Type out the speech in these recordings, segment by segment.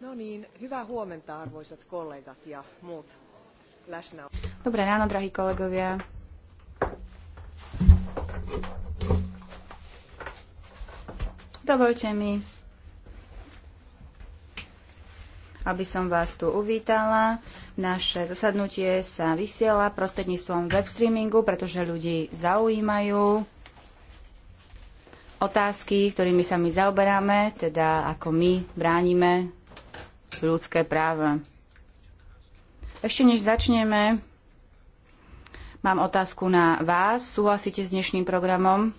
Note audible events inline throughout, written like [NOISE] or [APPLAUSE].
No niin, hyvää huomenta arvoisat kollegat ja muut läsnä. Dobré ráno, drahí kolegovia. Dovolte mi, aby som vás tu uvítala. Naše zasadnutie sa vysiela prostredníctvom web streamingu, pretože ľudí zaujímajú otázky, ktorými sa my zaoberáme, teda ako my bránime ľudské práva. Ešte než začneme, mám otázku na vás. Súhlasíte s dnešným programom?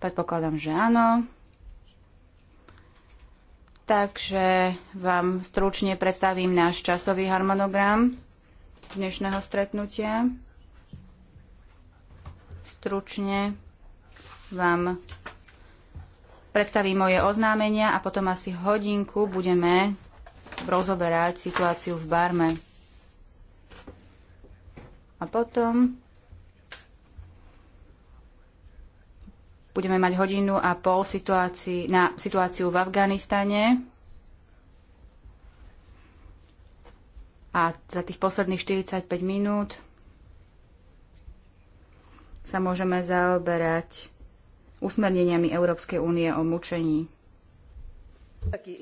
Predpokladám, že áno. Takže vám stručne predstavím náš časový harmonogram dnešného stretnutia. Stručne vám predstavím moje oznámenia a potom asi hodinku budeme rozoberať situáciu v Barme. A potom budeme mať hodinu a pol situácii, na situáciu v Afganistane. A za tých posledných 45 minút sa môžeme zaoberať usmerneniami Európskej únie o mučení. Eh,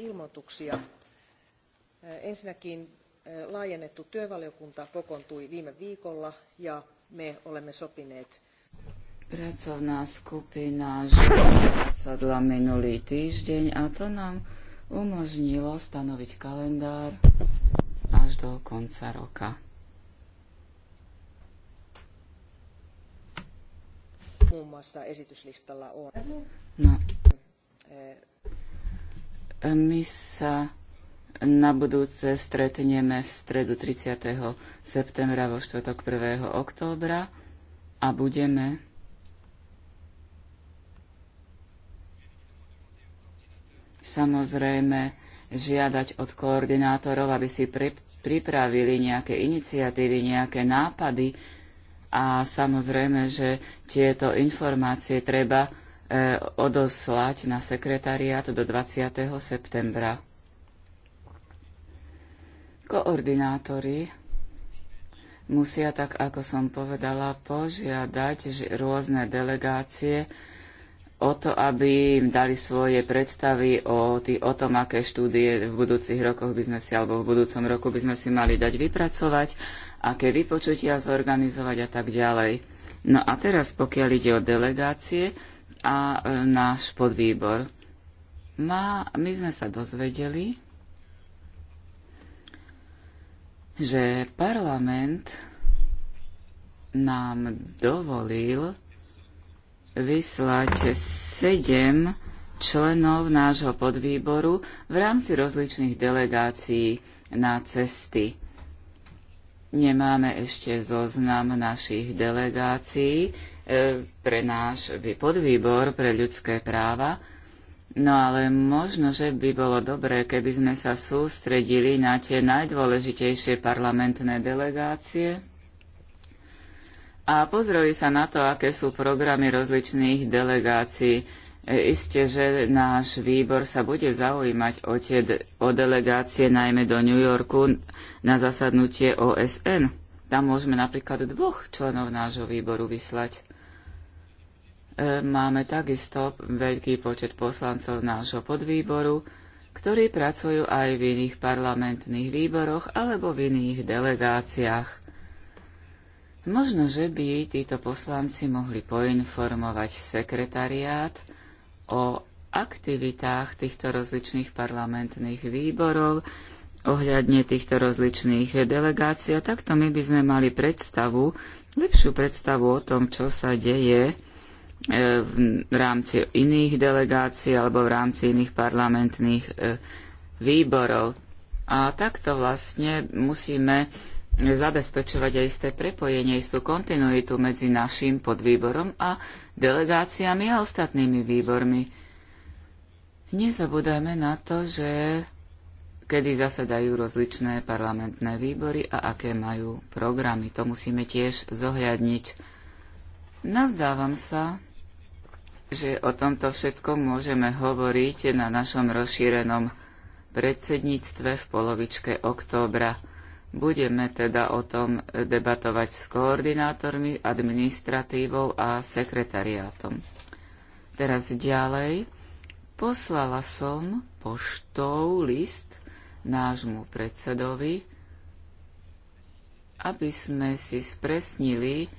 ensinnäkin eh, laajennettu työvaliokunta kokoontui viime viikolla ja me olemme sopineet Pracovná skupina zasadla minulý týždeň a to nám umožnilo stanoviť kalendár až do konca roka. Muun muassa esityslistalla on. No. My sa na budúce stretneme v stredu 30. septembra vo štvrtok 1. októbra a budeme samozrejme žiadať od koordinátorov, aby si pripravili nejaké iniciatívy, nejaké nápady, a samozrejme, že tieto informácie treba e, odoslať na sekretariát do 20. septembra. Koordinátori musia, tak ako som povedala, požiadať rôzne delegácie o to, aby im dali svoje predstavy o, tý, o tom, aké štúdie v budúcich rokoch by sme si, alebo v budúcom roku by sme si mali dať vypracovať aké vypočutia zorganizovať a tak ďalej. No a teraz, pokiaľ ide o delegácie a e, náš podvýbor, má, my sme sa dozvedeli, že parlament nám dovolil vyslať sedem členov nášho podvýboru v rámci rozličných delegácií na cesty Nemáme ešte zoznam našich delegácií e, pre náš podvýbor pre ľudské práva, no ale možno, že by bolo dobré, keby sme sa sústredili na tie najdôležitejšie parlamentné delegácie a pozreli sa na to, aké sú programy rozličných delegácií E, Isté, že náš výbor sa bude zaujímať o, tie, o delegácie najmä do New Yorku na zasadnutie OSN. Tam môžeme napríklad dvoch členov nášho výboru vyslať. E, máme takisto veľký počet poslancov nášho podvýboru, ktorí pracujú aj v iných parlamentných výboroch alebo v iných delegáciách. Možno, že by títo poslanci mohli poinformovať sekretariát, o aktivitách týchto rozličných parlamentných výborov ohľadne týchto rozličných delegácií. A takto my by sme mali predstavu, lepšiu predstavu o tom, čo sa deje e, v rámci iných delegácií alebo v rámci iných parlamentných e, výborov. A takto vlastne musíme zabezpečovať aj isté prepojenie, istú kontinuitu medzi našim podvýborom a delegáciami a ostatnými výbormi. Nezabúdajme na to, že kedy zasadajú rozličné parlamentné výbory a aké majú programy. To musíme tiež zohľadniť. Nazdávam sa, že o tomto všetkom môžeme hovoriť na našom rozšírenom predsedníctve v polovičke októbra. Budeme teda o tom debatovať s koordinátormi, administratívou a sekretariátom. Teraz ďalej. Poslala som poštou list nášmu predsedovi, aby sme si spresnili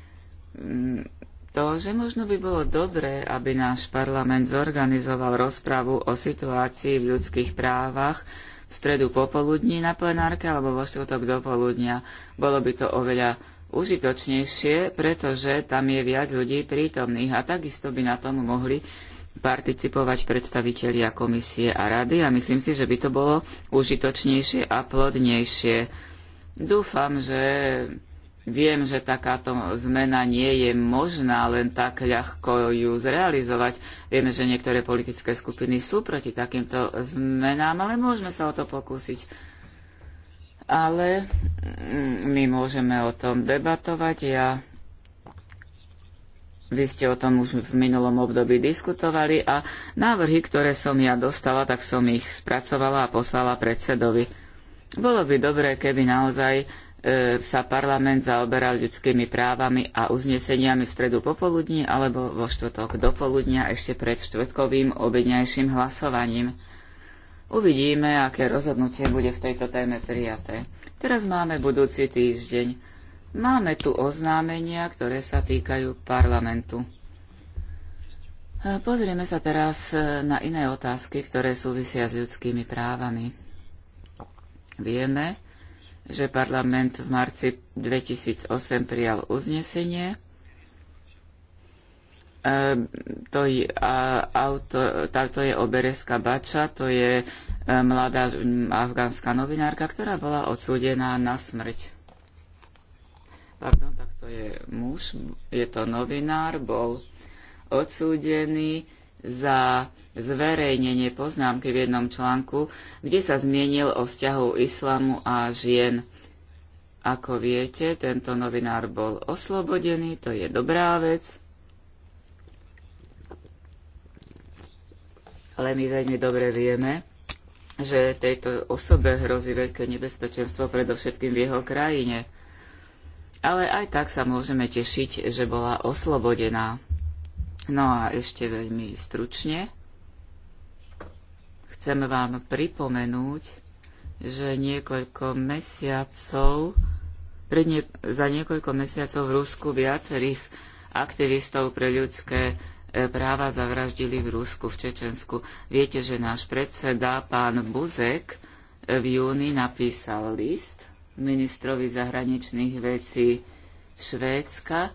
mm, to, že možno by bolo dobré, aby náš parlament zorganizoval rozpravu o situácii v ľudských právach v stredu popoludní na plenárke alebo vo štvrtok do poludnia. Bolo by to oveľa užitočnejšie, pretože tam je viac ľudí prítomných a takisto by na tom mohli participovať predstavitelia komisie a rady a myslím si, že by to bolo užitočnejšie a plodnejšie. Dúfam, že Viem, že takáto zmena nie je možná len tak ľahko ju zrealizovať. Vieme, že niektoré politické skupiny sú proti takýmto zmenám, ale môžeme sa o to pokúsiť. Ale mm, my môžeme o tom debatovať. Ja, vy ste o tom už v minulom období diskutovali a návrhy, ktoré som ja dostala, tak som ich spracovala a poslala predsedovi. Bolo by dobré, keby naozaj E, sa parlament zaoberal ľudskými právami a uzneseniami v stredu popoludní alebo vo štvrtok dopoludnia ešte pred štvrtkovým obedňajším hlasovaním. Uvidíme, aké rozhodnutie bude v tejto téme prijaté. Teraz máme budúci týždeň. Máme tu oznámenia, ktoré sa týkajú parlamentu. E, pozrieme sa teraz e, na iné otázky, ktoré súvisia s ľudskými právami. Vieme, že parlament v marci 2008 prijal uznesenie. E, to je, auto, to je Obereska Bača, to je e, mladá afgánska novinárka, ktorá bola odsúdená na smrť. Pardon, tak to je muž, je to novinár, bol odsúdený za zverejnenie poznámky v jednom článku, kde sa zmienil o vzťahu islamu a žien. Ako viete, tento novinár bol oslobodený, to je dobrá vec. Ale my veľmi dobre vieme, že tejto osobe hrozí veľké nebezpečenstvo, predovšetkým v jeho krajine. Ale aj tak sa môžeme tešiť, že bola oslobodená. No a ešte veľmi stručne chcem vám pripomenúť, že niekoľko mesiacov, pred nie, za niekoľko mesiacov v Rusku viacerých aktivistov pre ľudské e, práva zavraždili v Rusku, v Čečensku. Viete, že náš predseda, pán Buzek, e, v júni napísal list ministrovi zahraničných vecí Švédska,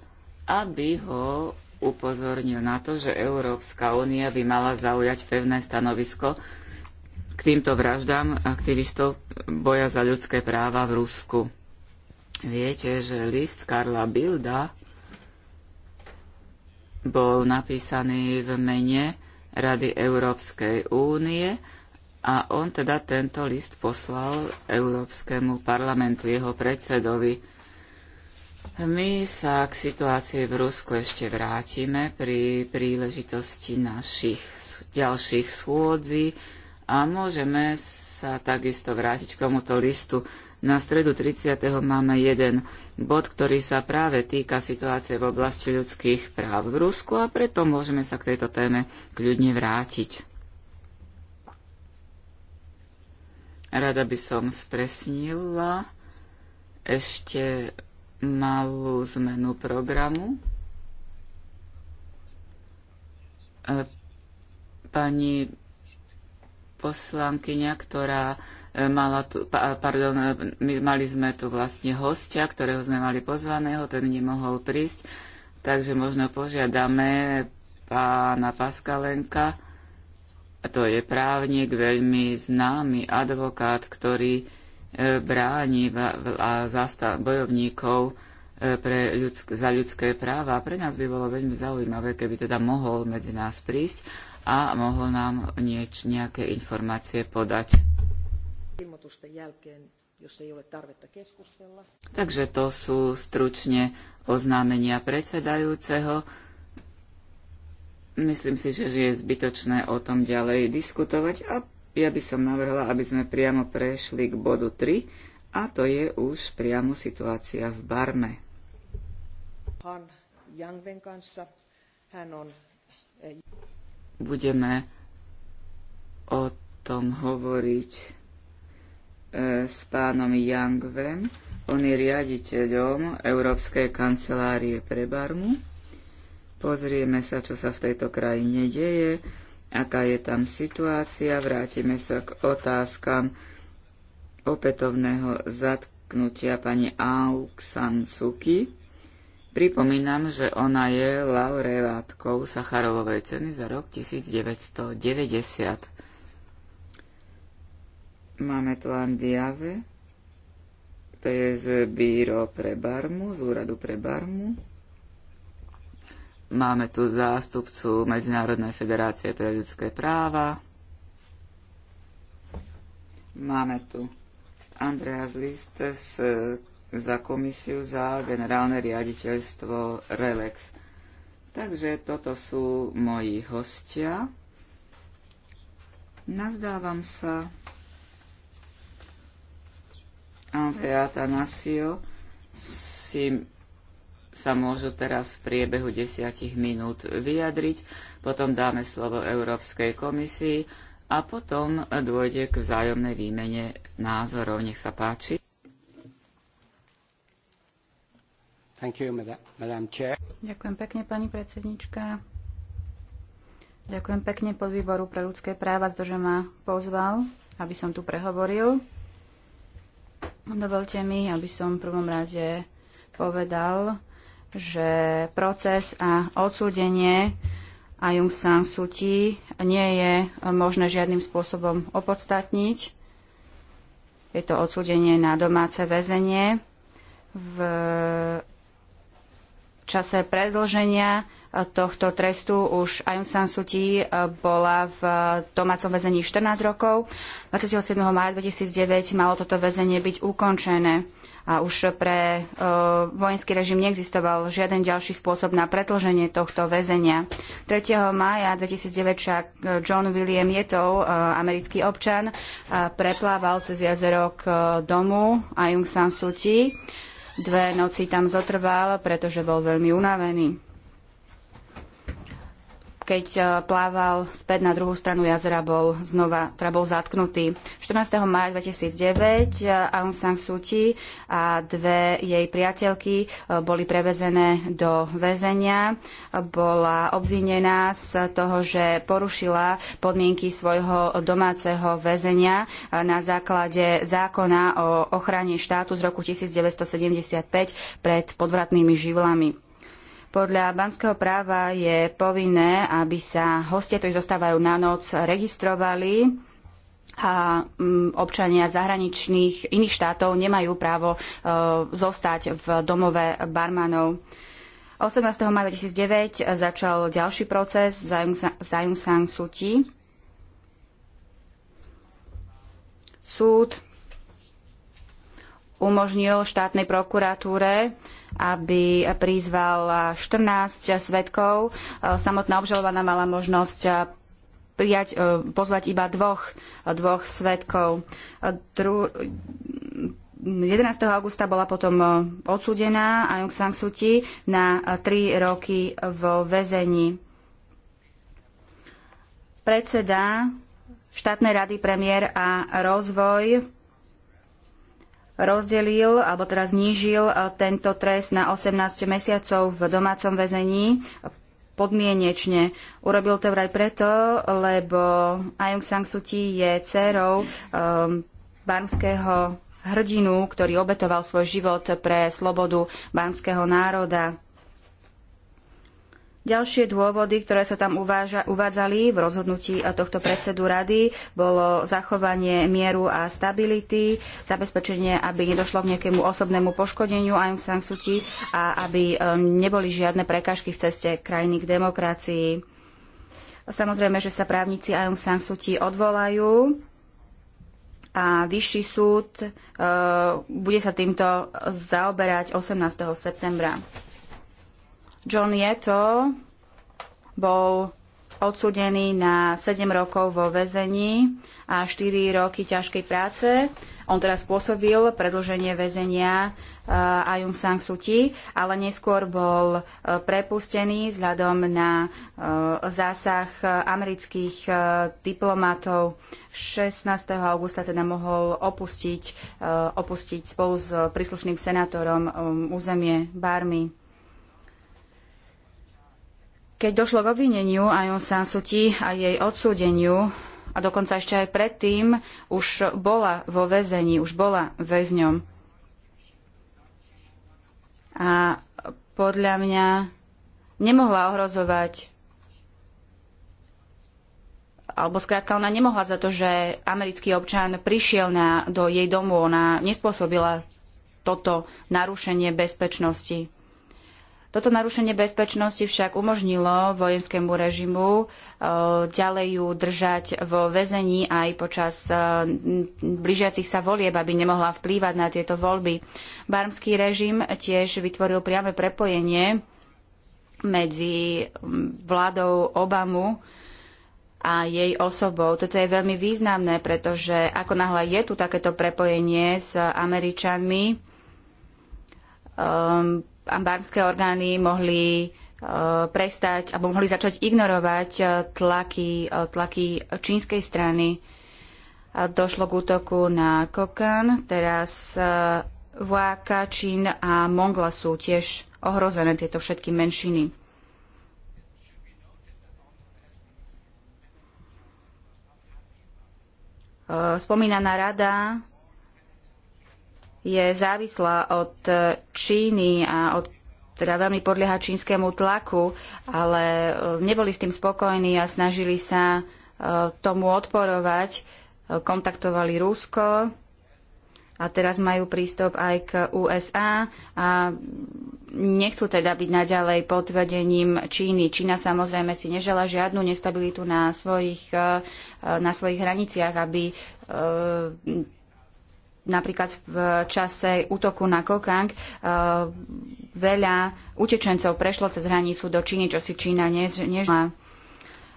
aby ho upozornil na to, že Európska únia by mala zaujať pevné stanovisko k týmto vraždám aktivistov boja za ľudské práva v Rusku. Viete, že list Karla Bilda bol napísaný v mene Rady Európskej únie a on teda tento list poslal Európskemu parlamentu, jeho predsedovi. My sa k situácii v Rusku ešte vrátime pri príležitosti našich ďalších schôdzí a môžeme sa takisto vrátiť k tomuto listu. Na stredu 30. máme jeden bod, ktorý sa práve týka situácie v oblasti ľudských práv v Rusku a preto môžeme sa k tejto téme kľudne vrátiť. Rada by som spresnila ešte malú zmenu programu. E, pani poslankyňa, ktorá e, mala tu, pardon, e, my mali sme tu vlastne hostia, ktorého sme mali pozvaného, ten nemohol prísť, takže možno požiadame pána Paskalenka, to je právnik, veľmi známy advokát, ktorý bráni a zastav bojovníkov e, pre ľudsk- za ľudské práva. Pre nás by bolo veľmi zaujímavé, keby teda mohol medzi nás prísť a mohol nám nieč, nejaké informácie podať. Takže to sú stručne oznámenia predsedajúceho. Myslím si, že je zbytočné o tom ďalej diskutovať a ja by som navrhla, aby sme priamo prešli k bodu 3 a to je už priamo situácia v Barme. Eh, Budeme o tom hovoriť eh, s pánom Yangvem. On je riaditeľom Európskej kancelárie pre Barmu. Pozrieme sa, čo sa v tejto krajine deje aká je tam situácia. Vrátime sa k otázkam opätovného zatknutia pani Aung San Suu Kyi. Pripomínam, že ona je laureátkou Sacharovovej ceny za rok 1990. Máme tu Andiave, to je z Bíro pre Barmu, z úradu pre Barmu. Máme tu zástupcu Medzinárodnej federácie pre ľudské práva. Máme tu Andreas List eh, za komisiu za generálne riaditeľstvo RELEX. Takže toto sú moji hostia. Nazdávam sa Andrea Tanasio si sa môžu teraz v priebehu desiatich minút vyjadriť, potom dáme slovo Európskej komisii a potom dôjde k vzájomnej výmene názorov. Nech sa páči. You, madam, Ďakujem pekne, pani predsednička. Ďakujem pekne podvýboru pre ľudské práva, že ma pozval, aby som tu prehovoril. Dovolte mi, aby som v prvom rade povedal, že proces a odsúdenie Aung San Suu Kyi nie je možné žiadnym spôsobom opodstatniť. Je to odsúdenie na domáce väzenie. V čase predlženia tohto trestu už Aung San Suu Kyi bola v domácom väzení 14 rokov. 27. maja 2009 malo toto väzenie byť ukončené. A už pre e, vojenský režim neexistoval žiaden ďalší spôsob na predlženie tohto väzenia. 3. mája 2009 však e, John William Yetov, e, americký občan, preplával cez jazero k domu Aung San Suu Kyi. Dve noci tam zotrval, pretože bol veľmi unavený keď e, plával späť na druhú stranu jazera, bol znova teda bol zatknutý. 14. maja 2009 Aung San Suu Kyi a dve jej priateľky e, boli prevezené do väzenia. E, bola obvinená z toho, že porušila podmienky svojho domáceho väzenia na základe zákona o ochrane štátu z roku 1975 pred podvratnými živlami. Podľa banského práva je povinné, aby sa hostia, ktorí zostávajú na noc, registrovali a mm, občania zahraničných iných štátov nemajú právo e, zostať v domove barmanov. 18. maja 2009 začal ďalší proces za Jung San Suu Kyi. Súd umožnil štátnej prokuratúre aby prizval 14 svetkov. Eh, samotná obžalovaná mala možnosť eh, prijať, eh, pozvať iba dvoch, dvoch svetkov. 11. augusta bola potom odsúdená Aung San Suu Kyi na 3 roky vo väzení. Predseda štátnej rady premiér a rozvoj rozdelil, alebo teda znížil e, tento trest na 18 mesiacov v domácom väzení podmienečne. Urobil to vraj preto, lebo Aung San Suu Kyi je dcerou um, banského hrdinu, ktorý obetoval svoj život pre slobodu banského národa. Ďalšie dôvody, ktoré sa tam uváža, uvádzali v rozhodnutí tohto predsedu rady, bolo zachovanie mieru a stability, zabezpečenie, aby nedošlo k nejakému osobnému poškodeniu Aung San Suu Kyi a aby e, neboli žiadne prekážky v ceste krajiny k demokracii. Samozrejme, že sa právnici Aung San Suu Kyi odvolajú a vyšší súd e, bude sa týmto zaoberať 18. septembra. John Yeto bol odsudený na 7 rokov vo väzení a 4 roky ťažkej práce. On teraz spôsobil predlženie väzenia uh, e, Ajung San Suu Kyi, ale neskôr bol uh, prepustený vzhľadom na uh, zásah amerických uh, diplomatov. 16. augusta teda mohol opustiť, uh, opustiť spolu s príslušným senátorom um, územie Barmy. Keď došlo k obvineniu Aung San Suu Kyi a jej odsúdeniu, a dokonca ešte aj predtým, už bola vo väzení, už bola väzňom. A podľa mňa nemohla ohrozovať alebo skrátka ona nemohla za to, že americký občan prišiel na, do jej domu, ona nespôsobila toto narušenie bezpečnosti. Toto narušenie bezpečnosti však umožnilo vojenskému režimu e, ďalej ju držať vo väzení aj počas e, blížiacich sa volieb, aby nemohla vplývať na tieto voľby. Barmský režim tiež vytvoril priame prepojenie medzi vládou Obamu a jej osobou. Toto je veľmi významné, pretože ako náhle je tu takéto prepojenie s Američanmi, um, ambárske orgány mohli e, prestať alebo mohli začať ignorovať e, tlaky, e, tlaky čínskej strany. Došlo k útoku na Kokan, teraz Váka, Čín a Mongla sú tiež ohrozené tieto všetky menšiny. Spomínaná rada je závislá od Číny a od teda veľmi podlieha čínskemu tlaku, ale e, neboli s tým spokojní a snažili sa e, tomu odporovať. E, kontaktovali Rusko a teraz majú prístup aj k USA a nechcú teda byť naďalej pod vedením Číny. Čína samozrejme si nežela žiadnu nestabilitu na svojich, na svojich hraniciach, aby napríklad v čase útoku na Kokang eh, veľa utečencov prešlo cez hranicu do Číny, čo si Čína nežila.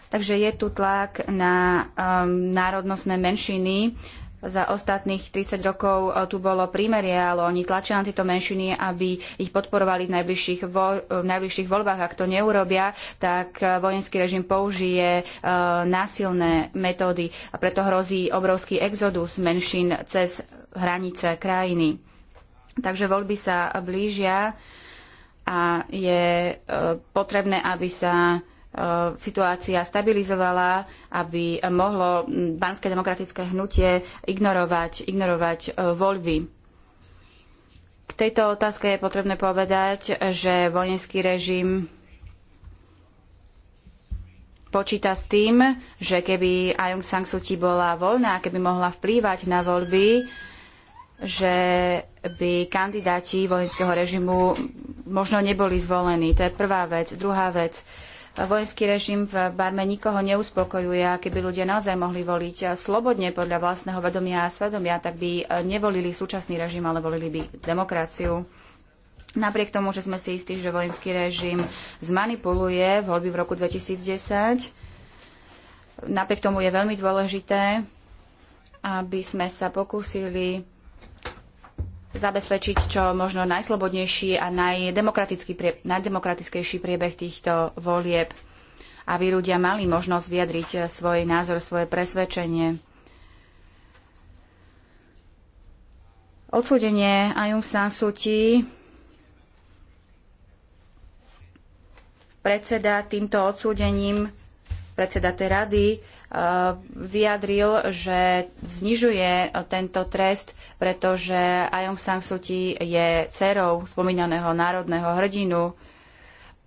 Takže je tu tlak na um, národnostné menšiny. Za ostatných 30 rokov eh, tu bolo prímerie, ale oni tlačia na tieto menšiny, aby ich podporovali v najbližších, vo, v najbližších voľbách. Ak to neurobia, tak eh, vojenský režim použije násilné metódy a preto hrozí obrovský exodus menšín cez hranice krajiny. Takže voľby sa blížia a je e, potrebné, aby sa e, situácia stabilizovala, aby mohlo Banské demokratické hnutie ignorovať, ignorovať e, voľby. K tejto otázke je potrebné povedať, že vojenský režim počíta s tým, že keby Aung San Suu Kyi bola voľná, keby mohla vplývať na voľby, že by kandidáti vojenského režimu možno neboli zvolení. To je prvá vec. Druhá vec. Vojenský režim v Barme nikoho neuspokojuje a keby ľudia naozaj mohli voliť slobodne podľa vlastného vedomia a svedomia, tak by nevolili súčasný režim, ale volili by demokraciu. Napriek tomu, že sme si istí, že vojenský režim zmanipuluje voľby v roku 2010, napriek tomu je veľmi dôležité, aby sme sa pokúsili zabezpečiť čo možno najslobodnejší a najdemokratický, najdemokratickejší priebeh týchto volieb, aby ľudia mali možnosť vyjadriť svoj názor, svoje presvedčenie. Odsúdenie aj San Suu Kyi predseda týmto odsúdením, predseda tej rady, vyjadril, že znižuje tento trest, pretože Aung San Suu Kyi je dcerou spomínaného národného hrdinu.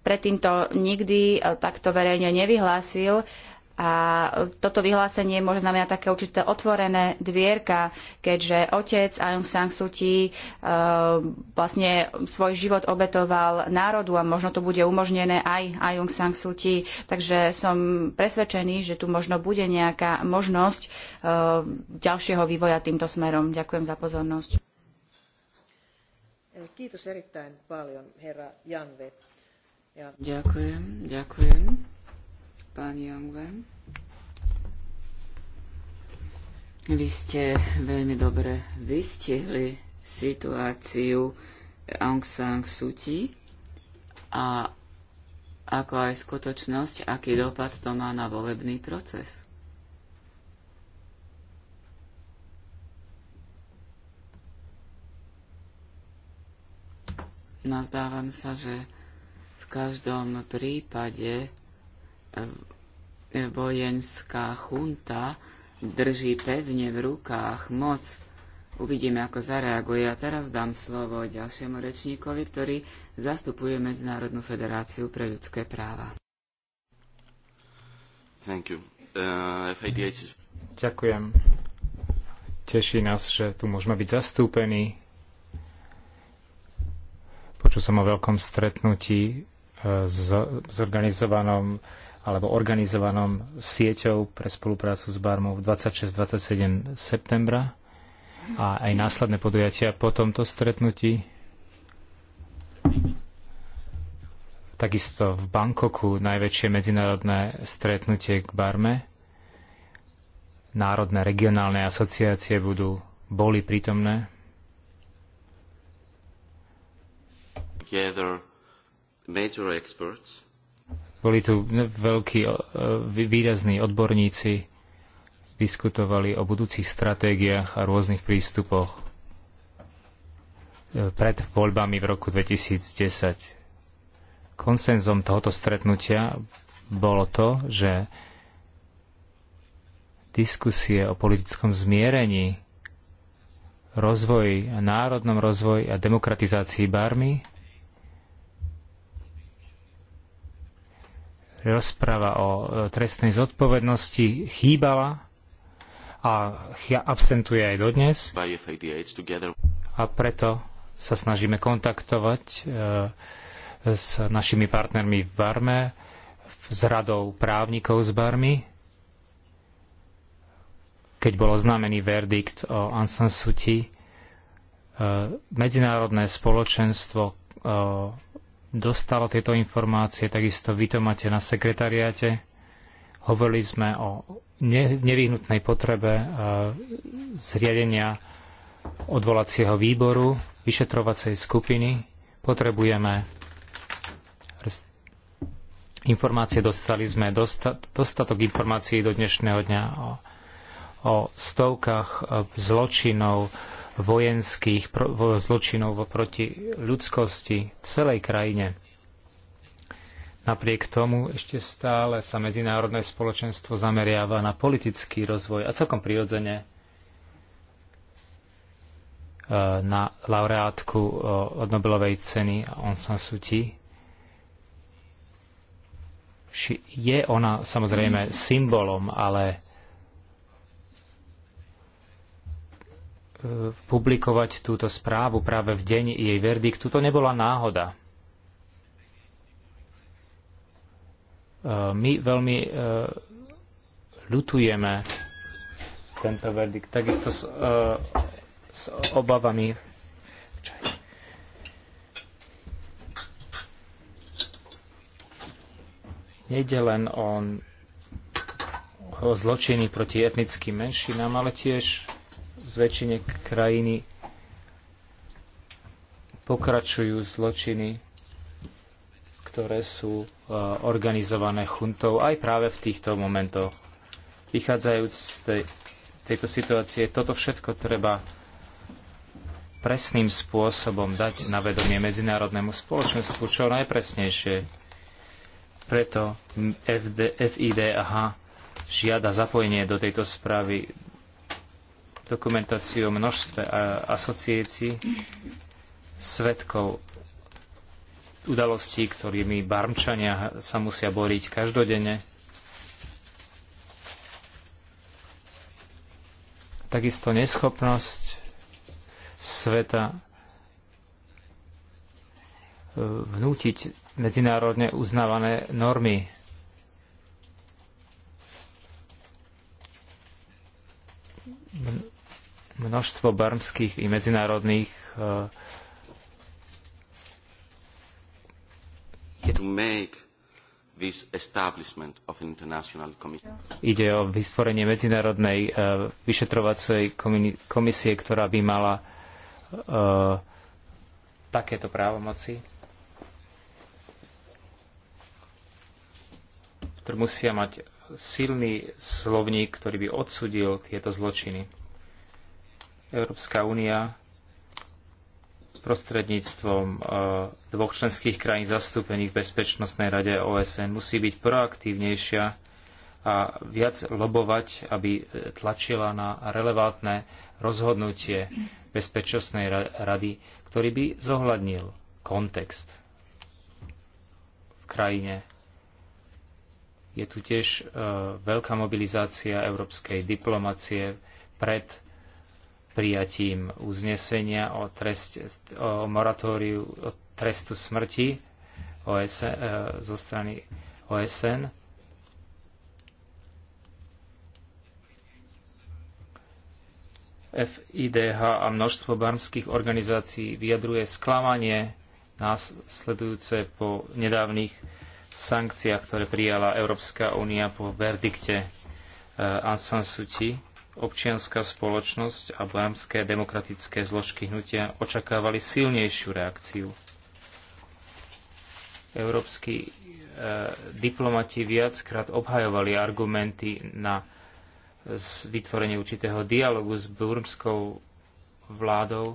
Predtým to nikdy eh, takto verejne nevyhlásil a toto vyhlásenie môže znamenať také určité otvorené dvierka, keďže otec Aung San Suu Kyi e, vlastne svoj život obetoval národu a možno to bude umožnené aj Aung San Suu Kyi. Takže som presvedčený, že tu možno bude nejaká možnosť e, ďalšieho vývoja týmto smerom. Ďakujem za pozornosť. Eh, kiitos erittäin paljon, herra Janve. Ja... Ďakujem, ďakujem pán Vy ste veľmi dobre vystihli situáciu Aung San Suu Kyi a ako aj skutočnosť, aký dopad to má na volebný proces. Nazdávam sa, že v každom prípade Eh, vojenská chunta drží pevne v rukách moc. Uvidíme, ako zareaguje. A teraz dám slovo ďalšiemu rečníkovi, ktorý zastupuje Medzinárodnú federáciu pre ľudské práva. Thank you. Uh, Ďakujem. Teší nás, že tu môžeme byť zastúpení. Počul som o veľkom stretnutí eh, s zorganizovanom alebo organizovanom sieťou pre spoluprácu s Barmou 26-27 septembra a aj následné podujatia po tomto stretnutí. Takisto v Bangkoku najväčšie medzinárodné stretnutie k Barme. Národné regionálne asociácie budú boli prítomné. Together, major experts boli tu veľkí, e, výrazní odborníci, diskutovali o budúcich stratégiách a rôznych prístupoch e, pred voľbami v roku 2010. Konsenzom tohoto stretnutia bolo to, že diskusie o politickom zmierení, rozvoji, národnom rozvoji a demokratizácii Barmy rozprava o e, trestnej zodpovednosti chýbala a absentuje aj dodnes. A preto sa snažíme kontaktovať e, s našimi partnermi v Barme, s radou právnikov z Barmy, keď bol oznámený verdikt o Ansan Suti, e, medzinárodné spoločenstvo dostalo tieto informácie, takisto vy to máte na sekretariáte. Hovorili sme o nevyhnutnej potrebe e, zriadenia odvolacieho výboru, vyšetrovacej skupiny. Potrebujeme informácie, dostali sme dostatok informácií do dnešného dňa o, o stovkách e, zločinov, vojenských zločinov proti ľudskosti celej krajine. Napriek tomu ešte stále sa medzinárodné spoločenstvo zameriava na politický rozvoj a celkom prirodzene e, na laureátku od e, Nobelovej ceny a San Suu Kyi. Je ona samozrejme mhm. symbolom, ale Eh, publikovať túto správu práve v deň jej verdiktu, to nebola náhoda. Eh, my veľmi eh, ľutujeme tento verdikt, takisto s, s obavami. Nejde len o, o zločiny proti etnickým menšinám, ale tiež z väčšine krajiny pokračujú zločiny, ktoré sú e, organizované chuntou aj práve v týchto momentoch. Vychádzajúc z tej, tejto situácie, toto všetko treba presným spôsobom dať na vedomie medzinárodnému spoločenstvu čo najpresnejšie. Preto FD, FIDH žiada zapojenie do tejto správy dokumentáciu o množstve asociácií svetkov udalostí, ktorými barmčania sa musia boriť každodenne. Takisto neschopnosť sveta e, vnútiť medzinárodne uznávané normy. Mm-hmm. Množstvo barmských i medzinárodných eh, Ide o vytvorenie medzinárodnej eh, vyšetrovacej komisie, ktorá by mala eh, takéto právomoci, ktoré musia mať silný slovník, ktorý by odsudil tieto zločiny. Európska únia prostredníctvom e, dvoch členských krajín zastúpených v Bezpečnostnej rade OSN musí byť proaktívnejšia a viac lobovať, aby tlačila na relevantné rozhodnutie Bezpečnostnej rady, ktorý by zohľadnil kontext v krajine. Je tu tiež e, veľká mobilizácia európskej diplomacie pred prijatím uznesenia o, trest, o moratóriu o trestu smrti OSN, e, e, zo strany OSN. FIDH a množstvo barmských organizácií vyjadruje sklamanie následujúce po nedávnych sankciách, ktoré prijala Európska únia po verdikte e, Ansan Suti občianská spoločnosť a blámské demokratické zložky hnutia očakávali silnejšiu reakciu. Európsky e, diplomati viackrát obhajovali argumenty na vytvorenie určitého dialogu s burmskou vládou,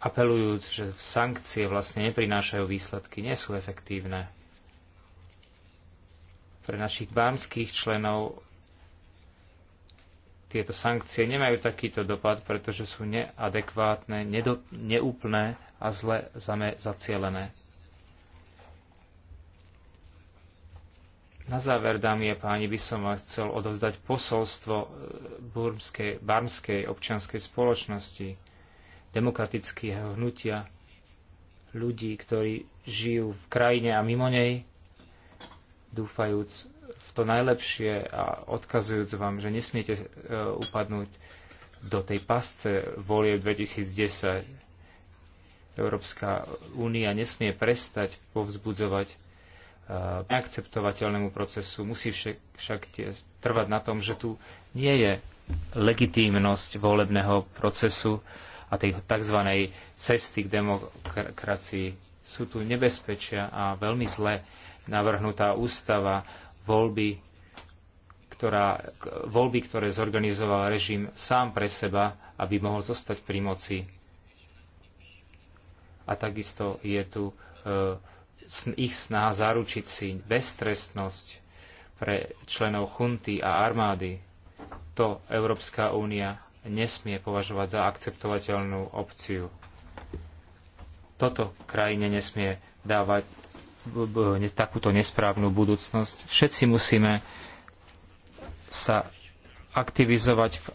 apelujúc, že sankcie vlastne neprinášajú výsledky, nie sú efektívne pre našich bámskych členov tieto sankcie nemajú takýto dopad, pretože sú neadekvátne, nedo, neúplné a zle zame, zacielené. Na záver, dámy a páni, by som vás chcel odovzdať posolstvo e, burmskej, barmskej občianskej spoločnosti, demokratického hnutia, ľudí, ktorí žijú v krajine a mimo nej, dúfajúc v to najlepšie a odkazujúc vám, že nesmiete e, upadnúť do tej pasce volie 2010. Európska únia nesmie prestať povzbudzovať neakceptovateľnému procesu. Musí však, trvať na tom, že tu nie je legitímnosť volebného procesu a tej tzv. cesty k demokracii. Sú tu nebezpečia a veľmi zlé navrhnutá ústava, voľby, ktorá, voľby, ktoré zorganizoval režim sám pre seba, aby mohol zostať pri moci. A takisto je tu uh, ich snaha zaručiť si beztrestnosť pre členov chunty a armády. To Európska únia nesmie považovať za akceptovateľnú opciu. Toto krajine nesmie dávať takúto nesprávnu budúcnosť. Všetci musíme sa aktivizovať v,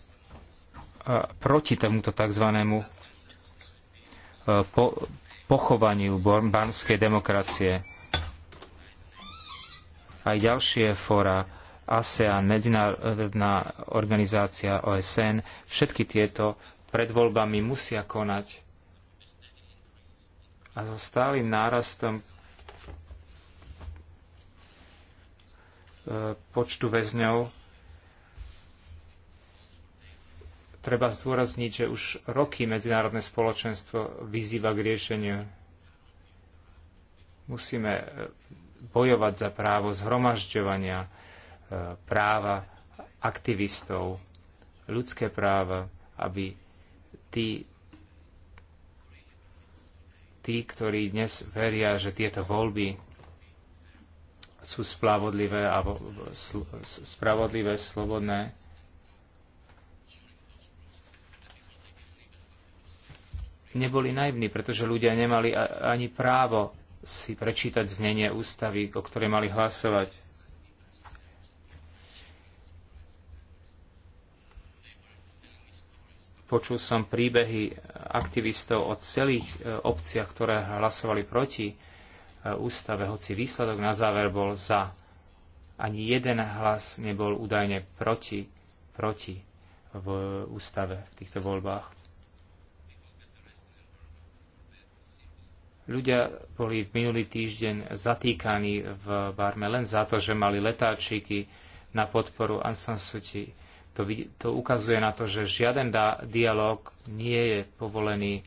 proti tomuto tzv. E, po, pochovaniu barmskej demokracie. Aj ďalšie fóra, ASEAN, Medzinárodná organizácia OSN, všetky tieto pred voľbami musia konať. A so stálym nárastom počtu väzňov. Treba zdôrazniť, že už roky medzinárodné spoločenstvo vyzýva k riešeniu. Musíme e, bojovať za právo zhromažďovania, e, práva aktivistov, ľudské práva, aby tí, tí, ktorí dnes veria, že tieto voľby sú spravodlivé a spravodlivé, slobodné. Neboli naivní, pretože ľudia nemali ani právo si prečítať znenie ústavy, o ktorej mali hlasovať. Počul som príbehy aktivistov o celých e, obciach, ktoré hlasovali proti ústave, hoci výsledok na záver bol za. Ani jeden hlas nebol údajne proti, proti v ústave v týchto voľbách. Ľudia boli v minulý týždeň zatýkaní v Barme len za to, že mali letáčiky na podporu Ansan Suti. To, to ukazuje na to, že žiaden dialog nie je povolený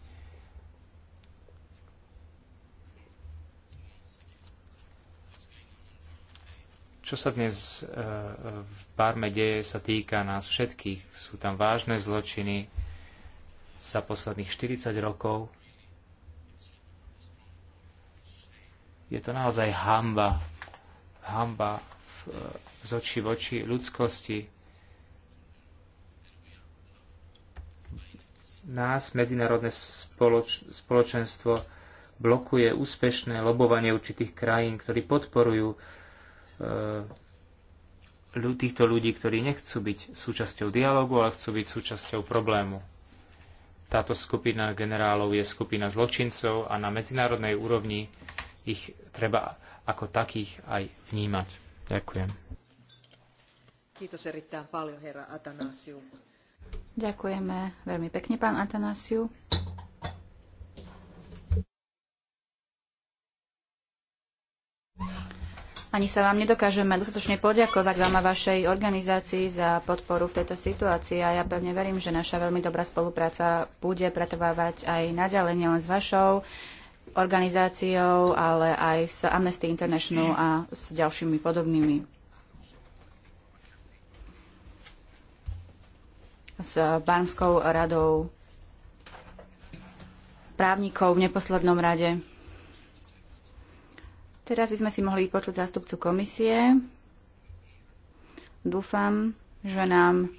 Čo sa dnes e, e, v Barme deje, sa týka nás všetkých. Sú tam vážne zločiny za posledných 40 rokov. Je to naozaj hamba. Hamba e, z očí v oči ľudskosti, nás medzinárodné spoloč- spoločenstvo blokuje úspešné lobovanie určitých krajín, ktorí podporujú týchto ľudí, ktorí nechcú byť súčasťou dialogu, ale chcú byť súčasťou problému. Táto skupina generálov je skupina zločincov a na medzinárodnej úrovni ich treba ako takých aj vnímať. Ďakujem. Ďakujeme veľmi pekne, pán Atanasiu. Ani sa vám nedokážeme dostatočne poďakovať vám a vašej organizácii za podporu v tejto situácii a ja pevne verím, že naša veľmi dobrá spolupráca bude pretrvávať aj naďalej, nielen s vašou organizáciou, ale aj s Amnesty International a s ďalšími podobnými s Barmskou radou právnikov v neposlednom rade. Teraz by sme si mohli vypočuť zástupcu komisie. Dúfam, že nám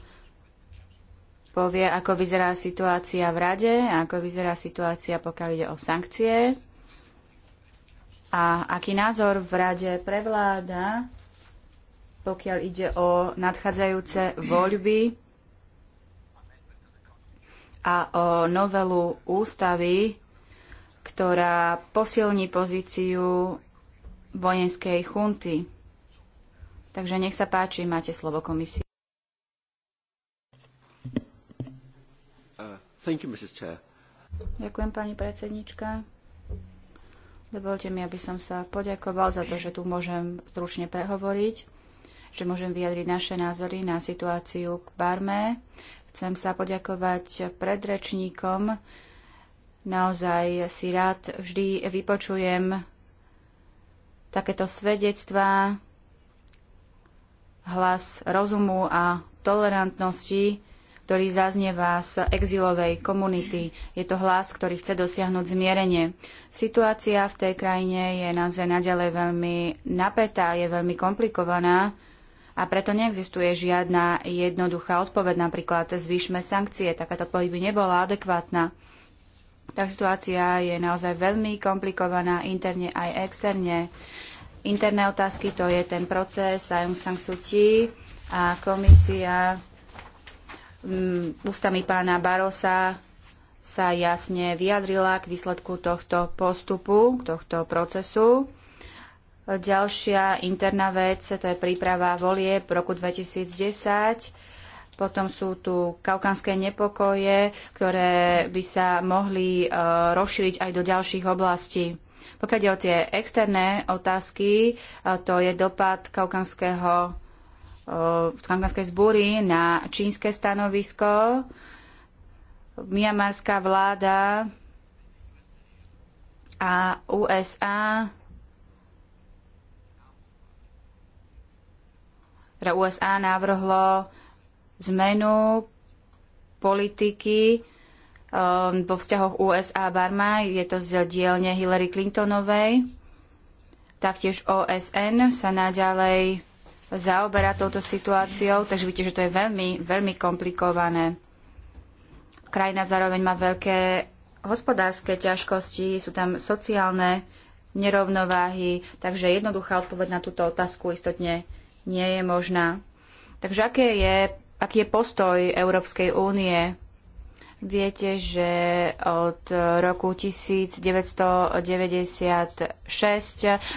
povie, ako vyzerá situácia v rade, ako vyzerá situácia, pokiaľ ide o sankcie a aký názor v rade prevláda, pokiaľ ide o nadchádzajúce voľby a o novelu ústavy, ktorá posilní pozíciu vojenskej chunty. Takže nech sa páči, máte slovo komisie. Uh, thank you, Mrs. Chair. Ďakujem, pani predsednička. Dovolte mi, aby som sa poďakoval za to, že tu môžem stručne prehovoriť, že môžem vyjadriť naše názory na situáciu k Barme. Chcem sa poďakovať predrečníkom. Naozaj si rád vždy vypočujem takéto svedectvá, hlas rozumu a tolerantnosti, ktorý zaznieva z exilovej komunity. Je to hlas, ktorý chce dosiahnuť zmierenie. Situácia v tej krajine je naozaj naďalej veľmi napätá, je veľmi komplikovaná a preto neexistuje žiadna jednoduchá odpoveď. Napríklad zvýšme sankcie, takáto odpoveď by nebola adekvátna. Tá situácia je naozaj veľmi komplikovaná interne aj externe. Interné otázky to je ten proces Aung San Suu Kyi a komisia um, ústami pána Barosa sa jasne vyjadrila k výsledku tohto postupu, tohto procesu. Ďalšia interná vec, to je príprava volie v roku 2010. Potom sú tu kaukanské nepokoje, ktoré by sa mohli e, rozšíriť aj do ďalších oblastí. Pokiaľ ide o tie externé otázky, e, to je dopad kaukanského e, kaukanskej zbúry na čínske stanovisko. Miamarská vláda a USA teda USA navrhlo zmenu politiky um, vo vzťahoch USA-Barma. Je to z dielne Hillary Clintonovej. Taktiež OSN sa naďalej zaoberá touto situáciou, takže vidíte, že to je veľmi, veľmi komplikované. Krajina zároveň má veľké hospodárske ťažkosti, sú tam sociálne nerovnováhy, takže jednoduchá odpoveď na túto otázku istotne nie je možná. Takže aké je aký je postoj Európskej únie. Viete, že od roku 1996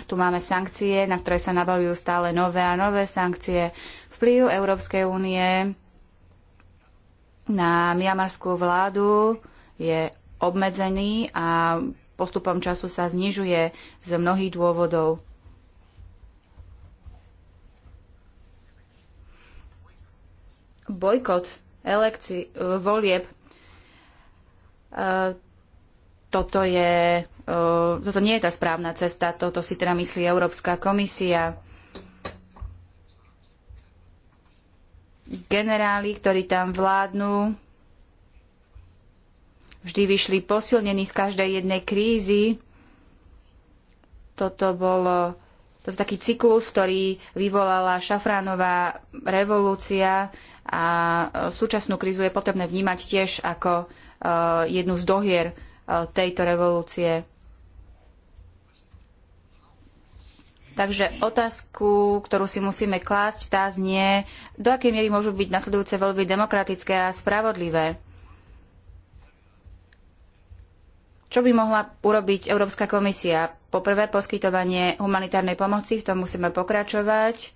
tu máme sankcie, na ktoré sa nabavujú stále nové a nové sankcie. Vplyv Európskej únie na miamarskú vládu je obmedzený a postupom času sa znižuje z mnohých dôvodov. bojkot elekci- volieb. E, toto, je, e, toto nie je tá správna cesta, toto si teda myslí Európska komisia. Generáli, ktorí tam vládnu, vždy vyšli posilnení z každej jednej krízy. Toto bolo to je taký cyklus, ktorý vyvolala šafránová revolúcia, a e, súčasnú krízu je potrebné vnímať tiež ako e, jednu z dohier e, tejto revolúcie. Takže otázku, ktorú si musíme klásť, tá znie, do akej miery môžu byť nasledujúce voľby demokratické a spravodlivé. Čo by mohla urobiť Európska komisia? Poprvé, poskytovanie humanitárnej pomoci, v tom musíme pokračovať.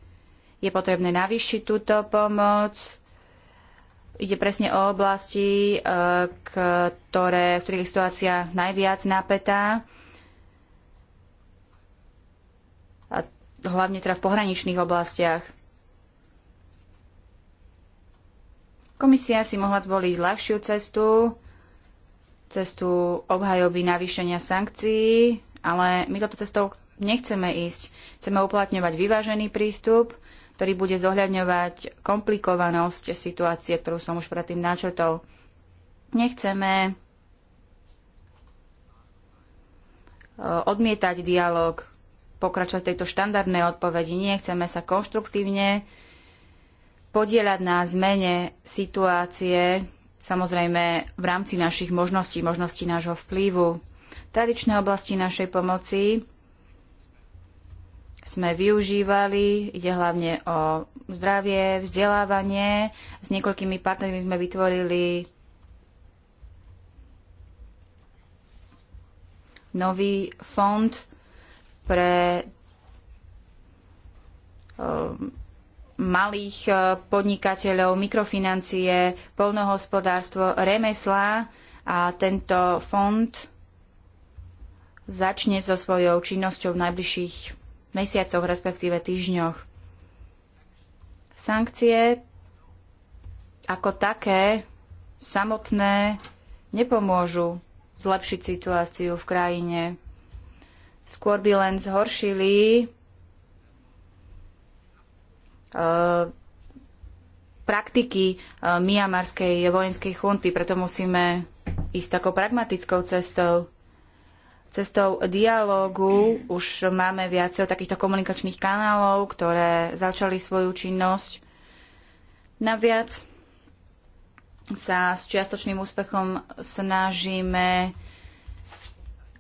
Je potrebné navýšiť túto pomoc. Ide presne o oblasti, e, ktoré, v ktorých je situácia najviac napätá. A hlavne teda v pohraničných oblastiach. Komisia si mohla zvoliť ľahšiu cestu, cestu obhajoby navýšenia sankcií, ale my toto cestou nechceme ísť. Chceme uplatňovať vyvážený prístup ktorý bude zohľadňovať komplikovanosť situácie, ktorú som už predtým načrtol. Nechceme e, odmietať dialog, pokračovať tejto štandardnej odpovedi. Nie, chceme sa konštruktívne podielať na zmene situácie, samozrejme v rámci našich možností, možností nášho vplyvu. Tradičné oblasti našej pomoci sme využívali. Ide hlavne o zdravie, vzdelávanie. S niekoľkými partnermi sme vytvorili nový fond pre eh, malých eh, podnikateľov, mikrofinancie, poľnohospodárstvo, remeslá a tento fond začne so svojou činnosťou v najbližších mesiacoch, respektíve týždňoch. Sankcie ako také samotné nepomôžu zlepšiť situáciu v krajine. Skôr by len zhoršili uh, praktiky uh, miamarskej vojenskej chunty, preto musíme ísť takou pragmatickou cestou. Cestou dialógu už máme viacero takýchto komunikačných kanálov, ktoré začali svoju činnosť. Naviac sa s čiastočným úspechom snažíme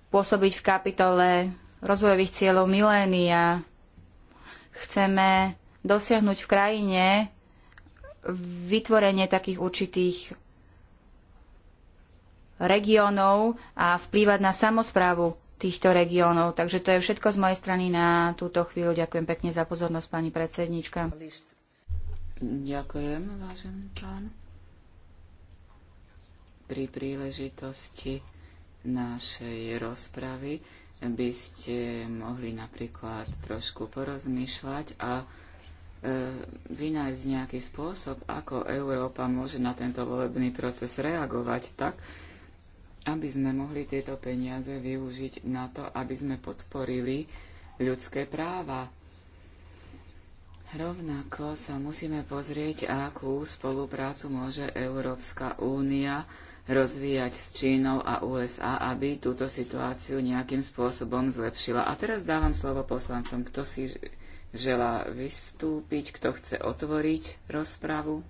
pôsobiť v kapitole rozvojových cieľov milénia. Chceme dosiahnuť v krajine vytvorenie takých určitých regiónov a vplývať na samozprávu týchto regiónov. Takže to je všetko z mojej strany na túto chvíľu. Ďakujem pekne za pozornosť, pani predsednička. Ďakujem, vážený pán. Pri príležitosti našej rozpravy by ste mohli napríklad trošku porozmýšľať a e, vynájsť nejaký spôsob, ako Európa môže na tento volebný proces reagovať tak, aby sme mohli tieto peniaze využiť na to, aby sme podporili ľudské práva. Rovnako sa musíme pozrieť, akú spoluprácu môže Európska únia rozvíjať s Čínou a USA, aby túto situáciu nejakým spôsobom zlepšila. A teraz dávam slovo poslancom, kto si želá vystúpiť, kto chce otvoriť rozpravu.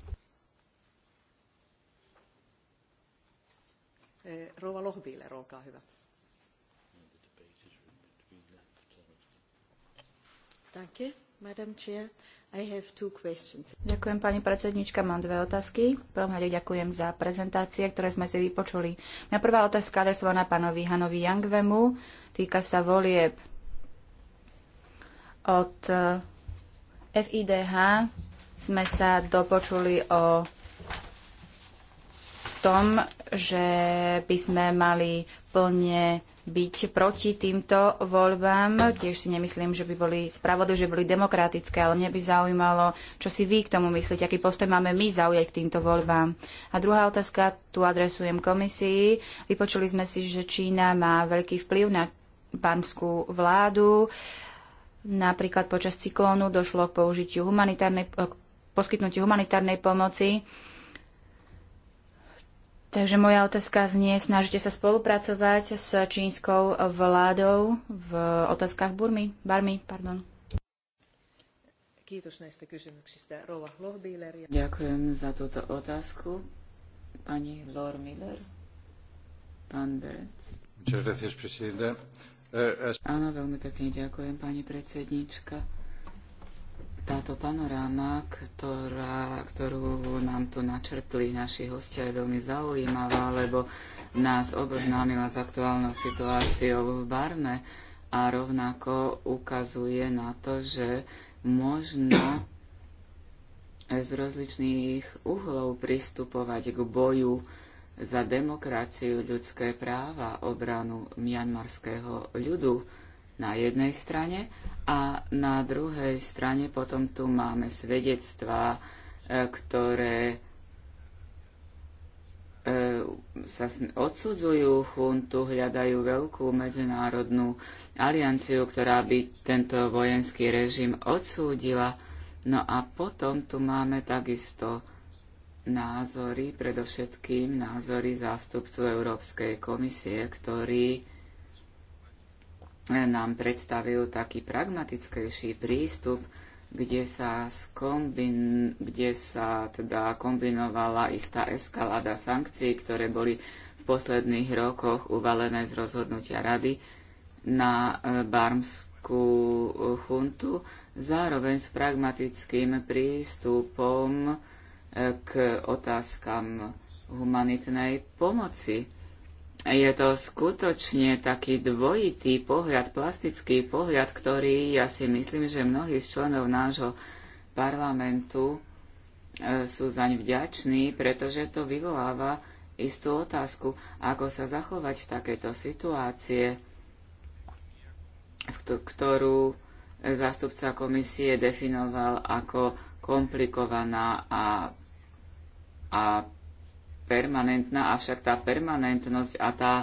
Eh, Rouva Lohbiiler, olkaa hyvä. Thank you. Ďakujem, pani predsednička. Mám dve otázky. Veľmi rade ďakujem za prezentácie, ktoré sme si vypočuli. Moja prvá otázka adresovaná pánovi Hanovi Yangvemu, Týka sa volieb od FIDH. Eh, sme sa dopočuli o tom, že by sme mali plne byť proti týmto voľbám. Tiež si nemyslím, že by boli spravodlivé, že by boli demokratické, ale mňa by zaujímalo, čo si vy k tomu myslíte, aký postoj máme my zaujať k týmto voľbám. A druhá otázka, tu adresujem komisii. Vypočuli sme si, že Čína má veľký vplyv na pánskú vládu. Napríklad počas cyklónu došlo k použitiu humanitárnej, poskytnutiu humanitárnej pomoci. Takže moja otázka znie, snažíte sa spolupracovať s čínskou vládou v otázkach Burmy, Barmy, pardon. Ďakujem za túto otázku. Pani Lor Miller, pán Berec. Eh, Áno, veľmi pekne ďakujem, pani predsednička. Táto panoráma, ktorá, ktorú nám tu načrtli naši hostia, je veľmi zaujímavá, lebo nás oboznámila s aktuálnou situáciou v Barme a rovnako ukazuje na to, že možno z rozličných uhlov pristupovať k boju za demokraciu, ľudské práva, obranu mianmarského ľudu na jednej strane a na druhej strane potom tu máme svedectvá, e, ktoré e, sa odsudzujú chuntu, hľadajú veľkú medzinárodnú alianciu, ktorá by tento vojenský režim odsúdila. No a potom tu máme takisto názory, predovšetkým názory zástupcu Európskej komisie, ktorí nám predstavil taký pragmatickejší prístup, kde sa, skombin, kde sa teda kombinovala istá eskaláda sankcií, ktoré boli v posledných rokoch uvalené z rozhodnutia rady na e, barmskú e, chuntu, zároveň s pragmatickým prístupom e, k otázkam humanitnej pomoci je to skutočne taký dvojitý pohľad, plastický pohľad, ktorý ja si myslím, že mnohí z členov nášho parlamentu e, sú zaň vďační, pretože to vyvoláva istú otázku, ako sa zachovať v takejto situácie, ktorú zástupca komisie definoval ako komplikovaná a, a permanentná, avšak tá permanentnosť a tá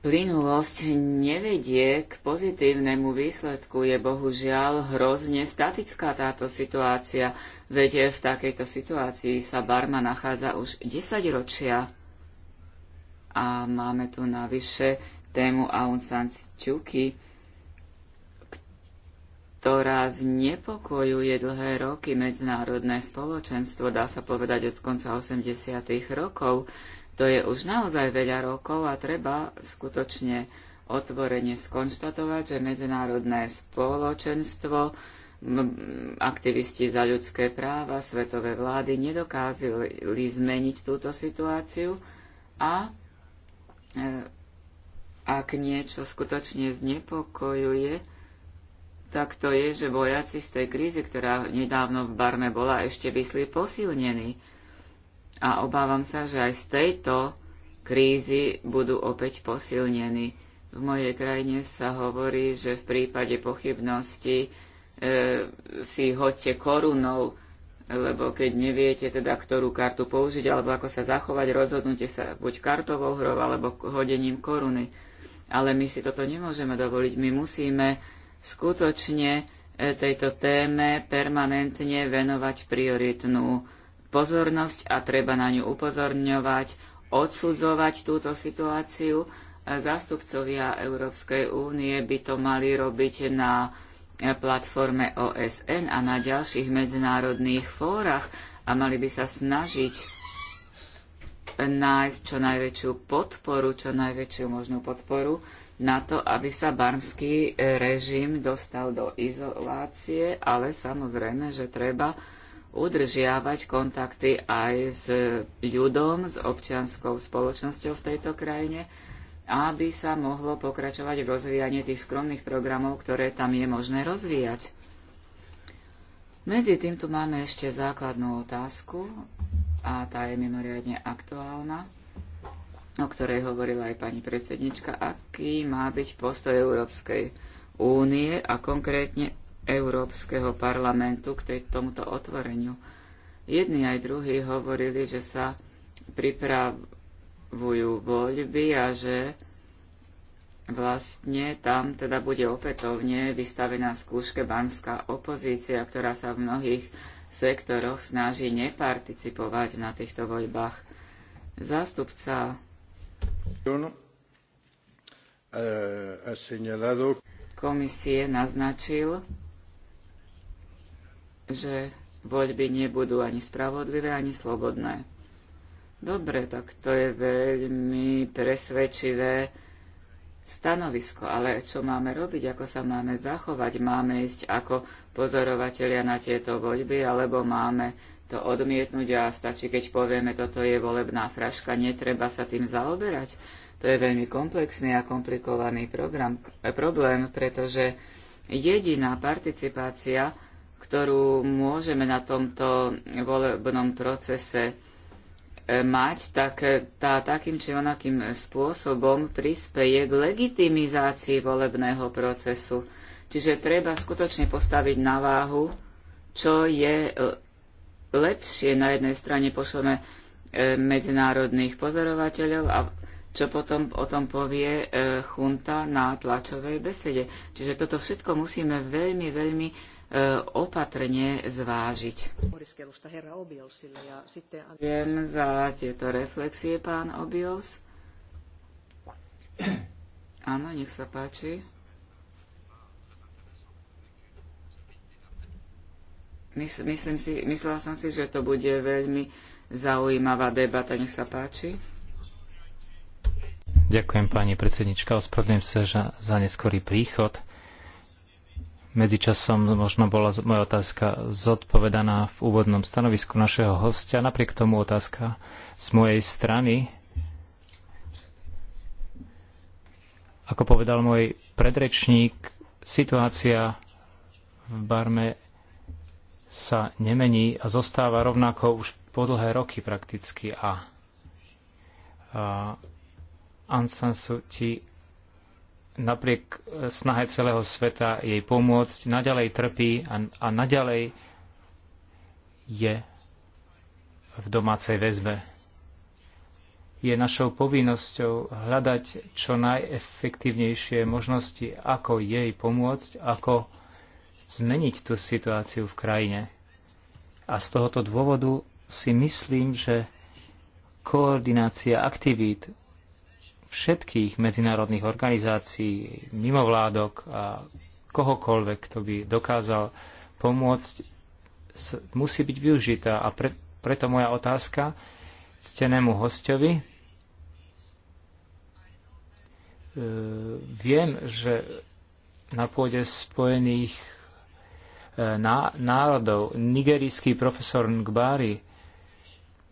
plynulosť nevedie k pozitívnemu výsledku. Je bohužiaľ hrozne statická táto situácia, veď v takejto situácii sa barma nachádza už 10 ročia. A máme tu navyše tému Aung San Suu Kyi, ktorá znepokojuje dlhé roky medzinárodné spoločenstvo, dá sa povedať od konca 80. rokov. To je už naozaj veľa rokov a treba skutočne otvorene skonštatovať, že medzinárodné spoločenstvo, aktivisti za ľudské práva, svetové vlády nedokázali zmeniť túto situáciu a e, ak niečo skutočne znepokojuje, tak to je, že vojaci z tej krízy, ktorá nedávno v Barme bola, ešte vysli posilnení. A obávam sa, že aj z tejto krízy budú opäť posilnení. V mojej krajine sa hovorí, že v prípade pochybnosti e, si hoďte korunou, lebo keď neviete teda, ktorú kartu použiť, alebo ako sa zachovať, rozhodnute sa buď kartovou hrou, alebo hodením koruny. Ale my si toto nemôžeme dovoliť. My musíme skutočne e, tejto téme permanentne venovať prioritnú pozornosť a treba na ňu upozorňovať, odsudzovať túto situáciu. E, Zástupcovia Európskej únie by to mali robiť na e, platforme OSN a na ďalších medzinárodných fórach a mali by sa snažiť nájsť čo najväčšiu podporu, čo najväčšiu možnú podporu na to, aby sa barmský e, režim dostal do izolácie, ale samozrejme, že treba udržiavať kontakty aj s ľudom, s občianskou spoločnosťou v tejto krajine, aby sa mohlo pokračovať v rozvíjaní tých skromných programov, ktoré tam je možné rozvíjať. Medzi tým tu máme ešte základnú otázku a tá je mimoriadne aktuálna o ktorej hovorila aj pani predsednička, aký má byť postoj Európskej únie a konkrétne Európskeho parlamentu k tej, tomuto otvoreniu. Jedni aj druhí hovorili, že sa pripravujú voľby a že vlastne tam teda bude opätovne vystavená skúške banská opozícia, ktorá sa v mnohých sektoroch snaží neparticipovať na týchto voľbách. Zástupca Eh, Komisie naznačil, že voľby nebudú ani spravodlivé, ani slobodné. Dobre, tak to je veľmi presvedčivé stanovisko, ale čo máme robiť, ako sa máme zachovať? Máme ísť ako pozorovatelia na tieto voľby, alebo máme to odmietnúť a stačí, keď povieme, toto je volebná fraška, netreba sa tým zaoberať. To je veľmi komplexný a komplikovaný program, eh, problém, pretože jediná participácia, ktorú môžeme na tomto volebnom procese eh, mať, tak eh, tá takým či onakým spôsobom prispeje k legitimizácii volebného procesu. Čiže treba skutočne postaviť na váhu, čo je lepšie. Na jednej strane pošleme e, medzinárodných pozorovateľov a čo potom o tom povie e, chunta na tlačovej besede. Čiže toto všetko musíme veľmi, veľmi e, opatrne zvážiť. Viem za tieto reflexie, pán Obiols. Áno, nech sa páči. myslím si, myslela som si, že to bude veľmi zaujímavá debata. Nech sa páči. Ďakujem pani predsednička, ospravedlňujem sa za, za neskorý príchod. Medzičasom možno bola moja otázka zodpovedaná v úvodnom stanovisku našeho hostia. Napriek tomu otázka z mojej strany. Ako povedal môj predrečník, situácia v Barme sa nemení a zostáva rovnako už po dlhé roky prakticky a, a Ansan Suti napriek snahe celého sveta jej pomôcť, naďalej trpí a, a naďalej je v domácej väzbe. Je našou povinnosťou hľadať čo najefektívnejšie možnosti, ako jej pomôcť, ako zmeniť tú situáciu v krajine. A z tohoto dôvodu si myslím, že koordinácia aktivít všetkých medzinárodných organizácií, mimovládok a kohokoľvek, kto by dokázal pomôcť, musí byť využitá. A pre, preto moja otázka ctenému hostovi. E, viem, že na pôde Spojených národov. Nigerijský profesor Ngbari,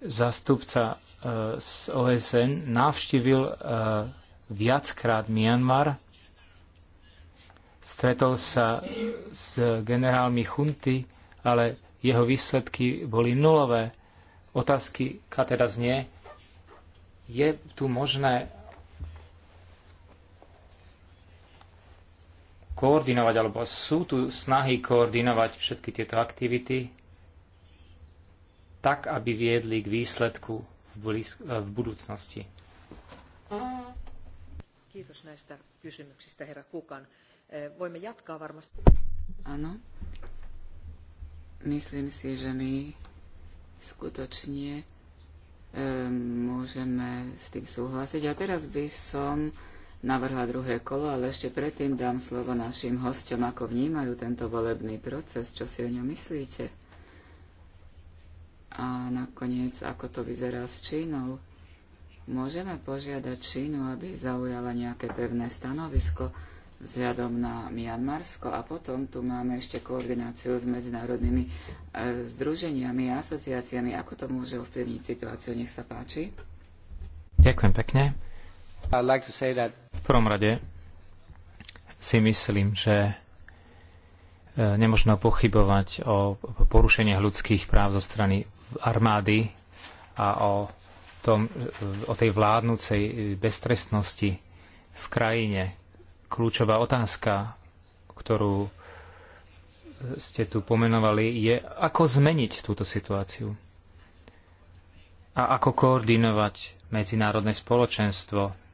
zastupca eh, z OSN, navštívil eh, viackrát Myanmar, stretol sa s generálmi chunty, ale jeho výsledky boli nulové. Otázky teda znie, je tu možné koordinovať, alebo sú tu snahy koordinovať všetky tieto aktivity tak, aby viedli k výsledku v, blíz- v budúcnosti. Kiitos näistä kysymyksistä, herra Kukan. Eh, voimme jatkaa varmasti. Áno. Myslím si, že my skutočne e, môžeme s tým súhlasiť. A teraz by som navrhla druhé kolo, ale ešte predtým dám slovo našim hosťom, ako vnímajú tento volebný proces, čo si o ňom myslíte. A nakoniec, ako to vyzerá s Čínou. Môžeme požiadať Čínu, aby zaujala nejaké pevné stanovisko vzhľadom na Mianmarsko a potom tu máme ešte koordináciu s medzinárodnými e, združeniami a asociáciami. Ako to môže ovplyvniť situáciu? Nech sa páči. Ďakujem pekne. V prvom rade si myslím, že e, nemožno pochybovať o porušeniach ľudských práv zo strany armády a o, tom, e, o tej vládnúcej e, beztrestnosti v krajine. Kľúčová otázka, ktorú ste tu pomenovali, je, ako zmeniť túto situáciu a ako koordinovať medzinárodné spoločenstvo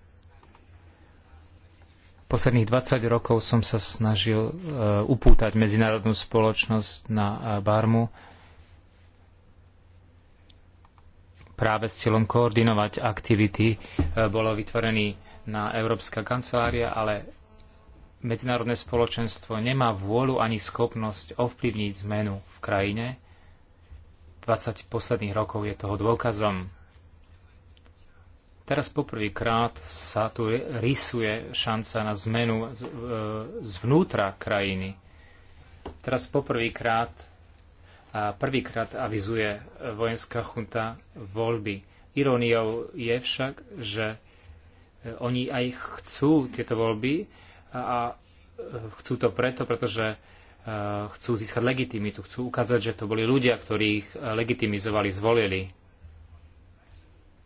Posledných 20 rokov som sa snažil e, upútať medzinárodnú spoločnosť na e, Barmu práve s cieľom koordinovať aktivity. E, bolo vytvorený na Európska kancelária, ale medzinárodné spoločenstvo nemá vôľu ani schopnosť ovplyvniť zmenu v krajine. 20 posledných rokov je toho dôkazom. Teraz poprvýkrát sa tu rysuje šanca na zmenu zvnútra e, krajiny. Teraz poprvýkrát a prvýkrát avizuje vojenská chunta voľby. Iróniou je však, že e, oni aj chcú tieto voľby a e, chcú to preto, pretože chcú získať legitimitu, chcú ukázať, že to boli ľudia, ktorých legitimizovali, zvolili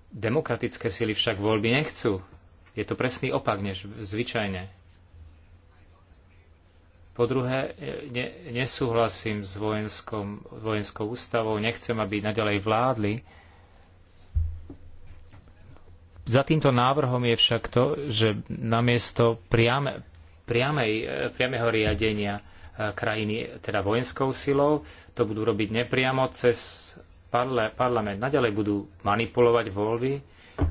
Demokratické sily však voľby nechcú. Je to presný opak než zvyčajne. Po druhé, ne, nesúhlasím s vojenskom, vojenskou ústavou, nechcem, aby nadalej vládli. Za týmto návrhom je však to, že namiesto priame, priamej, priameho riadenia e, krajiny teda vojenskou silou, to budú robiť nepriamo cez parla- parlament naďalej budú manipulovať voľby,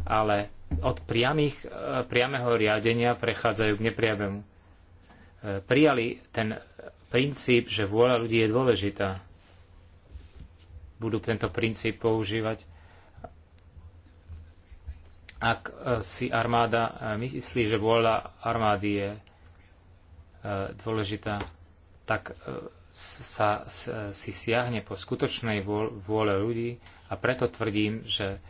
ale od priamých, e, priamého riadenia prechádzajú k nepriamému. E, prijali ten princíp, že vôľa ľudí je dôležitá. Budú tento princíp používať. Ak e, si armáda myslí, že vôľa armády je dôležitá, tak sa si siahne po skutočnej vôle ľudí a preto tvrdím, že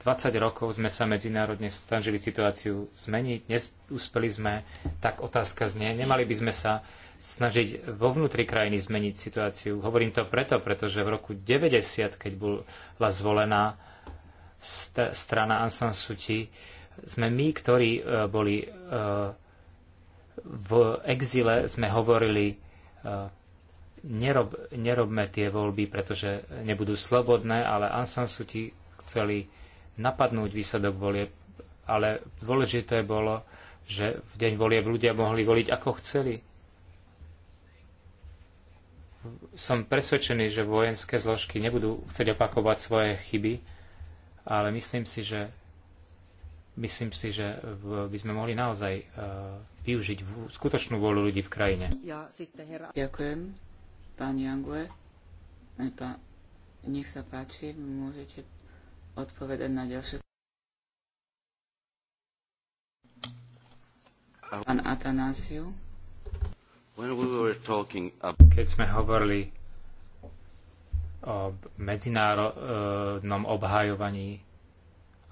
20 rokov sme sa medzinárodne snažili situáciu zmeniť, neúspeli sme, tak otázka znie, nemali by sme sa snažiť vo vnútri krajiny zmeniť situáciu. Hovorím to preto, pretože v roku 90, keď bola zvolená st strana Ansan Suti, sme my, ktorí e, boli e, v exile, sme hovorili e, nerob, nerobme tie voľby, pretože nebudú slobodné, ale Ansan Suti chceli napadnúť výsledok volieb, ale dôležité bolo, že v deň volieb ľudia mohli voliť ako chceli. Som presvedčený, že vojenské zložky nebudú chcieť opakovať svoje chyby, ale myslím si, že myslím si, že by sme mohli naozaj eh, využiť skutočnú vôľu ľudí v krajine. Ja, Ďakujem. Pán Jangue, pán, nech sa páči, môžete odpovedať na ďalšie. Pán Atanasiu. Keď sme hovorili o medzinárodnom obhajovaní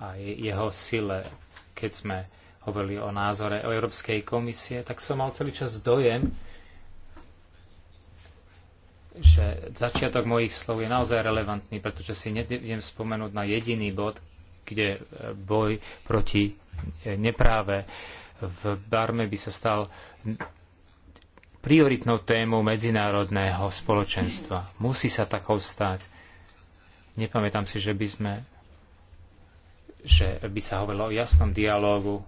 a jeho sile, keď sme hovorili o názore o Európskej komisie, tak som mal celý čas dojem, že začiatok mojich slov je naozaj relevantný, pretože si neviem spomenúť na jediný bod, kde e, boj proti e, nepráve v Barme by sa stal prioritnou témou medzinárodného spoločenstva. Musí sa takou stať. Nepamätám si, že by sme že by sa hovorilo o jasnom dialógu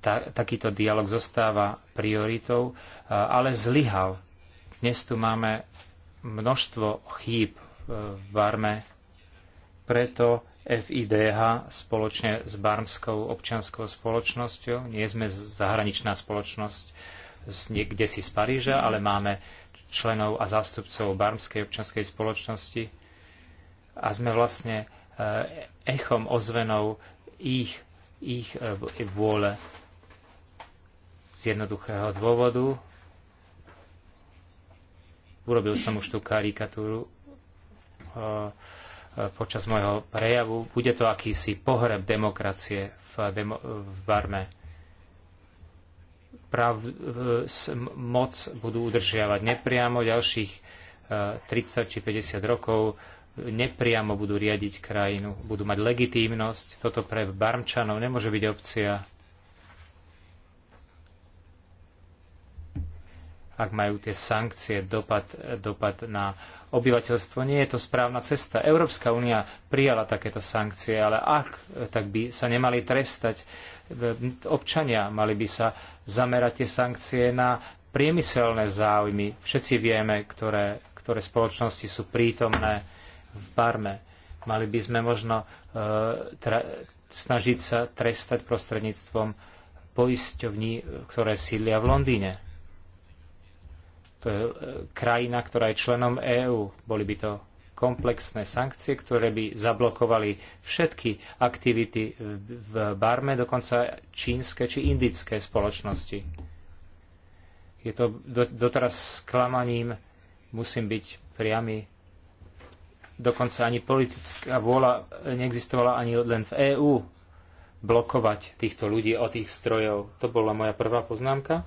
ta, takýto dialog zostáva prioritou, ale zlyhal. Dnes tu máme množstvo chýb e, v Barme, preto FIDH spoločne s barmskou občianskou spoločnosťou, nie sme zahraničná spoločnosť niekde si z Paríža, ale máme členov a zástupcov barmskej občianskej spoločnosti a sme vlastne e, echom ozvenou ich, ich e, vôle z jednoduchého dôvodu. Urobil som už tú karikatúru e, e, počas môjho prejavu. Bude to akýsi pohreb demokracie v, demo- v Barme. Prav, moc budú udržiavať nepriamo ďalších 30 e, či 50 rokov nepriamo budú riadiť krajinu, budú mať legitímnosť. Toto pre Barmčanov nemôže byť opcia. ak majú tie sankcie dopad, dopad na obyvateľstvo, nie je to správna cesta. Európska únia prijala takéto sankcie, ale ak, tak by sa nemali trestať občania, mali by sa zamerať tie sankcie na priemyselné záujmy. Všetci vieme, ktoré, ktoré spoločnosti sú prítomné v Barme. Mali by sme možno e, snažiť sa trestať prostredníctvom poisťovní, ktoré sídlia v Londýne. To je e, krajina, ktorá je členom EÚ. Boli by to komplexné sankcie, ktoré by zablokovali všetky aktivity v Barme, dokonca čínske či indické spoločnosti. Je to doteraz sklamaním, musím byť priamy, dokonca ani politická vôľa neexistovala ani len v EÚ blokovať týchto ľudí od tých strojov. To bola moja prvá poznámka.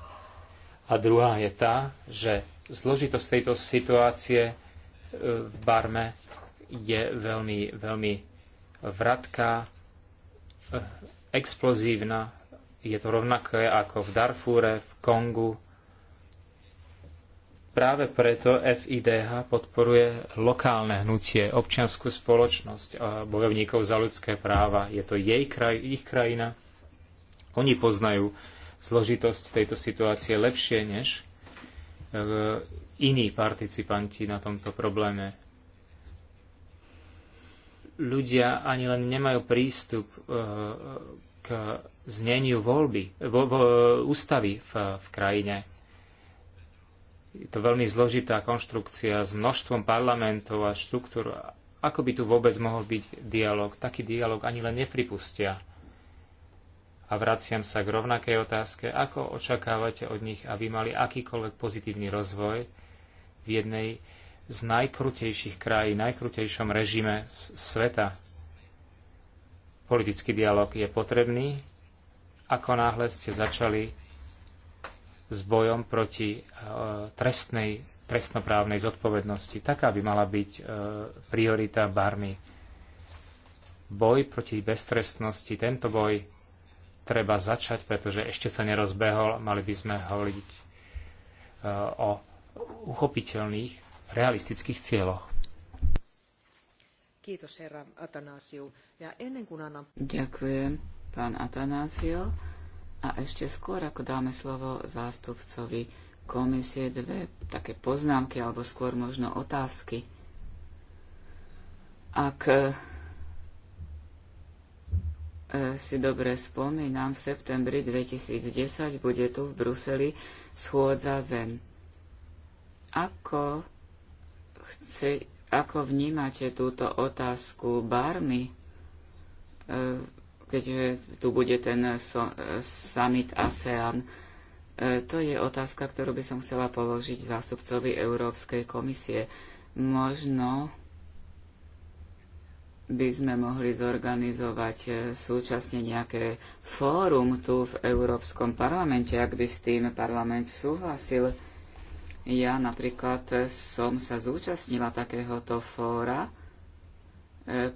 A druhá je tá, že zložitosť tejto situácie e, v Barme je veľmi, veľmi vratká, e, explozívna. Je to rovnaké ako v Darfúre, v Kongu. Práve preto FIDH podporuje lokálne hnutie, občianskú spoločnosť a bojovníkov za ľudské práva. Je to jej kraj, ich krajina. Oni poznajú zložitosť tejto situácie lepšie než e, iní participanti na tomto probléme. Ľudia ani len nemajú prístup e, k zneniu voľby, vo, vo, ústavy v, v krajine. Je to veľmi zložitá konštrukcia s množstvom parlamentov a štruktúr. Ako by tu vôbec mohol byť dialog? Taký dialog ani len nepripustia. A vraciam sa k rovnakej otázke, ako očakávate od nich, aby mali akýkoľvek pozitívny rozvoj v jednej z najkrutejších krají, najkrutejšom režime sveta. Politický dialog je potrebný. Ako náhle ste začali s bojom proti e, trestnej, trestnoprávnej zodpovednosti, taká by mala byť e, priorita Barmy. Boj proti beztrestnosti, tento boj treba začať, pretože ešte sa nerozbehol. Mali by sme hovoriť e, o uchopiteľných, realistických cieľoch. Ďakujem, pán Atanásio. A ešte skôr, ako dáme slovo zástupcovi komisie, dve také poznámky, alebo skôr možno otázky. Ak e, si dobre spomínam, v septembri 2010 bude tu v Bruseli schôdza zem. Ako, chce, ako vnímate túto otázku barmy, e, keďže tu bude ten so, e, summit ASEAN? E, to je otázka, ktorú by som chcela položiť zástupcovi Európskej komisie. Možno by sme mohli zorganizovať e, súčasne nejaké fórum tu v Európskom parlamente, ak by s tým parlament súhlasil. Ja napríklad som sa zúčastnila takéhoto fóra, e,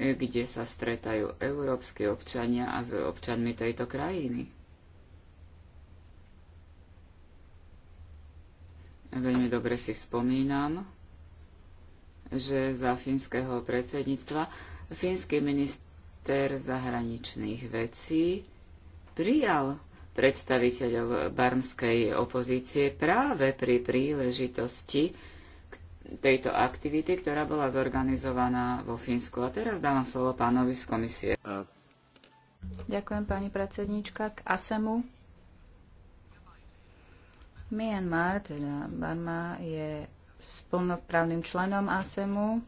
e, kde sa stretajú európske občania a s občanmi tejto krajiny. Veľmi dobre si spomínam, že za fínskeho predsedníctva fínsky minister zahraničných vecí prijal predstaviteľov barmskej opozície práve pri príležitosti tejto aktivity, ktorá bola zorganizovaná vo Fínsku. A teraz dávam slovo pánovi z komisie. Ďakujem pani predsednička. K ASEMu. Myanmar, teda Barma, je s plnoprávnym členom ASEMu.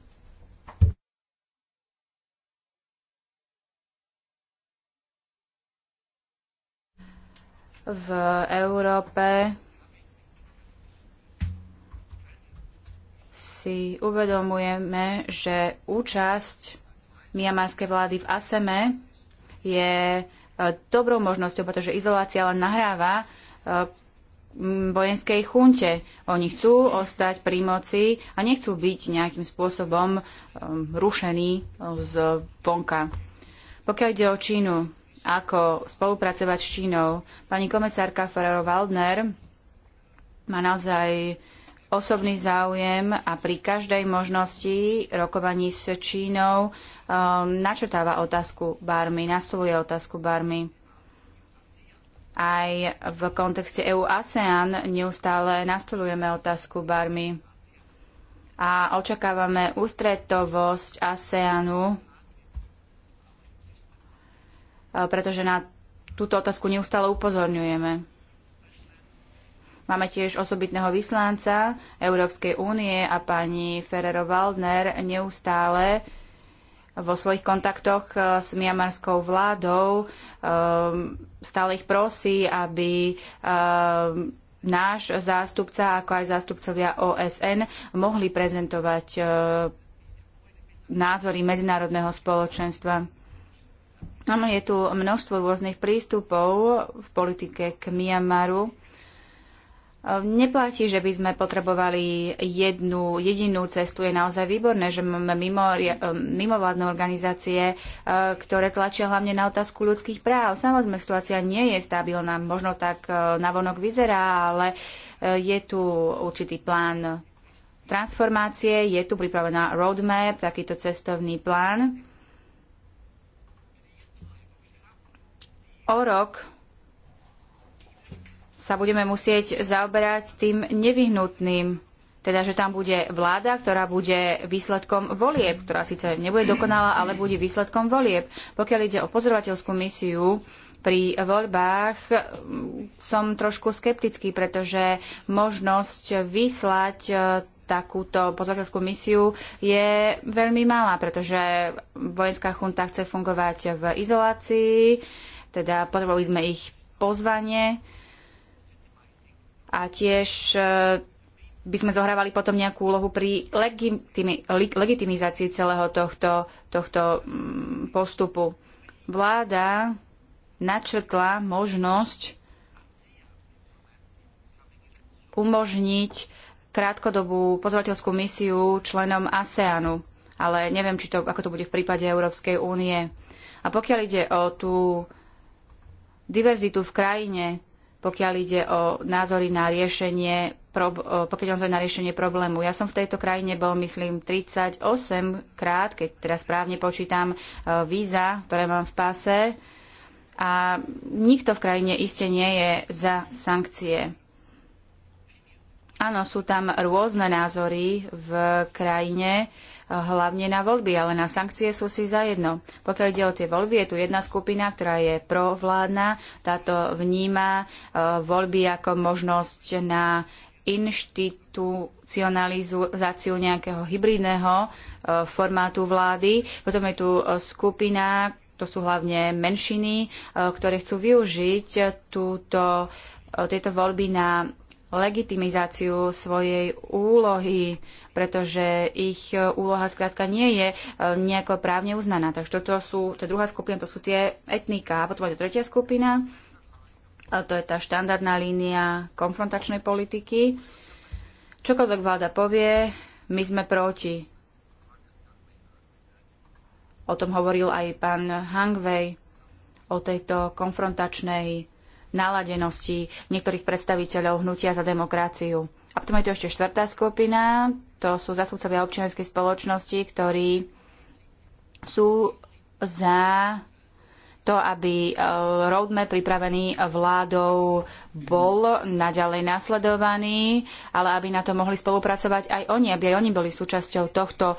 v Európe si uvedomujeme, že účasť miamarskej vlády v Aseme e je e, dobrou možnosťou, pretože izolácia len nahráva e, vojenskej chunte. Oni chcú ostať pri moci a nechcú byť nejakým spôsobom um, rušení um, z vonka. Pokiaľ ide o Čínu, ako spolupracovať s Čínou, pani komisárka Ferrero-Waldner má naozaj osobný záujem a pri každej možnosti rokovaní s Čínou um, načrtáva otázku barmy, nastoluje otázku barmy aj v kontexte EU-ASEAN neustále nastolujeme otázku Barmy a očakávame ústretovosť ASEANu, e, pretože na túto otázku neustále upozorňujeme. Máme tiež osobitného vyslánca Európskej únie a pani Ferrero-Waldner neustále vo svojich kontaktoch eh, s miamarskou vládou eh, stále ich prosí, aby eh, náš zástupca, ako aj zástupcovia OSN, mohli prezentovať názory medzinárodného spoločenstva. je tu množstvo rôznych prístupov v politike k Myanmaru. Ehm, neplatí, že by sme potrebovali jednu jedinú cestu. Je naozaj výborné, že máme mimo, e, ehm, mimovládne organizácie, e, ktoré tlačia hlavne na otázku ľudských práv. Samozrejme, situácia nie je stabilná, možno tak e, navonok vyzerá, ale je tu určitý plán transformácie, je tu pripravená roadmap, takýto cestovný plán. O rok sa budeme musieť zaoberať tým nevyhnutným, teda že tam bude vláda, ktorá bude výsledkom volieb, ktorá síce nebude dokonalá, ale bude výsledkom volieb. Pokiaľ ide o pozorovateľskú misiu, pri voľbách som trošku skeptický, pretože možnosť vyslať e, takúto pozorovateľskú misiu je veľmi malá, pretože vojenská chunta chce fungovať v izolácii, teda potrebovali sme ich pozvanie a tiež e, by sme zohrávali potom nejakú úlohu pri legitimizácii celého tohto, tohto mm, postupu. Vláda načrtla možnosť umožniť krátkodobú pozvateľskú misiu členom ASEANu, ale neviem, či to, ako to bude v prípade Európskej únie. A pokiaľ ide o tú diverzitu v krajine, pokiaľ ide o názory na riešenie, pokiaľ na riešenie problému. Ja som v tejto krajine bol, myslím, 38 krát, keď teraz správne počítam e, víza, ktoré mám v pase. A nikto v krajine iste nie je za sankcie. Áno, sú tam rôzne názory v krajine, hlavne na voľby, ale na sankcie sú si za jedno. Pokiaľ ide o tie voľby, je tu jedna skupina, ktorá je provládna. Táto vníma e, voľby ako možnosť na inštitucionalizáciu nejakého hybridného e, formátu vlády. Potom je tu e, skupina, to sú hlavne menšiny, ktoré chcú využiť túto, tieto voľby na legitimizáciu svojej úlohy, pretože ich úloha skrátka nie je e, nejako právne uznaná. Takže toto sú, tá druhá skupina, to sú tie etniká. A potom je tretia skupina, to je tá štandardná línia konfrontačnej politiky. Čokoľvek vláda povie, my sme proti. O tom hovoril aj pán Hangvej, o tejto konfrontačnej naladenosti niektorých predstaviteľov hnutia za demokraciu. A potom je tu ešte štvrtá skupina, to sú zastupcovia občianskej spoločnosti, ktorí sú za to, aby e, roadmap pripravený vládou bol naďalej nasledovaný, ale aby na to mohli spolupracovať aj oni, aby aj oni boli súčasťou tohto e,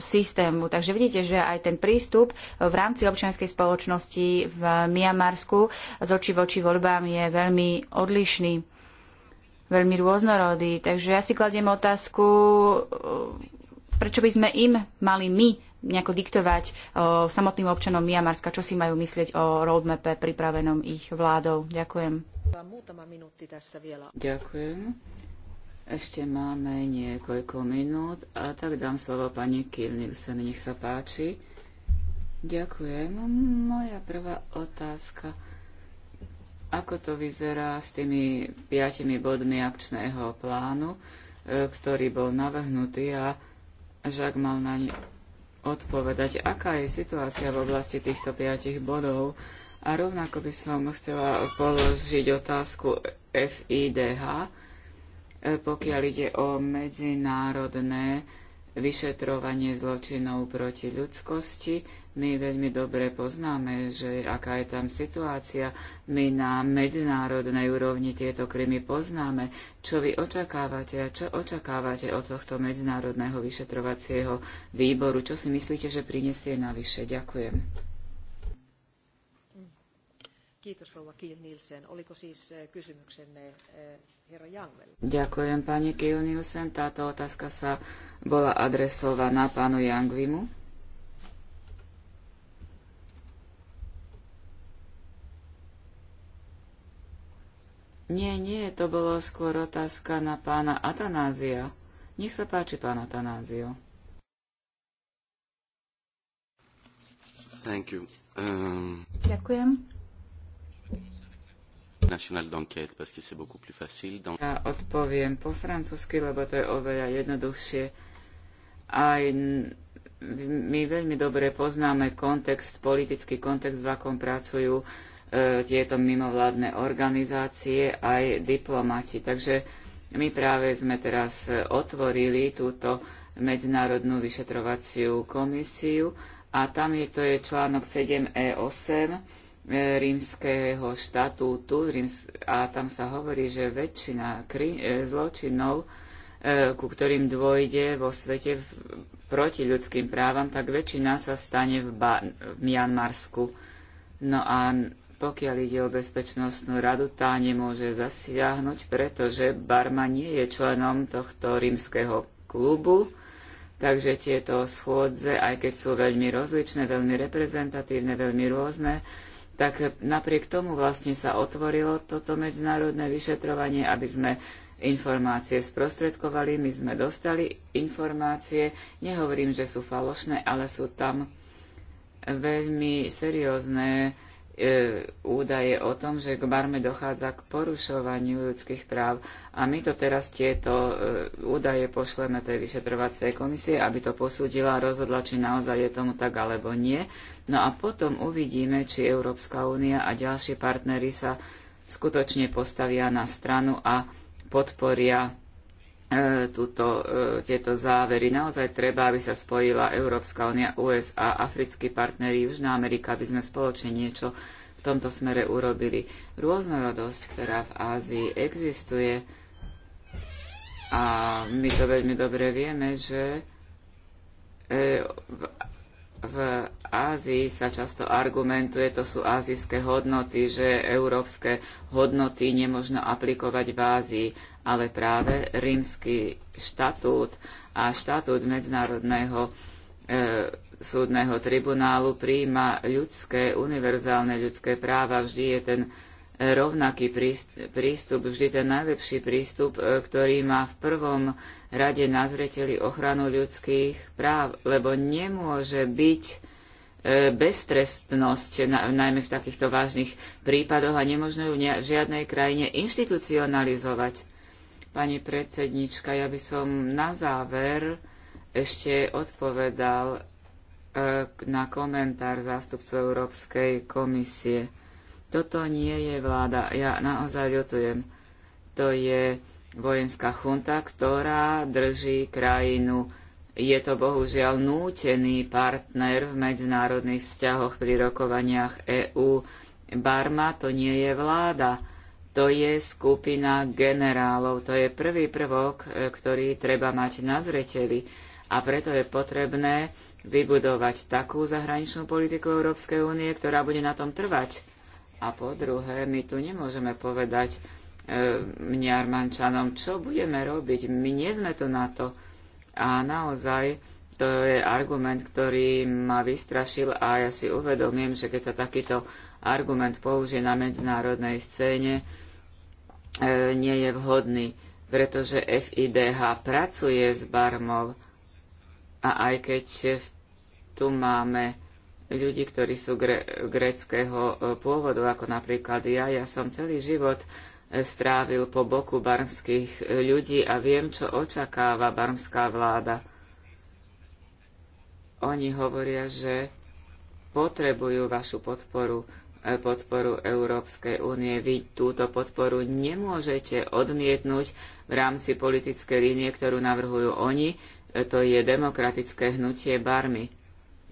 systému. Takže vidíte, že aj ten prístup v rámci občianskej spoločnosti v Miamarsku z oči voči voľbám je veľmi odlišný, veľmi rôznorodý. Takže ja si kladiem otázku, prečo by sme im mali my nejako diktovať o, samotným občanom Miamarska, čo si majú myslieť o roadmape pripravenom ich vládou. Ďakujem. Ďakujem. Ešte máme niekoľko minút a tak dám slovo pani Kiel Nielsen. Nech sa páči. Ďakujem. Moja prvá otázka. Ako to vyzerá s tými piatimi bodmi akčného plánu, e, ktorý bol navrhnutý a Žak mal na ne odpovedať, aká je situácia v oblasti týchto piatich bodov. A rovnako by som chcela položiť otázku FIDH, E, pokiaľ ide o medzinárodné vyšetrovanie zločinov proti ľudskosti. My veľmi dobre poznáme, že aká je tam situácia. My na medzinárodnej úrovni tieto krymy poznáme. Čo vy očakávate a čo očakávate od tohto medzinárodného vyšetrovacieho výboru? Čo si myslíte, že prinesie navyše? Ďakujem. Kiitos rouva Kiil Nielsen. Oliko siis eh, kysymyksenne eh, herra Ďakujem pani Kiil Nielsen. Táto otázka sa bola adresovaná pánu Jangvimu. Nie, nie, to bolo skôr otázka na pána Atanázia. Nech sa páči, pán Atanázio. Um... Ďakujem. Ja odpoviem po francúzsky, lebo to je oveľa jednoduchšie. Aj my veľmi dobre poznáme kontext, politický kontext, v akom pracujú e, tieto mimovládne organizácie, aj diplomati. Takže my práve sme teraz e, otvorili túto medzinárodnú vyšetrovaciu komisiu a tam je to je článok 7E8 rímskeho štatútu a tam sa hovorí, že väčšina e, zločinov, e, ku ktorým dôjde vo svete proti ľudským právam, tak väčšina sa stane v, ba- v Mianmarsku. No a pokiaľ ide o bezpečnostnú radu, tá nemôže zasiahnuť, pretože Barma nie je členom tohto rímskeho klubu, takže tieto schôdze, aj keď sú veľmi rozličné, veľmi reprezentatívne, veľmi rôzne, tak napriek tomu vlastne sa otvorilo toto medzinárodné vyšetrovanie, aby sme informácie sprostredkovali, my sme dostali informácie, nehovorím, že sú falošné, ale sú tam veľmi seriózne E, údaje o tom, že k barme dochádza k porušovaniu ľudských práv. A my to teraz tieto e, údaje pošleme tej vyšetrovacej komisie, aby to posúdila a rozhodla, či naozaj je tomu tak alebo nie. No a potom uvidíme, či Európska únia a ďalší partnery sa skutočne postavia na stranu a podporia E, túto, e, tieto závery. Naozaj treba, aby sa spojila Európska únia, USA, africkí partneri, Južná Amerika, aby sme spoločne niečo v tomto smere urobili. Rôznorodosť, ktorá v Ázii existuje, a my to veľmi dobre vieme, že e, v, v Ázii sa často argumentuje, to sú azijské hodnoty, že európske hodnoty nemožno aplikovať v Ázii ale práve rímsky štatút a štatút Medzinárodného e, súdneho tribunálu príjma ľudské, univerzálne ľudské práva. Vždy je ten rovnaký prístup, vždy ten najlepší prístup, e, ktorý má v prvom rade na zreteli ochranu ľudských práv, lebo nemôže byť e, beztrestnosť, najmä v takýchto vážnych prípadoch a nemôžno ju v žiadnej krajine inštitucionalizovať. Pani predsednička, ja by som na záver ešte odpovedal e, na komentár zástupcu Európskej komisie. Toto nie je vláda, ja naozaj ľutujem. To je vojenská chunta, ktorá drží krajinu. Je to bohužiaľ nútený partner v medzinárodných vzťahoch pri rokovaniach EÚ. Barma to nie je vláda to je skupina generálov. To je prvý prvok, e, ktorý treba mať na zreteli. A preto je potrebné vybudovať takú zahraničnú politiku Európskej únie, ktorá bude na tom trvať. A po druhé, my tu nemôžeme povedať e, mne Armančanom, čo budeme robiť. My nie sme tu na to. A naozaj to je argument, ktorý ma vystrašil a ja si uvedomím, že keď sa takýto argument použije na medzinárodnej scéne, e, nie je vhodný, pretože FIDH pracuje s barmov a aj keď tu máme ľudí, ktorí sú gréckeho greckého e, pôvodu, ako napríklad ja, ja som celý život e, strávil po boku barmských ľudí a viem, čo očakáva barmská vláda. Oni hovoria, že potrebujú vašu podporu, podporu Európskej únie. Vy túto podporu nemôžete odmietnúť v rámci politickej línie, ktorú navrhujú oni. To je demokratické hnutie Barmy.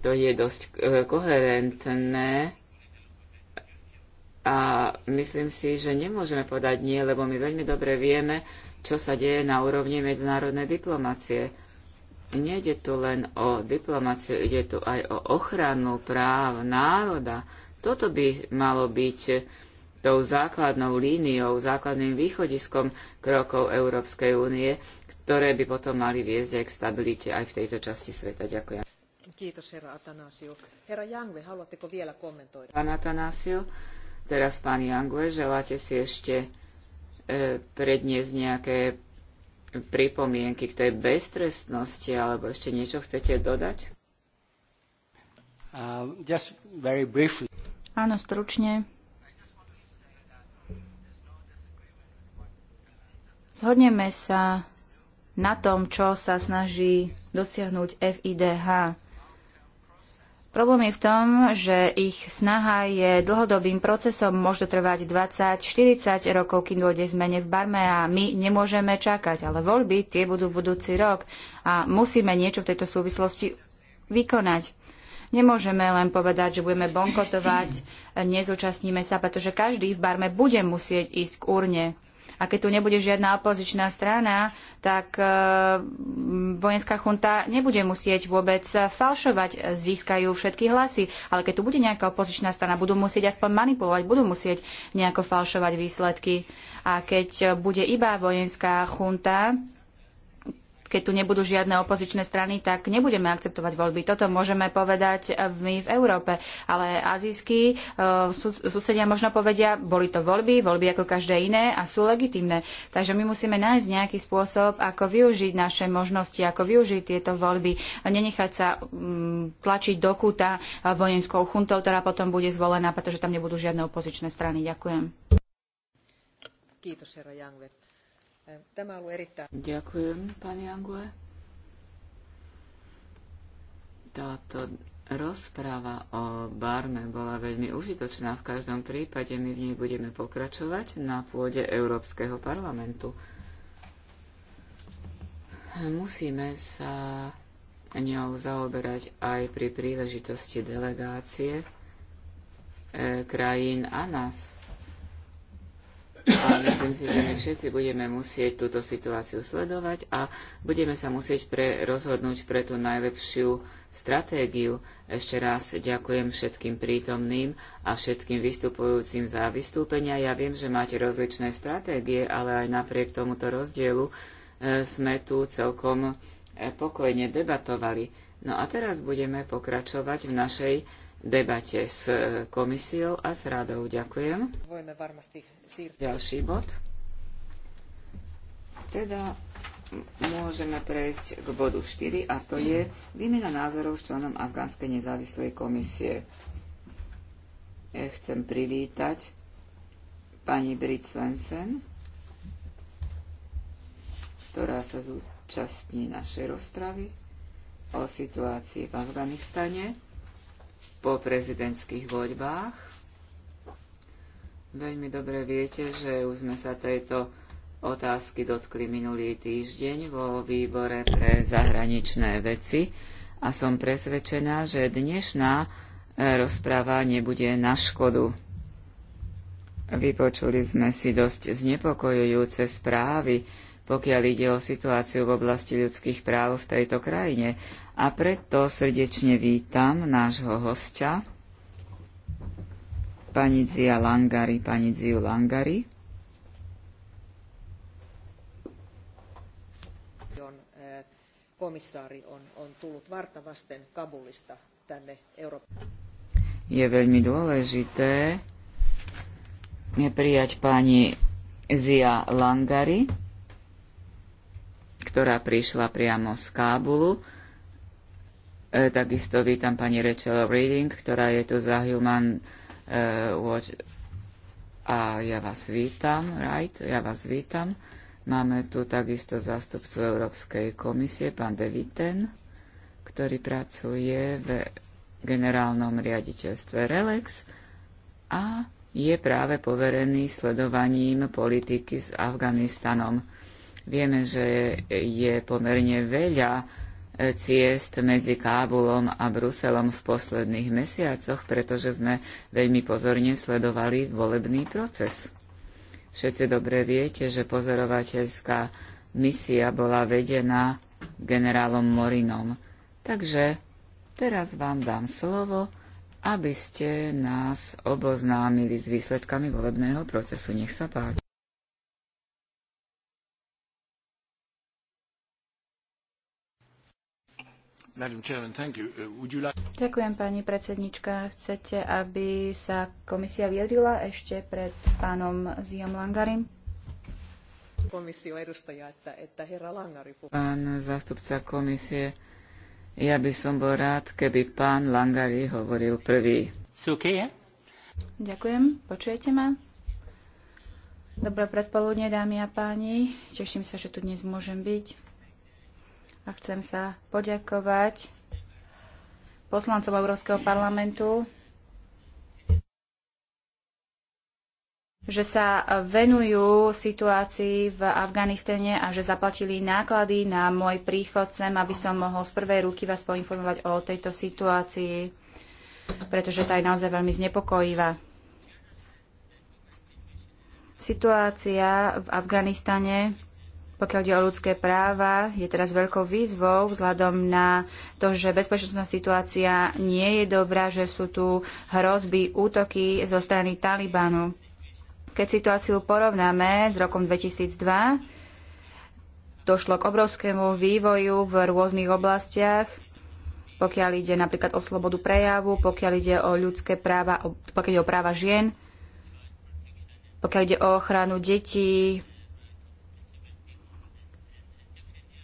To je dosť e, koherentné a myslím si, že nemôžeme podať nie, lebo my veľmi dobre vieme, čo sa deje na úrovni medzinárodnej diplomácie. Nejde tu len o diplomáciu, ide tu aj o ochranu práv národa, toto by malo byť tou základnou líniou, základným východiskom krokov Európskej únie, ktoré by potom mali viesť aj k stabilite aj v tejto časti sveta. Ďakujem. Kiitos, herra Atanasio. Herra Jangve, haluatteko vielä kommentoida? Pán Atanasio, teraz pán Jangve, želáte si ešte e, predniesť nejaké pripomienky k tej beztrestnosti, alebo ešte niečo chcete dodať? Uh, Áno, stručne. Zhodneme sa na tom, čo sa snaží dosiahnuť FIDH. Problém je v tom, že ich snaha je dlhodobým procesom, môže trvať 20-40 rokov, kým dôjde zmene v Barme a my nemôžeme čakať, ale voľby tie budú budúci rok a musíme niečo v tejto súvislosti vykonať. Nemôžeme len povedať, že budeme bonkotovať, nezúčastníme sa, pretože každý v barme bude musieť ísť k urne. A keď tu nebude žiadna opozičná strana, tak e, vojenská chunta nebude musieť vôbec falšovať, získajú všetky hlasy. Ale keď tu bude nejaká opozičná strana, budú musieť aspoň manipulovať, budú musieť nejako falšovať výsledky. A keď bude iba vojenská chunta, keď tu nebudú žiadne opozičné strany, tak nebudeme akceptovať voľby. Toto môžeme povedať my v Európe. Ale azijskí e, susedia možno povedia, boli to voľby, voľby ako každé iné a sú legitimné. Takže my musíme nájsť nejaký spôsob, ako využiť naše možnosti, ako využiť tieto voľby, nenechať sa mm, tlačiť do kúta vojenskou chuntou, ktorá potom bude zvolená, pretože tam nebudú žiadne opozičné strany. Ďakujem. Kiitos, herra Jangvet. Tämä on ollut erittäin... Ďakujem, pani Angue. Táto rozpráva o Barme bola veľmi užitočná. V každom prípade my v nej budeme pokračovať na pôde Európskeho parlamentu. Musíme sa ňou zaoberať aj pri príležitosti delegácie e, krajín a nás a myslím si, že my všetci budeme musieť túto situáciu sledovať a budeme sa musieť pre, rozhodnúť pre tú najlepšiu stratégiu. Ešte raz ďakujem všetkým prítomným a všetkým vystupujúcim za vystúpenia. Ja viem, že máte rozličné stratégie, ale aj napriek tomuto rozdielu e, sme tu celkom e, pokojne debatovali. No a teraz budeme pokračovať v našej debate s eh, komisiou a s radou. Ďakujem. Ďalší bod. Teda môžeme prejsť k bodu 4 a to je výmena názorov s členom Afgánskej nezávislej komisie. Eh, chcem privítať pani Brit Svensen, ktorá sa zúčastní našej rozpravy o situácii v Afganistane po prezidentských voľbách. Veľmi dobre viete, že už sme sa tejto otázky dotkli minulý týždeň vo výbore pre zahraničné veci a som presvedčená, že dnešná e, rozpráva nebude na škodu. Vypočuli sme si dosť znepokojujúce správy, pokiaľ ide o situáciu v oblasti ľudských práv v tejto krajine. A preto srdečne vítam nášho hostia, pani Zia Langari, pani Ziu Langari. Eh, on, on tullut varta vasten Kabulista tänne Je veľmi dôležité prijať pani Zia Langari ktorá prišla priamo z Kábulu. E, takisto vítam pani Rachel Reading, ktorá je tu za Human e, Watch. A ja vás vítam, right? Ja vás vítam. Máme tu takisto zástupcu Európskej komisie, pán De Viten, ktorý pracuje v generálnom riaditeľstve RELEX a je práve poverený sledovaním politiky s Afganistanom. Vieme, že je pomerne veľa e, ciest medzi Kábulom a Bruselom v posledných mesiacoch, pretože sme veľmi pozorne sledovali volebný proces. Všetci dobre viete, že pozorovateľská misia bola vedená generálom Morinom. Takže teraz vám dám slovo, aby ste nás oboznámili s výsledkami volebného procesu. Nech sa páči. Uh, Ďakujem, pani predsednička. Chcete, aby sa komisia vyjadrila ešte pred pánom Ziom Langarim? Pán zástupca komisie, ja by som bol rád, keby pán Langari hovoril prvý. Ďakujem, počujete ma? Dobré predpoludne, dámy a páni. Teším sa, že tu dnes môžem byť a chcem sa poďakovať poslancom Európskeho parlamentu, že sa venujú situácii v Afganistane a že zaplatili náklady na môj príchod sem, aby som mohol z prvej ruky vás poinformovať o tejto situácii, pretože tá je naozaj veľmi znepokojivá. Situácia v Afganistane pokiaľ ide o ľudské práva, je teraz veľkou výzvou vzhľadom na to, že bezpečnostná situácia nie je dobrá, že sú tu hrozby, útoky zo strany Talibanu. Keď situáciu porovnáme s rokom 2002, došlo k obrovskému vývoju v rôznych oblastiach, pokiaľ ide napríklad o slobodu prejavu, pokiaľ ide o ľudské práva, pokiaľ ide o práva žien, pokiaľ ide o ochranu detí,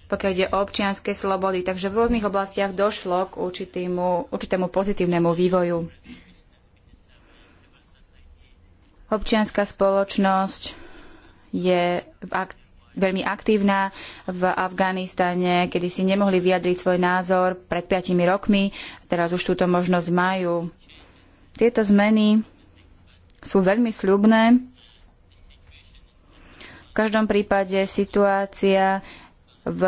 pokiaľ ide o občianske slobody. Takže v rôznych oblastiach došlo k určitému, určitému pozitívnemu vývoju. Občianská spoločnosť je v ak- veľmi aktívna v Afganistane, kedy si nemohli vyjadriť svoj názor pred 5 rokmi, teraz už túto možnosť majú. Tieto zmeny sú veľmi sľubné. V každom prípade situácia v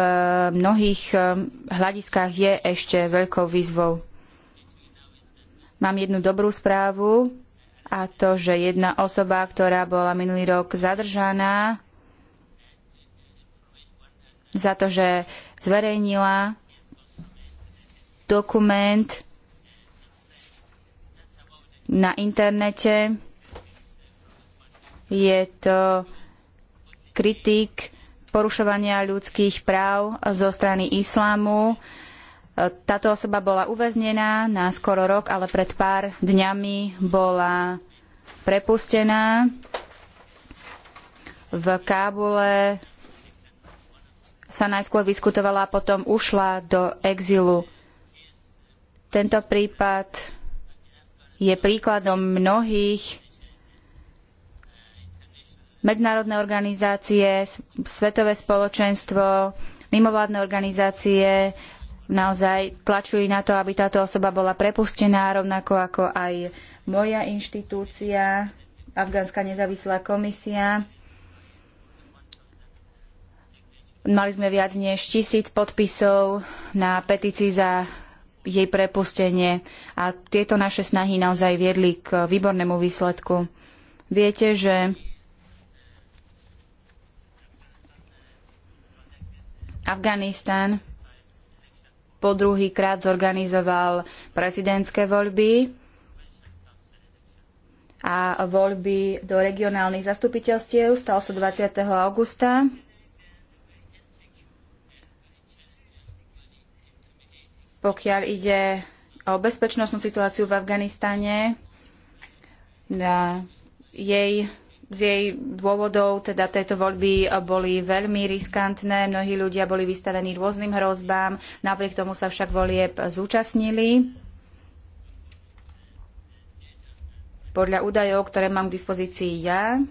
mnohých eh, hľadiskách je ešte veľkou výzvou. Mám jednu dobrú správu a to, že jedna osoba, ktorá bola minulý rok zadržaná za to, že zverejnila dokument na internete, je to kritik porušovania ľudských práv zo strany islámu. Táto osoba bola uväznená na skoro rok, ale pred pár dňami bola prepustená. V Kábule sa najskôr vyskutovala a potom ušla do exilu. Tento prípad je príkladom mnohých medzinárodné organizácie, svetové spoločenstvo, mimovládne organizácie naozaj tlačili na to, aby táto osoba bola prepustená, rovnako ako aj moja inštitúcia, Afgánska nezávislá komisia. Mali sme viac než tisíc podpisov na petícii za jej prepustenie a tieto naše snahy naozaj viedli k výbornému výsledku. Viete, že Afganistan po druhý krát zorganizoval prezidentské voľby a voľby do regionálnych zastupiteľstiev. Stal sa 20. augusta. Pokiaľ ide o bezpečnostnú situáciu v Afganistane, na jej z jej dôvodov teda tejto voľby eh, boli veľmi riskantné. Mnohí ľudia boli vystavení rôznym hrozbám, napriek tomu sa však volieb zúčastnili. Podľa údajov, ktoré mám k dispozícii ja,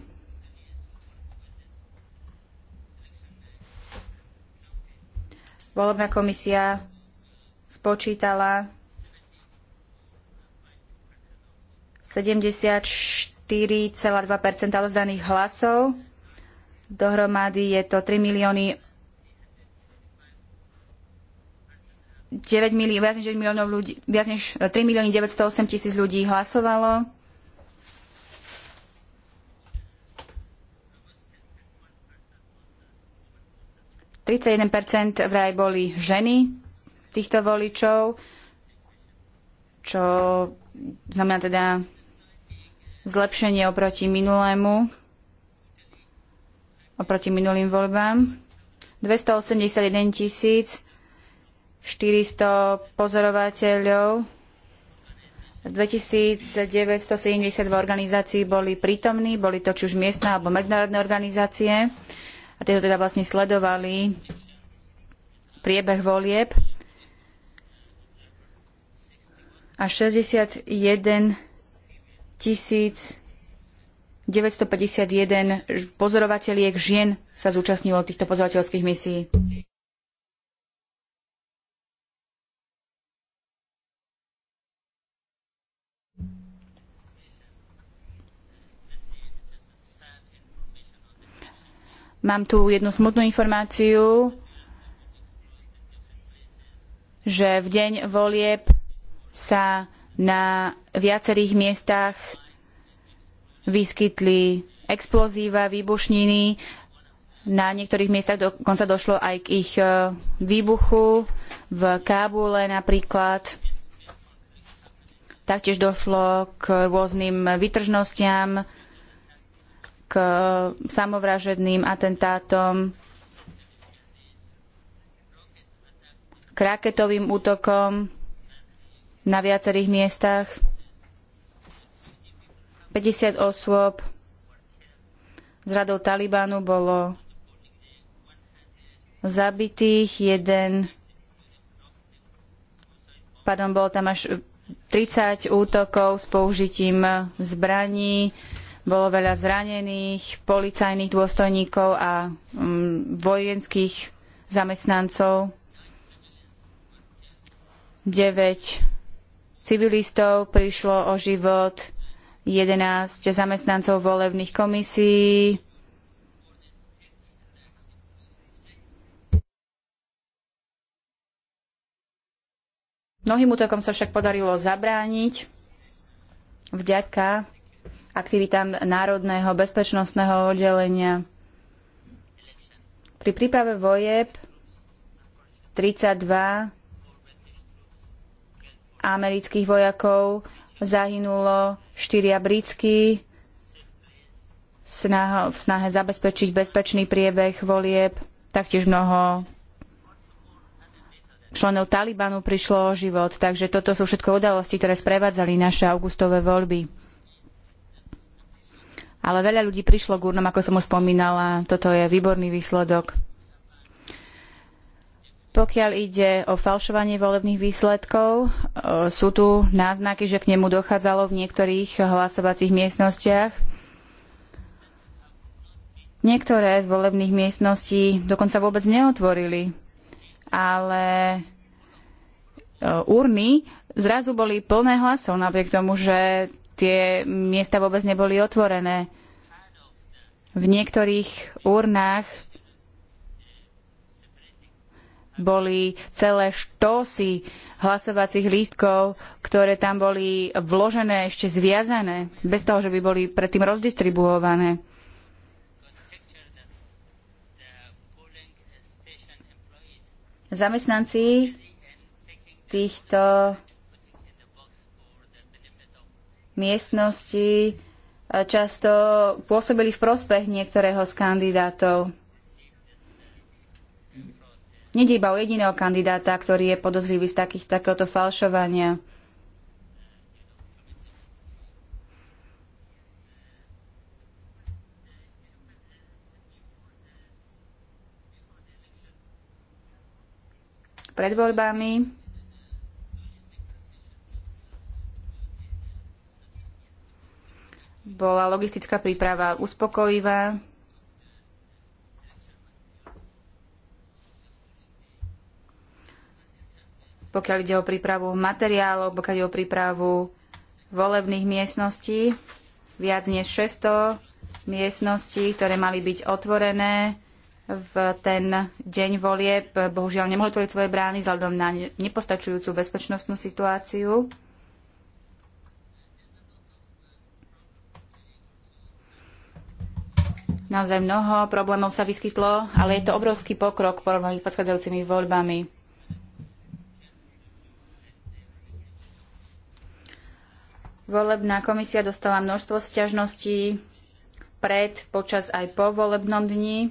volebná komisia spočítala 74 4,2 rozdaných hlasov. Dohromady je to 3 milióny 9 milió, viac než 9 miliónov ľudí, viac než 3 e, milióny 908 tisíc ľudí hlasovalo. percent vraj boli ženy týchto voličov, čo znamená teda zlepšenie oproti minulému, oproti minulým voľbám. 281 tisíc 400 pozorovateľov z 2972 organizácií boli prítomní, boli to či už miestne alebo medzinárodné organizácie a tieto teda vlastne sledovali priebeh volieb a 61 1951 pozorovateľiek žien sa zúčastnilo týchto pozorovateľských misií. Mám tu jednu smutnú informáciu, že v deň volieb sa na viacerých miestach vyskytli explozíva, výbušniny. Na niektorých miestach dokonca došlo aj k ich e, výbuchu. V Kábule napríklad. Taktiež došlo k rôznym vytržnostiam, k samovražedným atentátom, k raketovým útokom na viacerých miestach. 50 osôb z radou Talibánu bolo zabitých, jeden pardon, bolo tam až 30 útokov s použitím zbraní, bolo veľa zranených, policajných dôstojníkov a mm, vojenských zamestnancov, 9 civilistov prišlo o život, 11 zamestnancov volebných komisií, Mnohým útokom sa však podarilo zabrániť vďaka aktivitám Národného bezpečnostného oddelenia. Pri príprave vojeb 32 amerických vojakov zahynulo štyria britskí v snahe zabezpečiť bezpečný priebeh volieb. Taktiež mnoho členov Talibanu prišlo o život. Takže toto sú všetko udalosti, ktoré sprevádzali naše augustové voľby. Ale veľa ľudí prišlo k urnom, ako som už spomínala. Toto je výborný výsledok. Pokiaľ ide o falšovanie volebných výsledkov, e, sú tu náznaky, že k nemu dochádzalo v niektorých hlasovacích miestnostiach. Niektoré z volebných miestností dokonca vôbec neotvorili, ale e, urny zrazu boli plné hlasov, napriek tomu, že tie miesta vôbec neboli otvorené. V niektorých urnách boli celé štosy hlasovacích lístkov, ktoré tam boli vložené, ešte zviazané, bez toho, že by boli predtým rozdistribuované. Zamestnanci týchto miestností eh, často pôsobili v prospech niektorého z kandidátov. Nede iba o jediného kandidáta, ktorý je podozrivý z takých, takéhoto falšovania. Pred voľbami bola logistická príprava uspokojivá. pokiaľ ide o prípravu materiálov, pokiaľ ide o prípravu volebných miestností. Viac než 600 miestností, ktoré mali byť otvorené v ten deň volieb. Bohužiaľ nemohli tvoriť svoje brány vzhľadom na nepostačujúcu bezpečnostnú situáciu. Naozaj mnoho problémov sa vyskytlo, ale je to obrovský pokrok porovnaný s predchádzajúcimi voľbami. Volebná komisia dostala množstvo sťažností pred, počas aj po volebnom dni.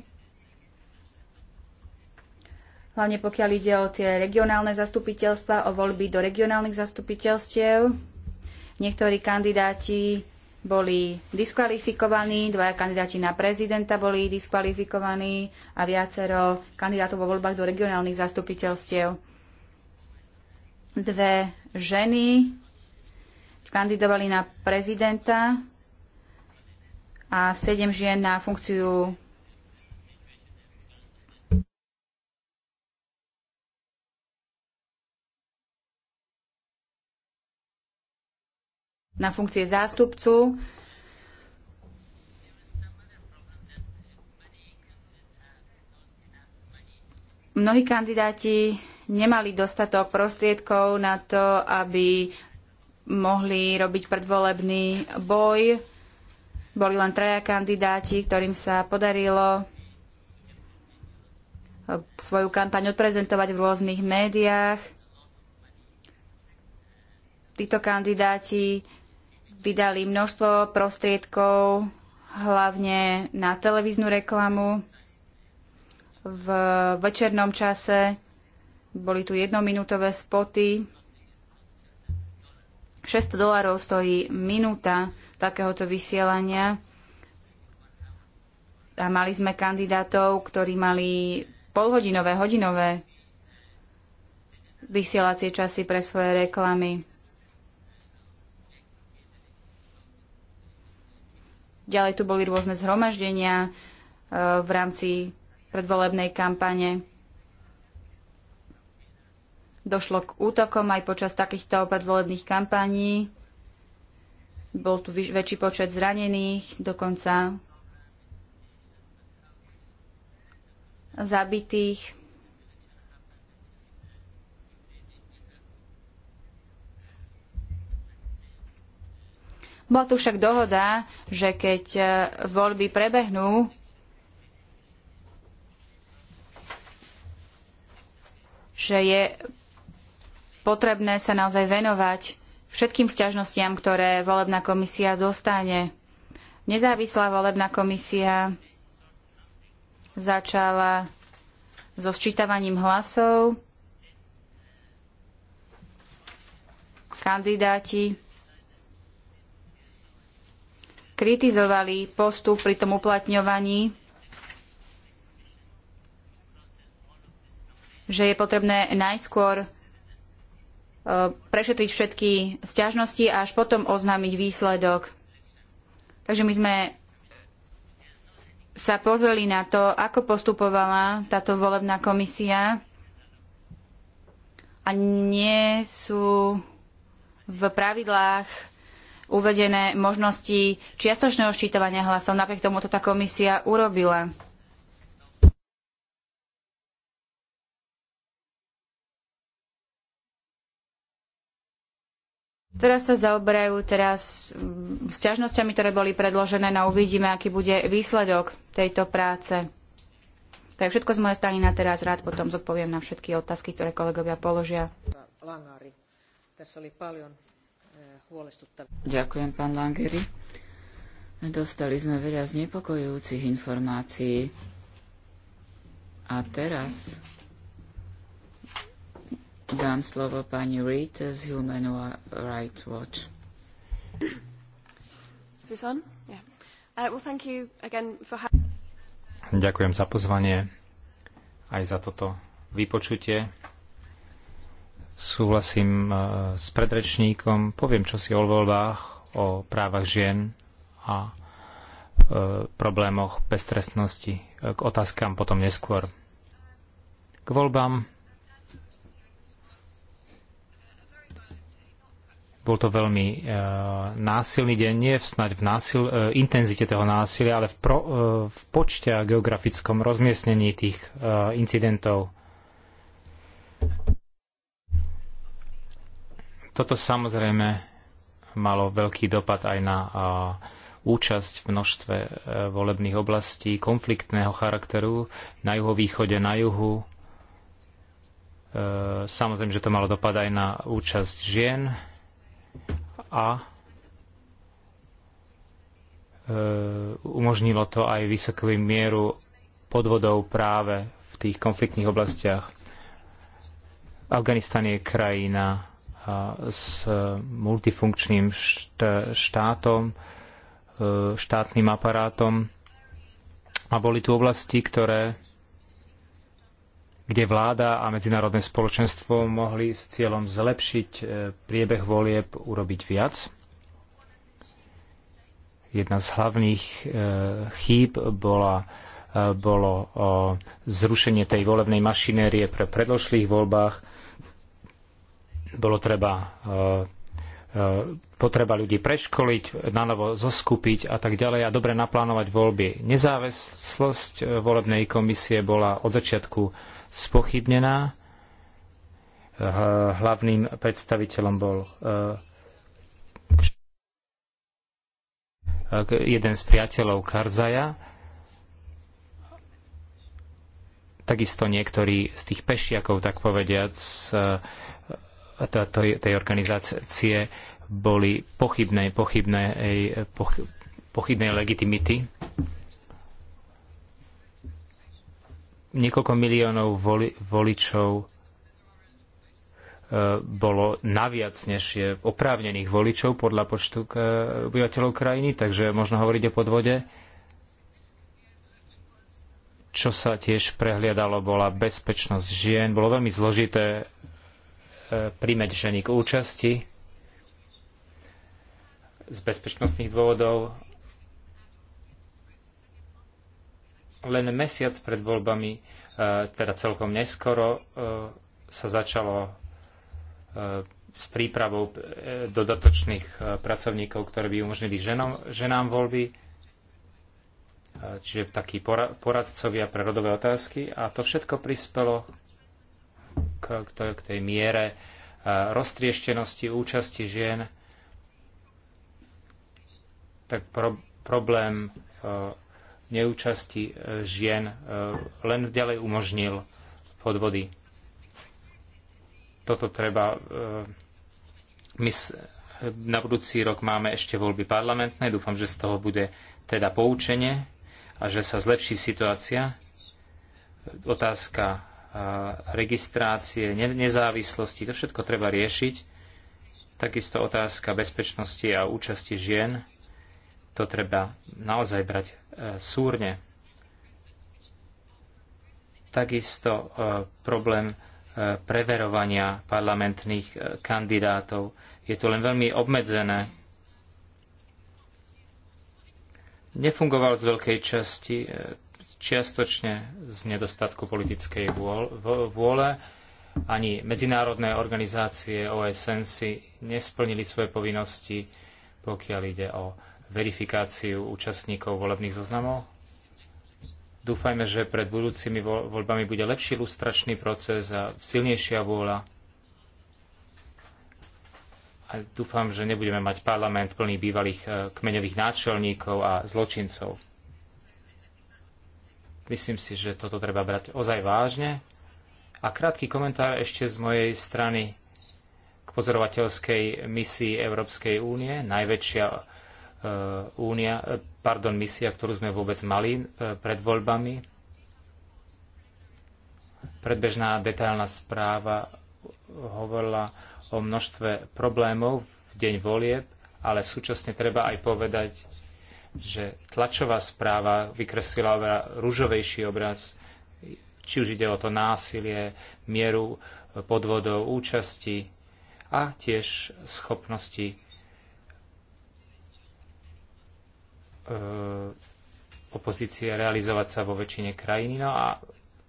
Hlavne pokiaľ ide o tie regionálne zastupiteľstva, o voľby do regionálnych zastupiteľstiev. Niektorí kandidáti boli diskvalifikovaní, dvaja kandidáti na prezidenta boli diskvalifikovaní a viacero kandidátov vo voľbách do regionálnych zastupiteľstiev. Dve ženy kandidovali na prezidenta a 7 žien na funkciu na funkcie zástupcu. Mnohí kandidáti nemali dostatok prostriedkov na to, aby mohli robiť predvolebný boj. Boli len traja kandidáti, ktorým sa podarilo eh, svoju kampaň odprezentovať v rôznych médiách. Títo kandidáti vydali množstvo prostriedkov, hlavne na televíznu reklamu. V večernom čase boli tu jednominútové spoty 600 dolárov stojí minúta takéhoto vysielania a mali sme kandidátov, ktorí mali polhodinové, hodinové vysielacie časy pre svoje reklamy. Ďalej tu boli rôzne zhromaždenia eh, v rámci predvolebnej kampane. Došlo k útokom aj počas takýchto predvolebných kampaní. Bol tu väčší počet zranených, dokonca zabitých. Bola tu však dohoda, že keď e, voľby prebehnú, že je potrebné sa naozaj venovať všetkým sťažnostiam, ktoré volebná komisia dostane. Nezávislá volebná komisia začala so sčítavaním hlasov. Kandidáti kritizovali postup pri tom uplatňovaní, že je potrebné najskôr E, prešetriť všetky sťažnosti a až potom oznámiť výsledok. Takže my sme sa pozreli na to, ako postupovala táto volebná komisia a nie sú v pravidlách uvedené možnosti čiastočného ščítovania hlasov. Napriek tomu to tá komisia urobila. Teraz sa zaoberajú teraz sťažnosťami, ktoré boli predložené no uvidíme, aký bude výsledok tejto práce. To je všetko z mojej strany na teraz. Rád potom zodpoviem na všetky otázky, ktoré kolegovia položia. Eh, Ďakujem, pán Langeri. Dostali sme veľa znepokojujúcich informácií. A teraz dám slovo pani z Human Rights Watch. Uh, Ďakujem za pozvanie aj za toto vypočutie. Súhlasím uh, s predrečníkom, poviem čo si o voľbách, o právach žien a uh, problémoch beztrestnosti k otázkam potom neskôr. K voľbám Bol to veľmi e, násilný deň, nie v, snaď v násil, e, intenzite toho násilia, ale v, pro, e, v počte a geografickom rozmiestnení tých incidentov. Toto samozrejme malo veľký dopad aj na účasť v množstve volebných oblastí konfliktného charakteru na juhovýchode, na juhu. Samozrejme, že to malo dopad aj na účasť žien a e, umožnilo to aj vysokú mieru podvodov práve v tých konfliktných oblastiach. Afganistan je krajina e, s multifunkčným štátom, e, štátnym aparátom a boli tu oblasti, ktoré kde vláda a medzinárodné spoločenstvo mohli s cieľom zlepšiť e, priebeh volieb urobiť viac. Jedna z hlavných e, chýb bola, e, bolo zrušenie tej volebnej mašinérie pre predošlých voľbách. Bolo treba potreba ľudí preškoliť, nanovo zoskupiť a tak ďalej a dobre naplánovať voľby. Nezávislosť volebnej komisie bola od začiatku spochybnená. Hlavným predstaviteľom bol e, jeden z priateľov Karzaja, takisto niektorí z tých pešiakov, tak povediac, e, tej organizácie boli pochybnej, pochybnej, pochybnej legitimity. niekoľko miliónov voli, voličov e, bolo naviac než je oprávnených voličov podľa počtu e, obyvateľov krajiny, takže možno hovoriť o podvode. Čo sa tiež prehliadalo, bola bezpečnosť žien. Bolo veľmi zložité e, príjmať ženy k účasti z bezpečnostných dôvodov len mesiac pred voľbami, e, teda celkom neskoro, e, sa začalo e, s prípravou dodatočných pracovníkov, ktoré by umožnili ženom, ženám voľby, čiže takí poradcovia pre rodové otázky. A to všetko prispelo k, k tej miere roztrieštenosti účasti žien, tak pro, problém neúčasti e, žien e, len ďalej umožnil podvody. Toto treba. E, my na budúci rok máme ešte voľby parlamentné. Dúfam, že z toho bude teda poučenie a že sa zlepší situácia. Otázka registrácie, nezávislosti, to všetko treba riešiť. Takisto otázka bezpečnosti a účasti žien to treba naozaj brať e, súrne. Takisto e, problém e, preverovania parlamentných kandidátov. Je to len veľmi obmedzené. Nefungoval z veľkej časti, čiastočne z nedostatku politickej vôle. Ani medzinárodné organizácie OSN si nesplnili svoje povinnosti, pokiaľ ide o verifikáciu účastníkov volebných zoznamov. Dúfajme, že pred budúcimi voľbami bude lepší lustračný proces a silnejšia vôľa. A dúfam, že nebudeme mať parlament plný bývalých e, kmeňových náčelníkov a zločincov. Myslím si, že toto treba brať ozaj vážne. A krátky komentár ešte z mojej strany k pozorovateľskej misii Európskej únie, najväčšia Eh, únia, eh, pardon, misia, ktorú sme vôbec mali eh, pred voľbami. Predbežná detailná správa hovorila o množstve problémov v deň volieb, ale súčasne treba aj povedať, že tlačová správa vykreslila oveľa rúžovejší obraz, či už ide o to násilie, mieru podvodov, účasti a tiež schopnosti E, opozície realizovať sa vo väčšine krajiny. No a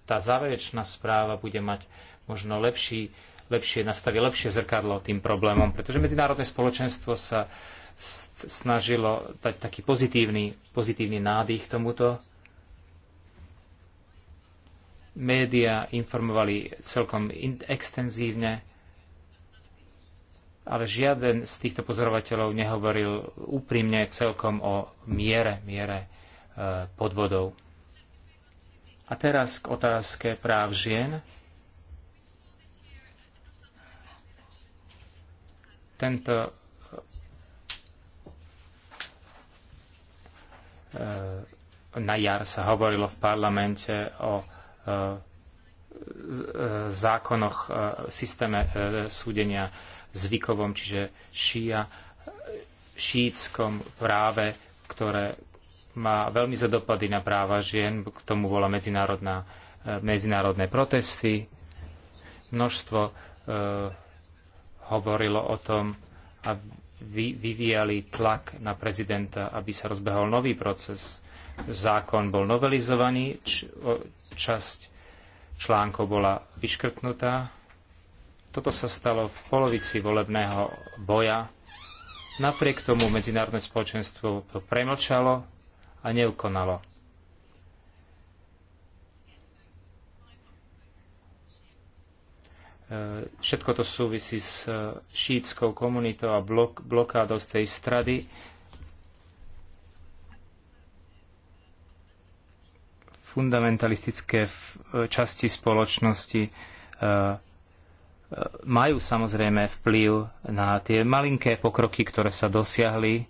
tá záverečná správa bude mať možno lepší, lepšie, nastaví lepšie zrkadlo tým problémom, pretože medzinárodné spoločenstvo sa snažilo dať taký pozitívny, pozitívny nádych tomuto. Média informovali celkom extenzívne ale žiaden z týchto pozorovateľov nehovoril úprimne celkom o miere, miere e, podvodov. A teraz k otázke práv žien. Tento e, na jar sa hovorilo v parlamente o e, zákonoch, systéme súdenia zvykovom, čiže šia, šíckom práve, ktoré má veľmi za dopady na práva žien, k tomu bola medzinárodná, e, medzinárodné protesty, množstvo e, hovorilo o tom a vy, vyvíjali tlak na prezidenta, aby sa rozbehol nový proces. Zákon bol novelizovaný, č, o, časť článkov bola vyškrtnutá toto sa stalo v polovici volebného boja. Napriek tomu medzinárodné spoločenstvo to premlčalo a neukonalo. E, všetko to súvisí s e, šítskou komunitou a blok, blokádou z tej strady. Fundamentalistické e, časti spoločnosti majú samozrejme vplyv na tie malinké pokroky, ktoré sa dosiahli.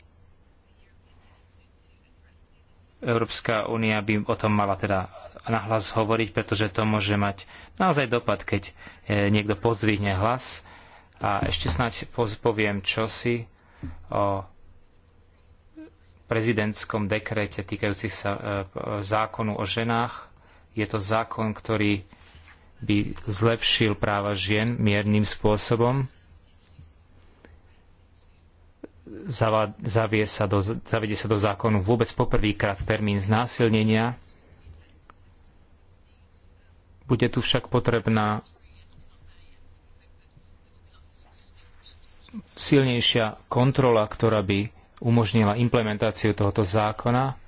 Európska únia by o tom mala teda nahlas hovoriť, pretože to môže mať naozaj dopad, keď e, niekto pozvihne hlas. A ešte snáď poviem čosi o prezidentskom dekrete týkajúcich sa e, zákonu o ženách. Je to zákon, ktorý by zlepšil práva žien miernym spôsobom. Zavie sa do, zavede sa do zákonu vôbec poprvýkrát termín znásilnenia. Bude tu však potrebná silnejšia kontrola, ktorá by umožnila implementáciu tohoto zákona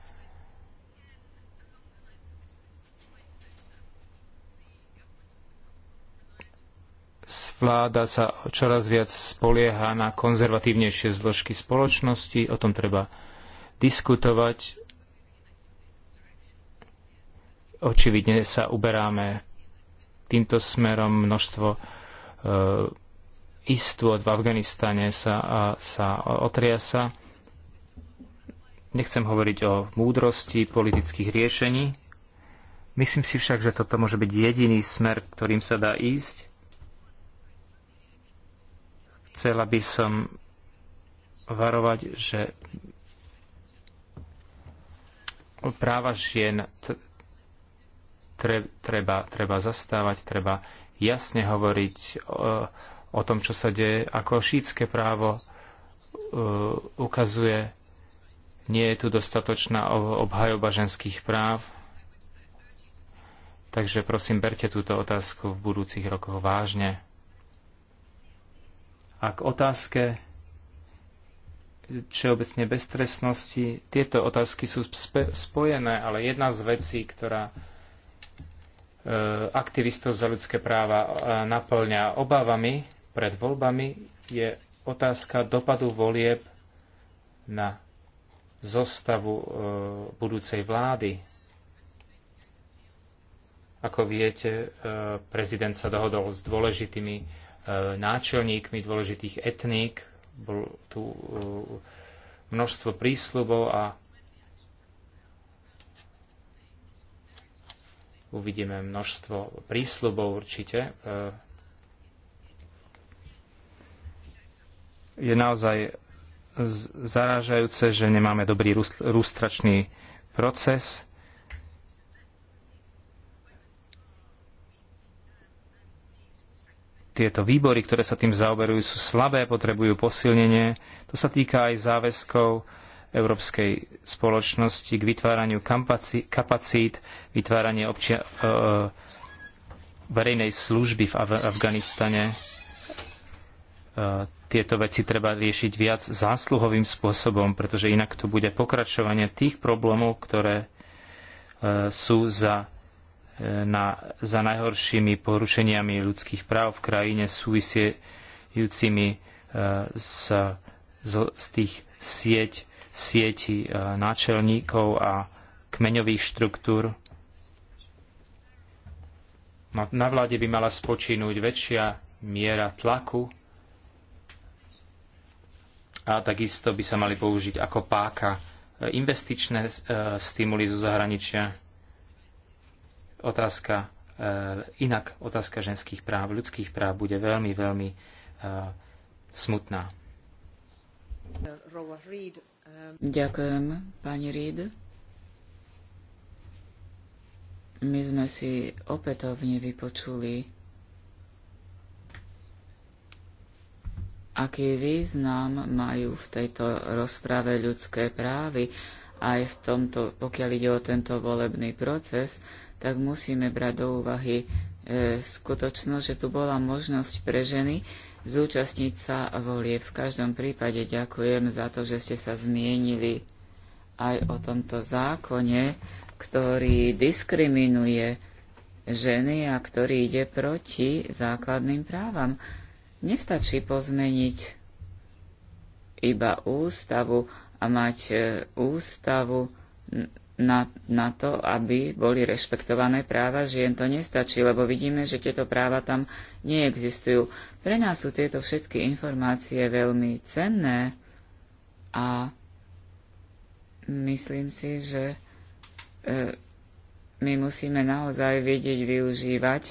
vláda sa čoraz viac spolieha na konzervatívnejšie zložky spoločnosti, o tom treba diskutovať. Očividne sa uberáme týmto smerom množstvo e, istôt v Afganistane sa, a, sa otriasa. Nechcem hovoriť o múdrosti politických riešení. Myslím si však, že toto môže byť jediný smer, ktorým sa dá ísť Chcela by som varovať, že práva žien treba, treba zastávať, treba jasne hovoriť o, e, o tom, čo sa deje, ako šítske právo uh, ukazuje, nie je tu dostatočná obhajoba ženských práv. Takže prosím, berte túto otázku v budúcich rokoch vážne a k otázke všeobecne beztresnosti. Tieto otázky sú spojené, ale jedna z vecí, ktorá e, aktivistov za ľudské práva e, naplňa obavami pred voľbami, je otázka dopadu volieb na zostavu e, budúcej vlády. Ako viete, prezident sa dohodol s dôležitými náčelníkmi dôležitých etník. Bol tu uh, množstvo prísľubov a uvidíme množstvo prísľubov určite. Uh, je naozaj zarážajúce, že nemáme dobrý rústračný proces. tieto výbory, ktoré sa tým zaoberujú, sú slabé, potrebujú posilnenie. To sa týka aj záväzkov Európskej spoločnosti k vytváraniu kapacít, vytváranie občia, e, e verejnej služby v Afganistane. E, tieto veci treba riešiť viac zásluhovým spôsobom, pretože inak to bude pokračovanie tých problémov, ktoré e, sú za na, za najhoršími porušeniami ľudských práv v krajine súvisiacimi z, e, z, z tých sieť, sieti e, náčelníkov a kmeňových štruktúr. Na, na vláde by mala spočínuť väčšia miera tlaku a takisto by sa mali použiť ako páka e, investičné stimuly zo zahraničia otázka, eh, inak otázka ženských práv, ľudských práv bude veľmi, veľmi eh, smutná. Ďakujem, pani Reid. My sme si opätovne vypočuli, aký význam majú v tejto rozprave ľudské právy aj v tomto, pokiaľ ide o tento volebný proces, tak musíme brať do úvahy e, skutočnosť, že tu bola možnosť pre ženy zúčastniť sa volie. V každom prípade ďakujem za to, že ste sa zmienili aj o tomto zákone, ktorý diskriminuje ženy a ktorý ide proti základným právam. Nestačí pozmeniť iba ústavu a mať e, ústavu na, na to, aby boli rešpektované práva žien. To nestačí, lebo vidíme, že tieto práva tam neexistujú. Pre nás sú tieto všetky informácie veľmi cenné a myslím si, že e, my musíme naozaj vedieť využívať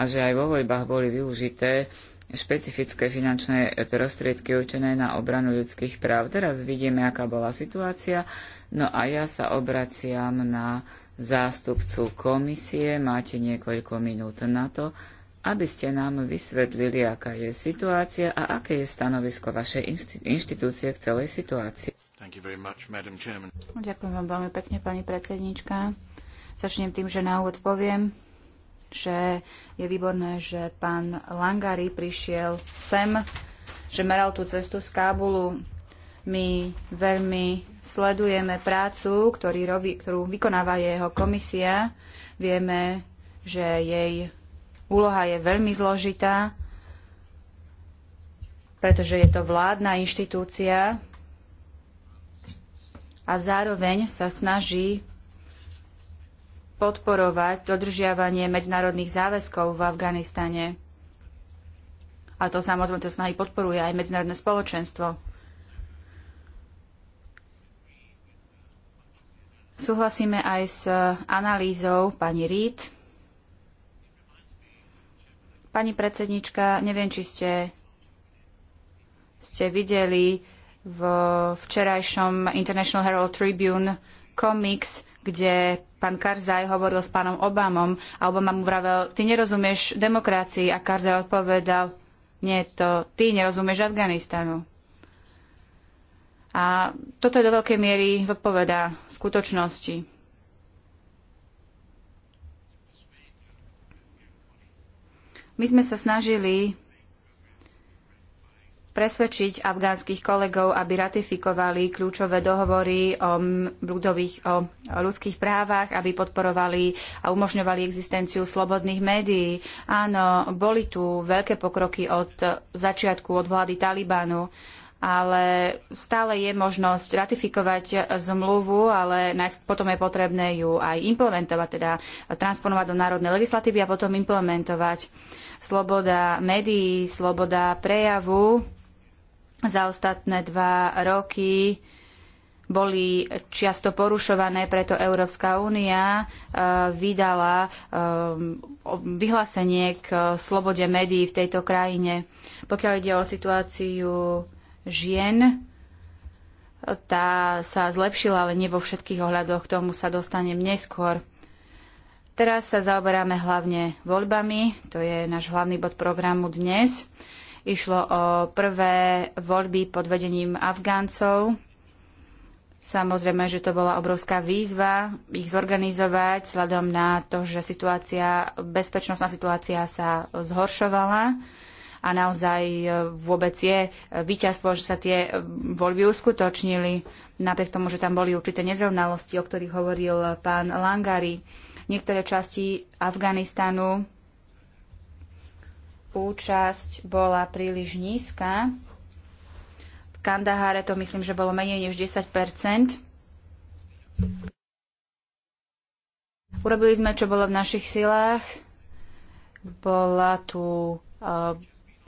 a že aj vo voľbách boli využité špecifické finančné prostriedky určené na obranu ľudských práv. Teraz vidíme, aká bola situácia. No a ja sa obraciam na zástupcu komisie. Máte niekoľko minút na to, aby ste nám vysvetlili, aká je situácia a aké je stanovisko vašej inštitúcie k celej situácii. Much, Ďakujem vám veľmi pekne, pani predsednička. Začnem tým, že na úvod poviem, že je výborné, že pán Langari prišiel sem, že meral tú cestu z Kábulu. My veľmi sledujeme prácu, ktorý robí, ktorú vykonáva jeho komisia. Vieme, že jej úloha je veľmi zložitá, pretože je to vládna inštitúcia a zároveň sa snaží podporovať dodržiavanie medzinárodných záväzkov v Afganistane. A to samozrejme to snahy podporuje aj medzinárodné spoločenstvo. Súhlasíme aj s eh, analýzou pani Reid. Pani predsednička, neviem, či ste, ste videli v včerajšom International Herald Tribune komiks kde pán Karzaj hovoril s pánom Obamom a Obama mu vravel, ty nerozumieš demokracii a Karzaj odpovedal, nie to, ty nerozumieš Afganistanu. A toto je do veľkej miery zodpovedá skutočnosti. My sme sa snažili presvedčiť afgánskych kolegov, aby ratifikovali kľúčové dohovory o, ľudových, o ľudských právach, aby podporovali a umožňovali existenciu slobodných médií. Áno, boli tu veľké pokroky od začiatku, od vlády Talibanu ale stále je možnosť ratifikovať zmluvu, ale potom je potrebné ju aj implementovať, teda transponovať do národnej legislatívy a potom implementovať. Sloboda médií, sloboda prejavu, za ostatné dva roky boli čiasto porušované, preto Európska únia e, vydala e, vyhlásenie k slobode médií v tejto krajine. Pokiaľ ide o situáciu žien, tá sa zlepšila, ale nie vo všetkých ohľadoch, k tomu sa dostanem neskôr. Teraz sa zaoberáme hlavne voľbami, to je náš hlavný bod programu dnes. Išlo o prvé voľby pod vedením Afgáncov. Samozrejme, že to bola obrovská výzva ich zorganizovať, vzhľadom na to, že situácia, bezpečnostná situácia sa zhoršovala a naozaj e, vôbec je víťazstvo, že sa tie voľby uskutočnili, napriek tomu, že tam boli určité nezrovnalosti, o ktorých hovoril pán Langari. Niektoré časti Afganistanu účasť bola príliš nízka. V Kandahare to myslím, že bolo menej než 10 Urobili sme, čo bolo v našich silách. Bola tu eh,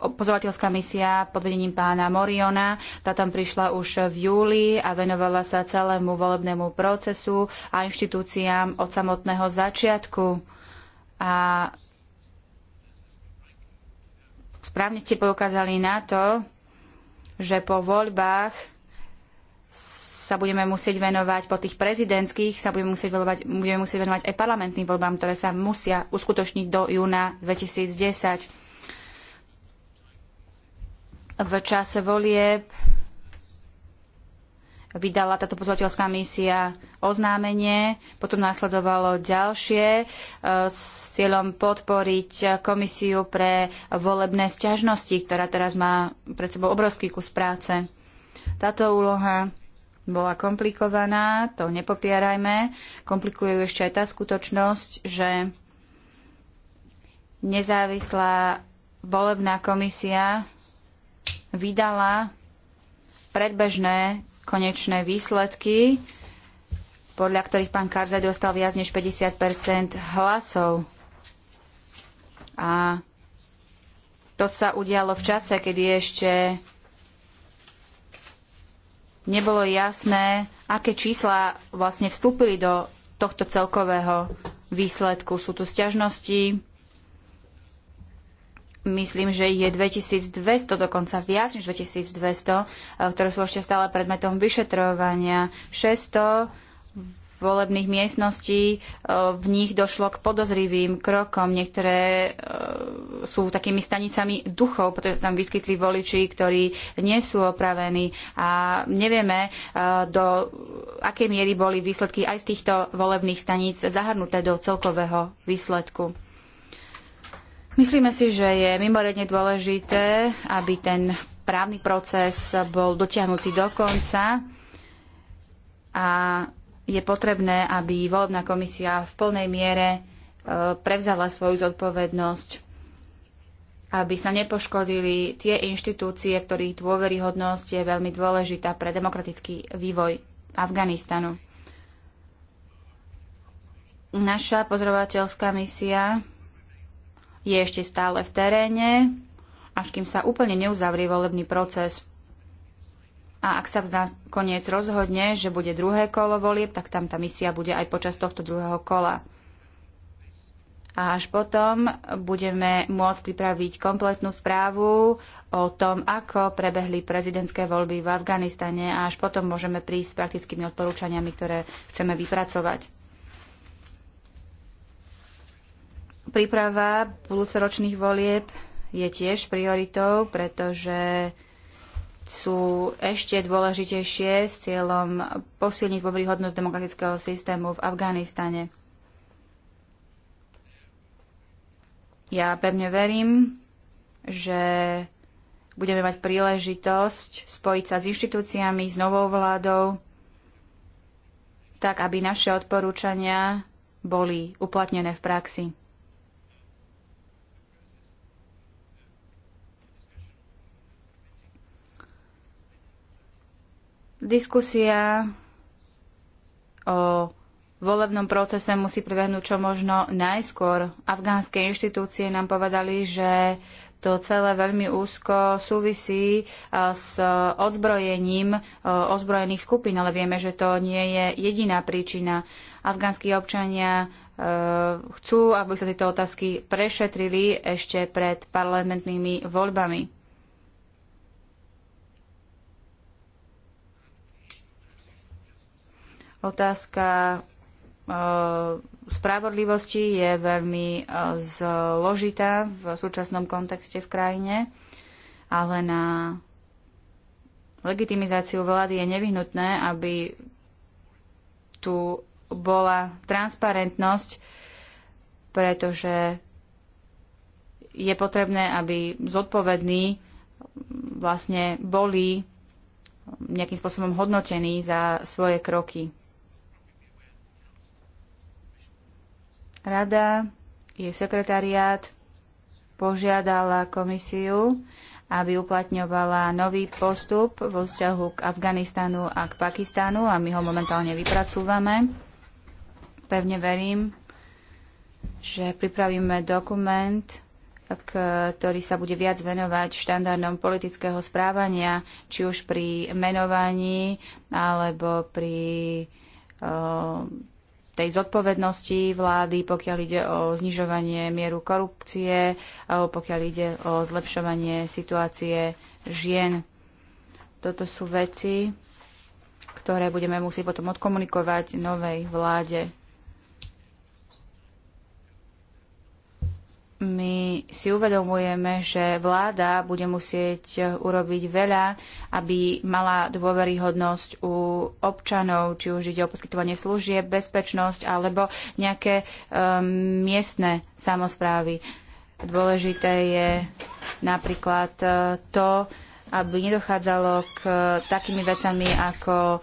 pozorovateľská misia pod vedením pána Moriona. Tá tam prišla už v júli a venovala sa celému volebnému procesu a inštitúciám od samotného začiatku. A Správne ste poukázali na to, že po voľbách sa budeme musieť venovať, po tých prezidentských sa budeme musieť, venovať, budeme musieť venovať aj parlamentným voľbám, ktoré sa musia uskutočniť do júna 2010. V čase volieb vydala táto pozvateľská misia oznámenie, potom následovalo ďalšie e, s cieľom podporiť komisiu pre volebné sťažnosti, ktorá teraz má pred sebou obrovský kus práce. Táto úloha bola komplikovaná, to nepopierajme. Komplikuje ju ešte aj tá skutočnosť, že nezávislá volebná komisia vydala predbežné konečné výsledky podľa ktorých pán Karzaj dostal viac než 50 hlasov. A to sa udialo v čase, kedy ešte nebolo jasné, aké čísla vlastne vstúpili do tohto celkového výsledku. Sú tu sťažnosti, myslím, že ich je 2200, dokonca viac než 2200, eh, ktoré sú ešte stále predmetom vyšetrovania. 600 volebných miestností, e, v nich došlo k podozrivým krokom. Niektoré e, sú takými stanicami duchov, pretože sa tam vyskytli voliči, ktorí nie sú opravení a nevieme, e, do akej miery boli výsledky aj z týchto volebných staníc zahrnuté do celkového výsledku. Myslíme si, že je mimoriadne dôležité, aby ten právny proces bol dotiahnutý do konca a je potrebné, aby volebná komisia v plnej miere e, prevzala svoju zodpovednosť, aby sa nepoškodili tie inštitúcie, ktorých dôveryhodnosť je veľmi dôležitá pre demokratický vývoj Afganistanu. Naša pozorovateľská misia je ešte stále v teréne, až kým sa úplne neuzavrie volebný proces a ak sa koniec rozhodne, že bude druhé kolo volieb, tak tam tá misia bude aj počas tohto druhého kola. A až potom budeme môcť pripraviť kompletnú správu o tom, ako prebehli prezidentské voľby v Afganistane a až potom môžeme prísť s praktickými odporúčaniami, ktoré chceme vypracovať. Príprava budúcoročných volieb je tiež prioritou, pretože sú ešte dôležitejšie s cieľom posilniť hodnosť demokratického systému v Afganistane. Ja pevne verím, že budeme mať príležitosť spojiť sa s inštitúciami, s novou vládou, tak aby naše odporúčania boli uplatnené v praxi. Diskusia o volebnom procese musí prebehnúť čo možno najskôr. Afgánske inštitúcie nám povedali, že to celé veľmi úzko súvisí eh, s odzbrojením eh, ozbrojených skupín, ale vieme, že to nie je jediná príčina. Afgánsky občania eh, chcú, aby sa tieto otázky prešetrili ešte pred parlamentnými voľbami. Otázka e, spravodlivosti je veľmi e, zložitá v súčasnom kontexte v krajine, ale na legitimizáciu vlády je nevyhnutné, aby tu bola transparentnosť, pretože je potrebné, aby zodpovední vlastne boli nejakým spôsobom hodnotení za svoje kroky. Rada, jej sekretariát požiadala komisiu, aby uplatňovala nový postup vo vzťahu k Afganistanu a k Pakistanu a my ho momentálne vypracúvame. Pevne verím, že pripravíme dokument, ktorý sa bude viac venovať štandardom politického správania, či už pri menovaní alebo pri uh, tej zodpovednosti vlády, pokiaľ ide o znižovanie mieru korupcie, alebo pokiaľ ide o zlepšovanie situácie žien. Toto sú veci, ktoré budeme musieť potom odkomunikovať novej vláde. my si uvedomujeme, že vláda bude musieť eh, urobiť veľa, aby mala dôveryhodnosť u občanov, či už ide o poskytovanie služieb, bezpečnosť alebo nejaké um, miestne samozprávy. Dôležité je napríklad eh, to, aby nedochádzalo k eh, takými vecami ako eh,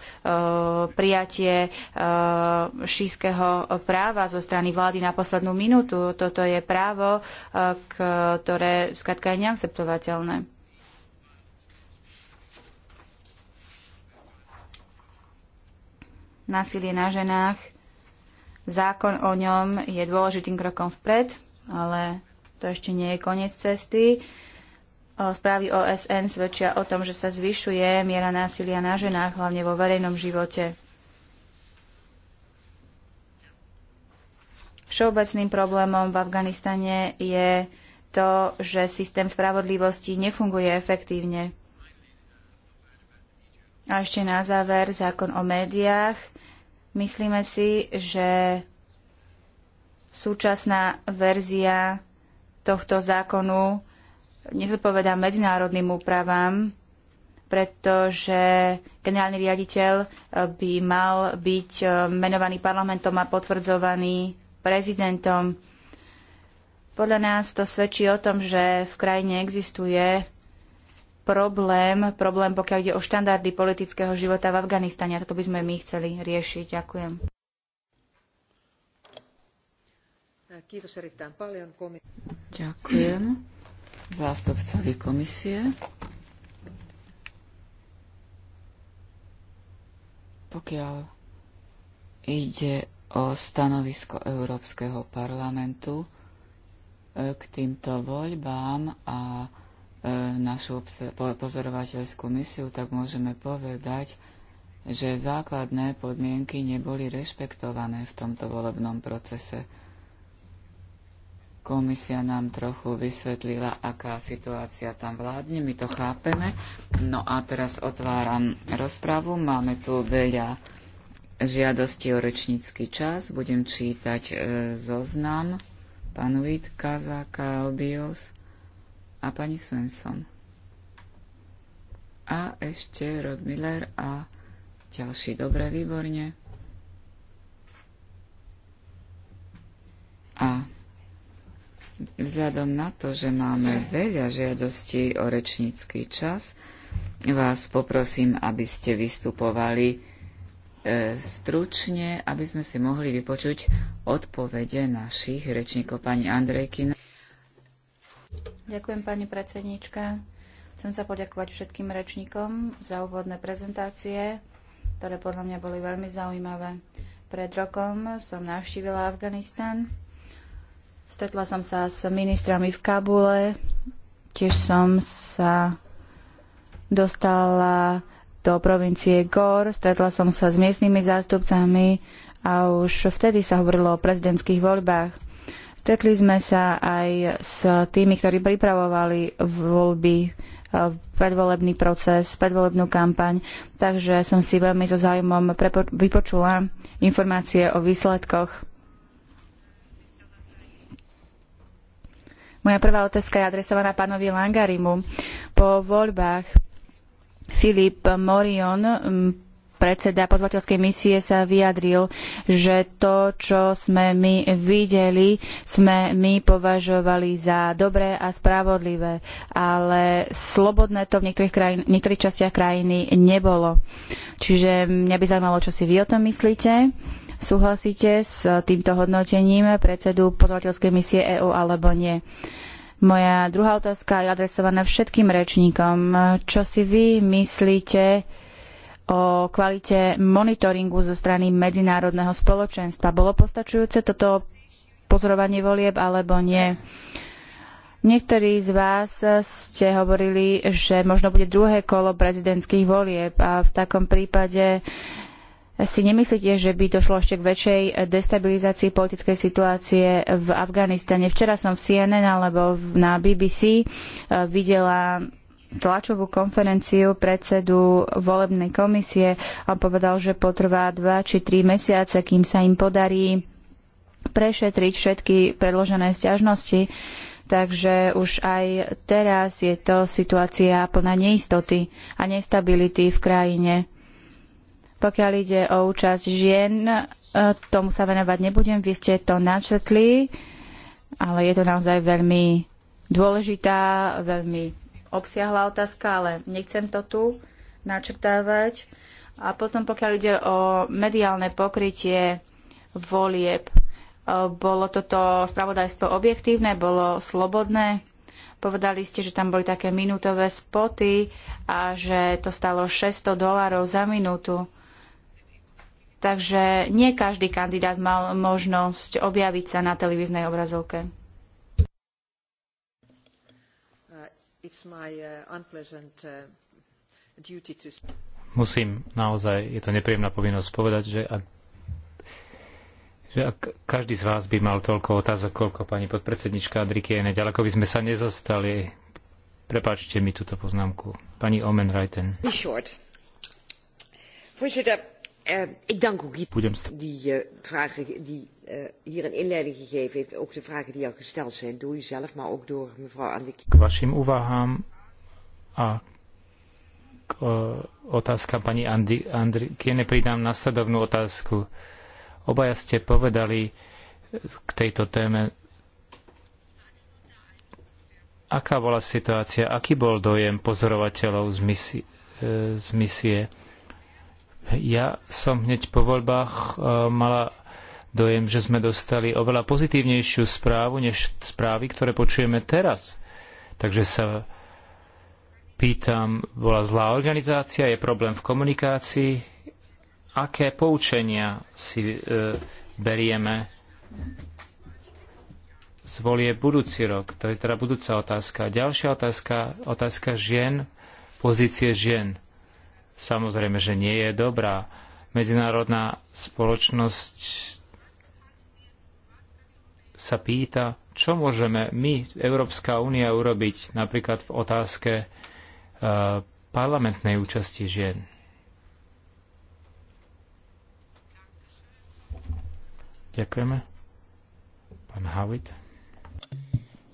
prijatie eh, šíského práva zo strany vlády na poslednú minútu. Toto je právo, ktoré skratka je neakceptovateľné. Násilie na ženách. Zákon o ňom je dôležitým krokom vpred, ale to ešte nie je koniec cesty. Uh, Správy OSN svedčia o tom, že sa zvyšuje miera násilia na ženách, hlavne vo verejnom živote. Všeobecným problémom v Afganistane je to, že systém spravodlivosti nefunguje efektívne. A ešte na záver zákon o médiách. Myslíme si, že súčasná verzia tohto zákonu nezodpovedá medzinárodným úpravám, pretože generálny riaditeľ eh, by mal byť eh, menovaný parlamentom a potvrdzovaný prezidentom. Podľa nás to svedčí o tom, že v krajine existuje problém, problém pokiaľ ide o štandardy politického života v Afganistane. A toto by sme my chceli riešiť. Ďakujem. Eh, Ďakujem zástupcovi komisie. Pokiaľ ide o stanovisko Európskeho parlamentu e, k týmto voľbám a e, našu pozorovateľskú misiu, tak môžeme povedať, že základné podmienky neboli rešpektované v tomto volebnom procese. Komisia nám trochu vysvetlila, aká situácia tam vládne, my to chápeme. No a teraz otváram rozpravu. Máme tu veľa žiadosti o rečnícky čas. Budem čítať e, zoznam. Pán Vít, Kazáka, Obios a pani Svensson. A ešte Rod Miller a ďalší. Dobre, výborne. A Vzhľadom na to, že máme veľa žiadostí o rečnícky čas, vás poprosím, aby ste vystupovali e, stručne, aby sme si mohli vypočuť odpovede našich rečníkov pani Andrejky. Ďakujem pani predsednička. Chcem sa poďakovať všetkým rečníkom za úvodné prezentácie, ktoré podľa mňa boli veľmi zaujímavé. Pred rokom som navštívila Afganistan Stretla som sa s ministrami v Kabule, tiež som sa dostala do provincie Gor, stretla som sa s miestnymi zástupcami a už vtedy sa hovorilo o prezidentských voľbách. Stretli sme sa aj s tými, ktorí pripravovali voľby, e, predvolebný proces, predvolebnú kampaň, takže som si veľmi so záujmom vypočula informácie o výsledkoch Moja prvá otázka je adresovaná pánovi Langarimu. Po voľbách Filip Morion predseda pozvateľskej misie sa vyjadril, že to, čo sme my videli, sme my považovali za dobré a spravodlivé, ale slobodné to v niektorých, niektorých častiach krajiny nebolo. Čiže mňa by zaujímalo, čo si vy o tom myslíte. Súhlasíte s eh, týmto hodnotením predsedu pozvateľskej misie EÚ alebo nie? Moja druhá otázka je adresovaná všetkým rečníkom. Čo si vy myslíte o kvalite monitoringu zo strany medzinárodného spoločenstva? Bolo postačujúce toto pozorovanie volieb alebo nie? Niektorí z vás ste hovorili, že možno bude druhé kolo prezidentských volieb a v takom prípade uh, si nemyslíte, že by došlo ešte k väčšej destabilizácii politickej situácie v Afganistane? Včera som v CNN alebo na BBC eh, videla tlačovú konferenciu predsedu volebnej komisie. On povedal, že potrvá dva či tri mesiace, kým sa im podarí prešetriť všetky predložené stiažnosti. Takže už aj teraz je to situácia plná neistoty a nestability v krajine. Pokiaľ ide o účasť žien, e, tomu sa venovať nebudem, vy ste to načetli, ale je to naozaj veľmi dôležitá, veľmi obsiahla otázka, ale nechcem to tu načrtávať. A potom, pokiaľ ide o mediálne pokrytie volieb, e, bolo toto spravodajstvo objektívne, bolo slobodné? Povedali ste, že tam boli také minútové spoty a že to stalo 600 dolárov za minútu. Takže nie každý kandidát mal možnosť objaviť sa na televíznej obrazovke. Uh, uh, uh, Musím naozaj, je to nepríjemná povinnosť povedať, že ak, že ak každý z vás by mal toľko otázok, koľko pani podpredsednička Adrikiene, ďaleko by sme sa nezostali. Prepáčte mi túto poznámku. Pani Omen Reiten. Voorzitter, Ehm, ik dank ook iedereen die eh, vragen die eh, hier een inleiding gegeven heeft. Ook de vragen die al gesteld zijn door uzelf, maar ook door mevrouw Andekien. K vašim a k eh, otázkam pani Andri, Andrikiene pridám nasledovnú otázku. Obaja ste povedali k tejto téme, aká bola situácia, aký bol dojem pozorovateľov z misie, z misie ja som hneď po voľbách e, mala dojem, že sme dostali oveľa pozitívnejšiu správu, než správy, ktoré počujeme teraz. Takže sa pýtam, bola zlá organizácia, je problém v komunikácii, aké poučenia si e, berieme z volie budúci rok? To je teda budúca otázka. Ďalšia otázka, otázka žien, pozície žien samozrejme, že nie je dobrá. Medzinárodná spoločnosť sa pýta, čo môžeme my, Európska únia, urobiť napríklad v otázke e, parlamentnej účasti žien. Ďakujeme. Pán Hawit.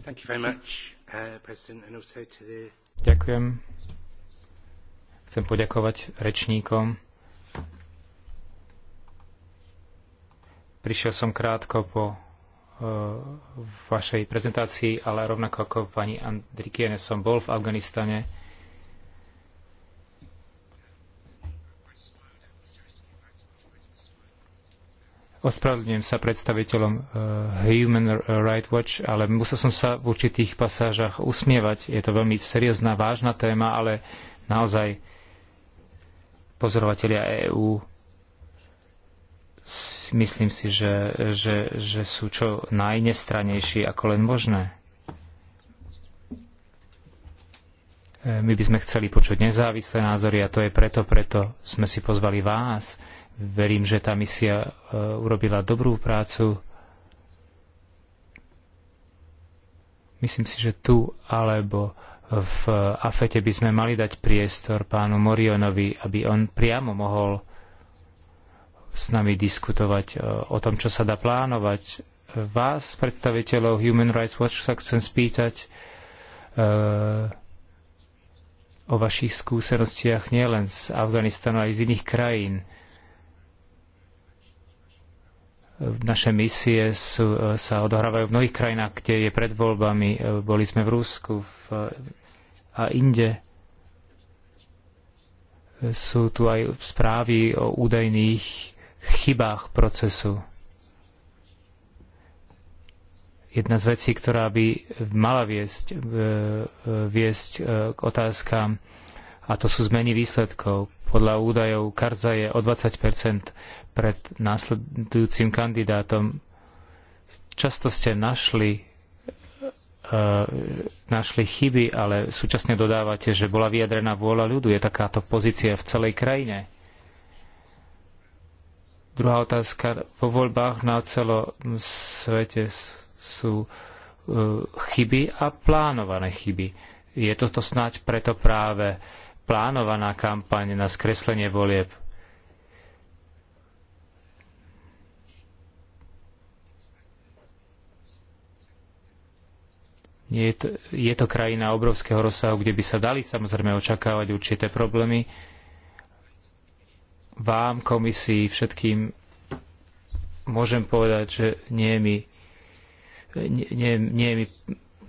Thank you very much, uh, President, and also to the... Ďakujem Chcem poďakovať rečníkom. Prišiel som krátko po e, vašej prezentácii, ale rovnako ako pani Andrikiene som bol v Afganistane. Ospravedlňujem sa predstaviteľom uh, Human Rights Watch, ale musel som sa v určitých pasážach usmievať. Je to veľmi seriózna, vážna téma, ale naozaj pozorovatelia EÚ myslím si, že, že, že sú čo najnestranejší ako len možné. E, my by sme chceli počuť nezávislé názory a to je preto, preto sme si pozvali vás. Verím, že tá misia e, urobila dobrú prácu. Myslím si, že tu alebo v AFETE by sme mali dať priestor pánu Morionovi, aby on priamo mohol s nami diskutovať e, o tom, čo sa dá plánovať. Vás, predstaviteľov Human Rights Watch, sa chcem spýtať e, o vašich skúsenostiach nielen z Afganistanu, ale aj z iných krajín naše misie sú, sa odohrávajú v mnohých krajinách, kde je pred voľbami. Boli sme v Rusku v, a inde. Sú tu aj správy o údajných chybách procesu. Jedna z vecí, ktorá by mala viesť, e, e, viesť e, k otázkam, a to sú zmeny výsledkov, podľa údajov Karza je o 20 pred následujúcim kandidátom. Často ste našli e, našli chyby, ale súčasne dodávate, že bola vyjadrená vôľa ľudu. Je takáto pozícia v celej krajine. Druhá otázka. Vo voľbách na celom svete sú e, chyby a plánované chyby. Je toto snáď preto práve plánovaná kampaň na skreslenie volieb. je, to, je to krajina obrovského rozsahu, kde by sa dali samozrejme očakávať určité problémy. Vám, komisii, všetkým môžem povedať, že nie je mi, nie, nie, nie je mi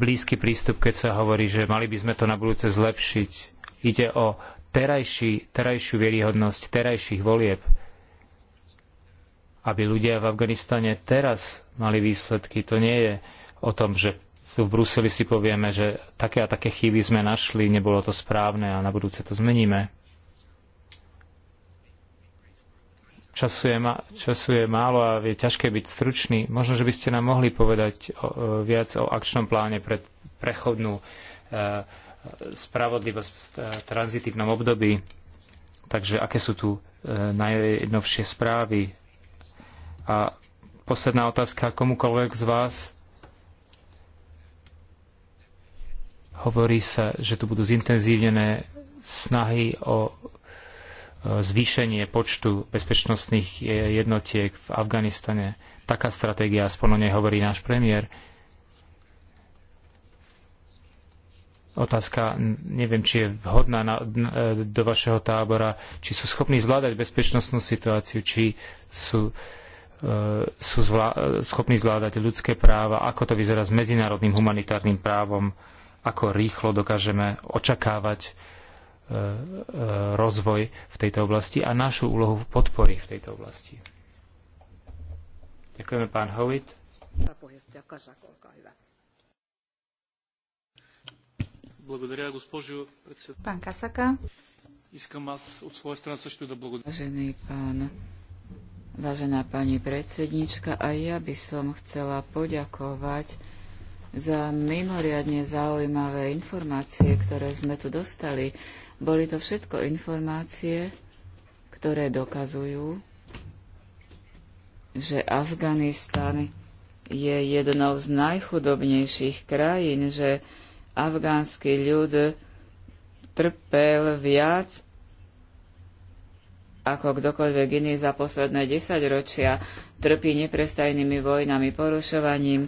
blízky prístup, keď sa hovorí, že mali by sme to na budúce zlepšiť Ide o terajší, terajšiu vieryhodnosť terajších volieb. Aby ľudia v Afganistane teraz mali výsledky, to nie je o tom, že tu v Bruseli si povieme, že také a také chyby sme našli, nebolo to správne a na budúce to zmeníme. Času je, času je málo a je ťažké byť stručný. Možno, že by ste nám mohli povedať o, o, e, viac o akčnom pláne pre prechodnú e, spravodlivosť v tranzitívnom období. Takže aké sú tu e, najjednovšie správy? A posledná otázka komukoľvek z vás. Hovorí sa, že tu budú zintenzívnené snahy o e, zvýšenie počtu bezpečnostných jednotiek v Afganistane. Taká stratégia, aspoň o nej hovorí náš premiér. otázka, neviem, či je vhodná na, e, do vašeho tábora, či sú schopní zvládať bezpečnostnú situáciu, či sú, e, sú zvlá, e, schopní zvládať ľudské práva, ako to vyzerá s medzinárodným humanitárnym právom, ako rýchlo dokážeme očakávať e, e, rozvoj v tejto oblasti a našu úlohu v podpory v tejto oblasti. Ďakujeme, pán Howitt. Ďakujem, Pán Kasaka. Vážený pán, vážená pani predsednička, aj ja by som chcela poďakovať za mimoriadne zaujímavé informácie, ktoré sme tu dostali. Boli to všetko informácie, ktoré dokazujú, že Afganistan je jednou z najchudobnejších krajín, že afgánsky ľud trpel viac ako kdokoľvek iný za posledné desaťročia, trpí neprestajnými vojnami, porušovaním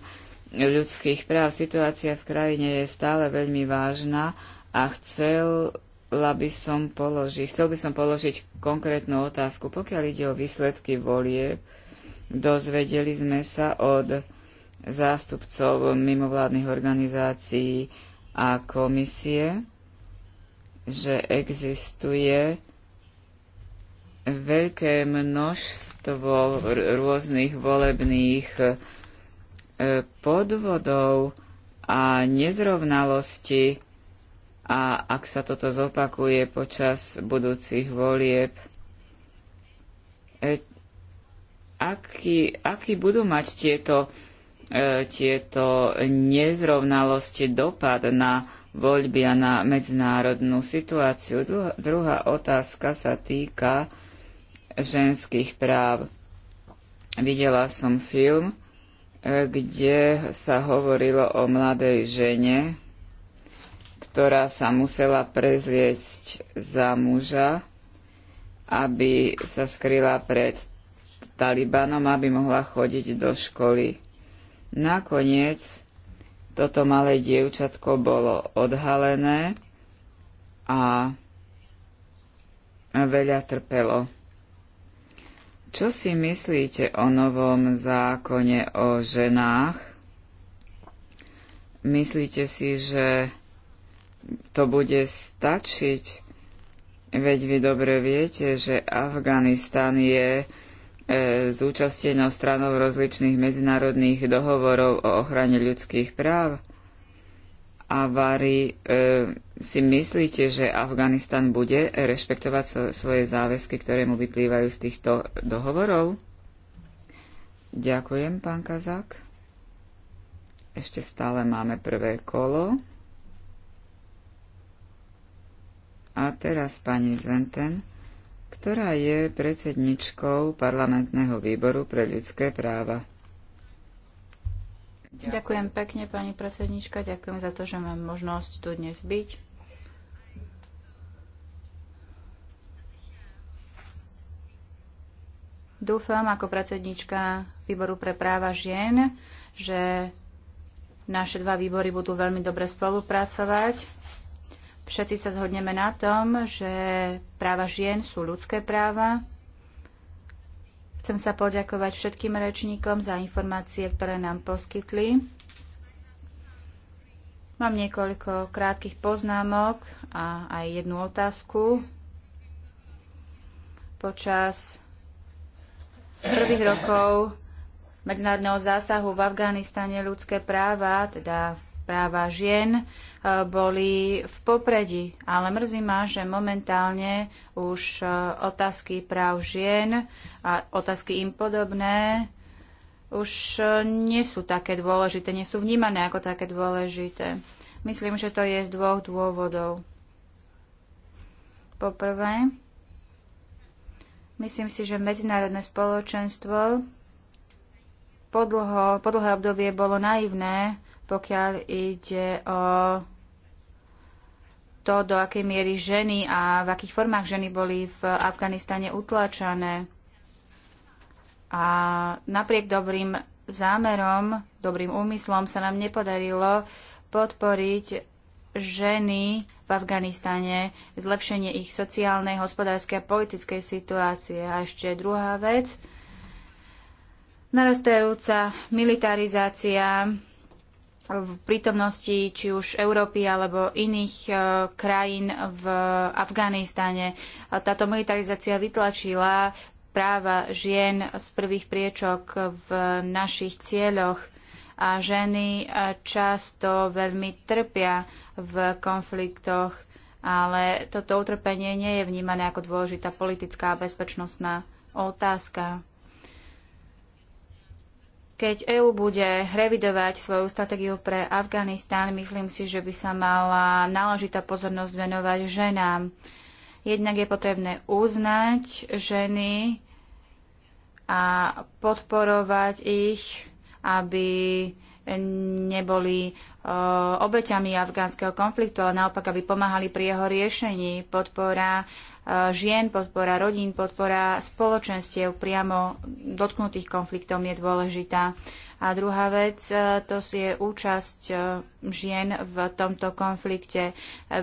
ľudských práv. Situácia v krajine je stále veľmi vážna a chcel by som položiť, chcel by som položiť konkrétnu otázku. Pokiaľ ide o výsledky volie, dozvedeli sme sa od zástupcov mimovládnych organizácií, a komisie, že existuje veľké množstvo rôznych volebných e, podvodov a nezrovnalosti a ak sa toto zopakuje počas budúcich volieb, e, aký, aký budú mať tieto E, tieto nezrovnalosti dopad na voľby a na medzinárodnú situáciu. Druhá otázka sa týka ženských práv. Videla som film, e, kde sa hovorilo o mladej žene, ktorá sa musela prezliecť za muža, aby sa skryla pred Talibanom, aby mohla chodiť do školy. Nakoniec toto malé dievčatko bolo odhalené a veľa trpelo. Čo si myslíte o novom zákone o ženách? Myslíte si, že to bude stačiť? Veď vy dobre viete, že Afganistan je E, zúčastnenou stranou rozličných medzinárodných dohovorov o ochrane ľudských práv? A Vary, e, si myslíte, že Afganistan bude rešpektovať so, svoje záväzky, ktoré mu vyplývajú z týchto dohovorov? Ďakujem, pán Kazák. Ešte stále máme prvé kolo. A teraz pani Zventen ktorá je predsedničkou parlamentného výboru pre ľudské práva. Ďakujem. ďakujem pekne, pani predsednička. Ďakujem za to, že mám možnosť tu dnes byť. Dúfam ako predsednička výboru pre práva žien, že naše dva výbory budú veľmi dobre spolupracovať Všetci sa zhodneme na tom, že práva žien sú ľudské práva. Chcem sa poďakovať všetkým rečníkom za informácie, ktoré nám poskytli. Mám niekoľko krátkých poznámok a aj jednu otázku. Počas prvých rokov medzinárodného zásahu v Afganistane ľudské práva, teda práva žien e, boli v popredí. Ale mrzí ma, že momentálne už e, otázky práv žien a otázky im podobné už e, nie sú také dôležité, nie sú vnímané ako také dôležité. Myslím, že to je z dvoch dôvodov. Poprvé, myslím si, že medzinárodné spoločenstvo po, dlho, po dlhé obdobie bolo naivné pokiaľ ide o to, do akej miery ženy a v akých formách ženy boli v Afganistane utlačané. A napriek dobrým zámerom, dobrým úmyslom sa nám nepodarilo podporiť ženy v Afganistane, zlepšenie ich sociálnej, hospodárskej a politickej situácie. A ešte druhá vec, narastajúca militarizácia v prítomnosti či už Európy alebo iných e, krajín v Afganistane. Táto militarizácia vytlačila práva žien z prvých priečok v našich cieľoch a ženy e, často veľmi trpia v konfliktoch, ale toto utrpenie nie je vnímané ako dôležitá politická a bezpečnostná otázka. Keď EÚ bude revidovať svoju stratégiu pre Afganistán, myslím si, že by sa mala náležitá pozornosť venovať ženám. Jednak je potrebné uznať ženy a podporovať ich, aby neboli obeťami afgánskeho konfliktu, ale naopak, aby pomáhali pri jeho riešení. Podpora žien, podpora rodín, podpora spoločenstiev priamo dotknutých konfliktom je dôležitá. A druhá vec, e, to je účasť e, žien v tomto konflikte. E,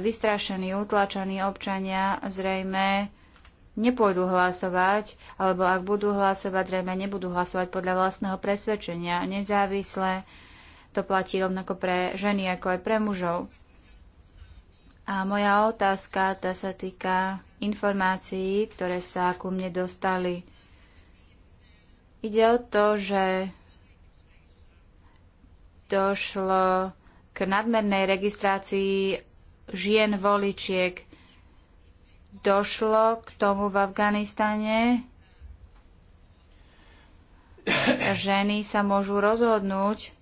vystrašení, utlačení občania zrejme nepôjdu hlasovať, alebo ak budú hlasovať, zrejme nebudú hlasovať podľa vlastného presvedčenia, nezávisle. To platí rovnako pre ženy, ako aj pre mužov. A moja otázka, tá sa týka informácií, ktoré sa ku mne dostali. Ide o to, že došlo k nadmernej registrácii žien voličiek. Došlo k tomu v Afganistane. [COUGHS] Ženy sa môžu rozhodnúť,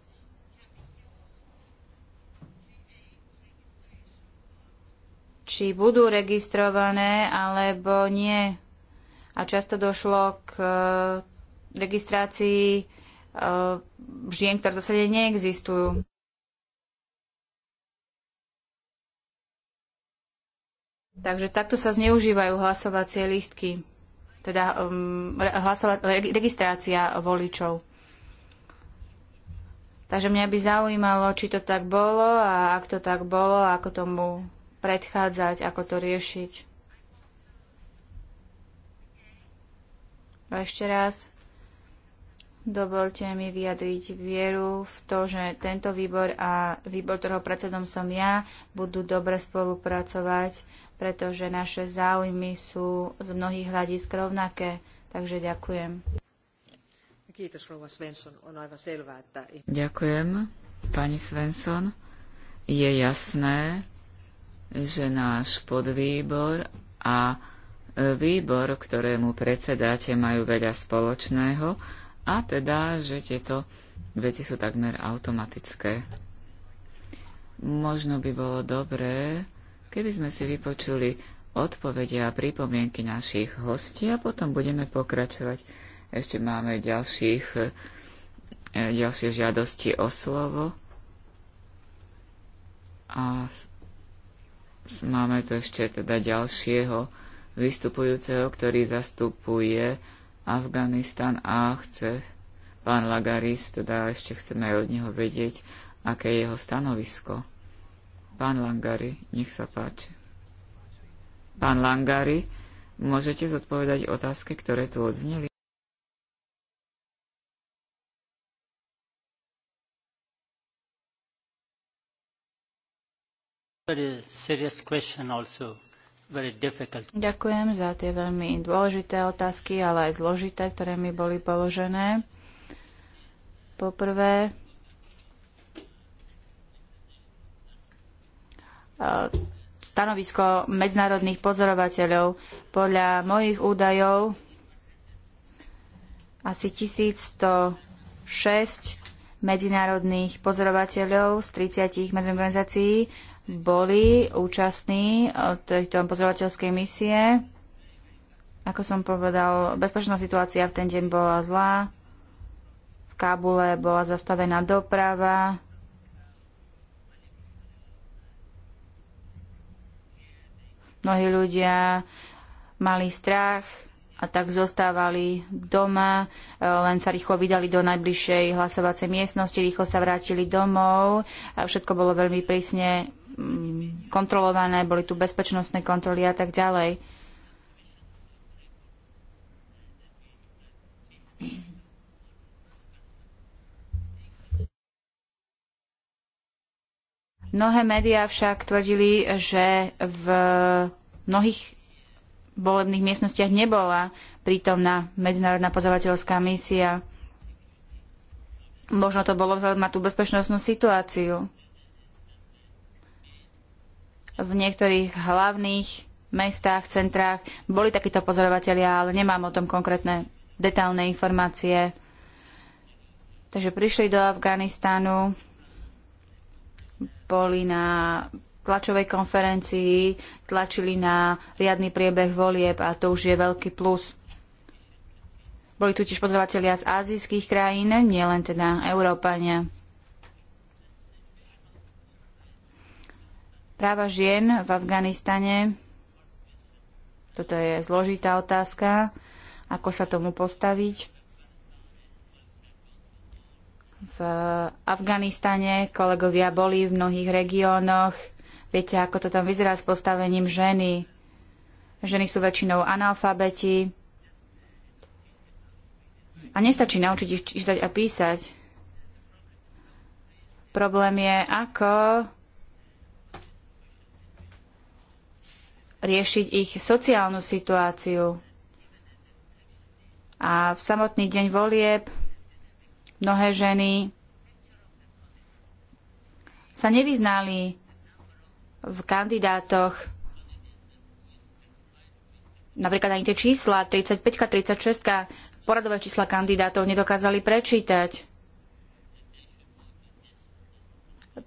či budú registrované alebo nie. A často došlo k e, registrácii e, žien, ktoré v zásade neexistujú. Takže takto sa zneužívajú hlasovacie lístky, teda um, hlasova- registrácia voličov. Takže mňa by zaujímalo, či to tak bolo a ak to tak bolo, ako tomu predchádzať, ako to riešiť. A ešte raz, dovolte mi vyjadriť vieru v to, že tento výbor a výbor, ktorého predsedom som ja, budú dobre spolupracovať, pretože naše záujmy sú z mnohých hľadisk rovnaké. Takže ďakujem. Ďakujem, pani Svensson. Je jasné, že náš podvýbor a e, výbor, ktorému predsedáte, majú veľa spoločného a teda, že tieto veci sú takmer automatické. Možno by bolo dobré, keby sme si vypočuli odpovede a pripomienky našich hostí a potom budeme pokračovať. Ešte máme ďalších, e, ďalšie žiadosti o slovo. A Máme tu ešte teda ďalšieho vystupujúceho, ktorý zastupuje Afganistan a chce pán Lagaris, teda ešte chceme aj od neho vedieť, aké je jeho stanovisko. Pán Langari, nech sa páči. Pán Langari, môžete zodpovedať otázky, ktoré tu odzneli? Ďakujem za tie veľmi dôležité otázky, ale aj zložité, ktoré mi boli položené. Poprvé, e, stanovisko medzinárodných pozorovateľov. Podľa mojich údajov asi 1106 medzinárodných pozorovateľov z 30 medzinárodných organizácií boli účastní e, tejto pozorovateľskej misie. Ako som povedal, bezpečná situácia v ten deň bola zlá. V Kábule bola zastavená doprava. Mnohí ľudia mali strach a tak zostávali doma, e, len sa rýchlo vydali do najbližšej hlasovacej miestnosti, rýchlo sa vrátili domov a všetko bolo veľmi prísne Mm, kontrolované, boli tu bezpečnostné kontroly a tak ďalej. Mnohé médiá však tvrdili, že v mnohých volebných miestnostiach nebola prítomná medzinárodná pozorovateľská misia. Možno to bolo vzhľadom na tú bezpečnostnú situáciu v niektorých hlavných mestách, centrách boli takíto pozorovatelia, ale nemám o tom konkrétne detálne informácie. Takže prišli do Afganistánu, boli na tlačovej konferencii, tlačili na riadny priebeh volieb a to už je veľký plus. Boli tu tiež pozorovatelia z azijských krajín, nielen teda Európania. Práva žien v Afganistane, toto je zložitá otázka, ako sa tomu postaviť. V Afganistane kolegovia boli v mnohých regiónoch. Viete, ako to tam vyzerá s postavením ženy. Ženy sú väčšinou analfabeti. A nestačí naučiť ich čítať a písať. Problém je, ako riešiť ich sociálnu situáciu. A v samotný deň volieb mnohé ženy sa nevyznali v kandidátoch. Napríklad ani tie čísla 35 36 poradové čísla kandidátov nedokázali prečítať.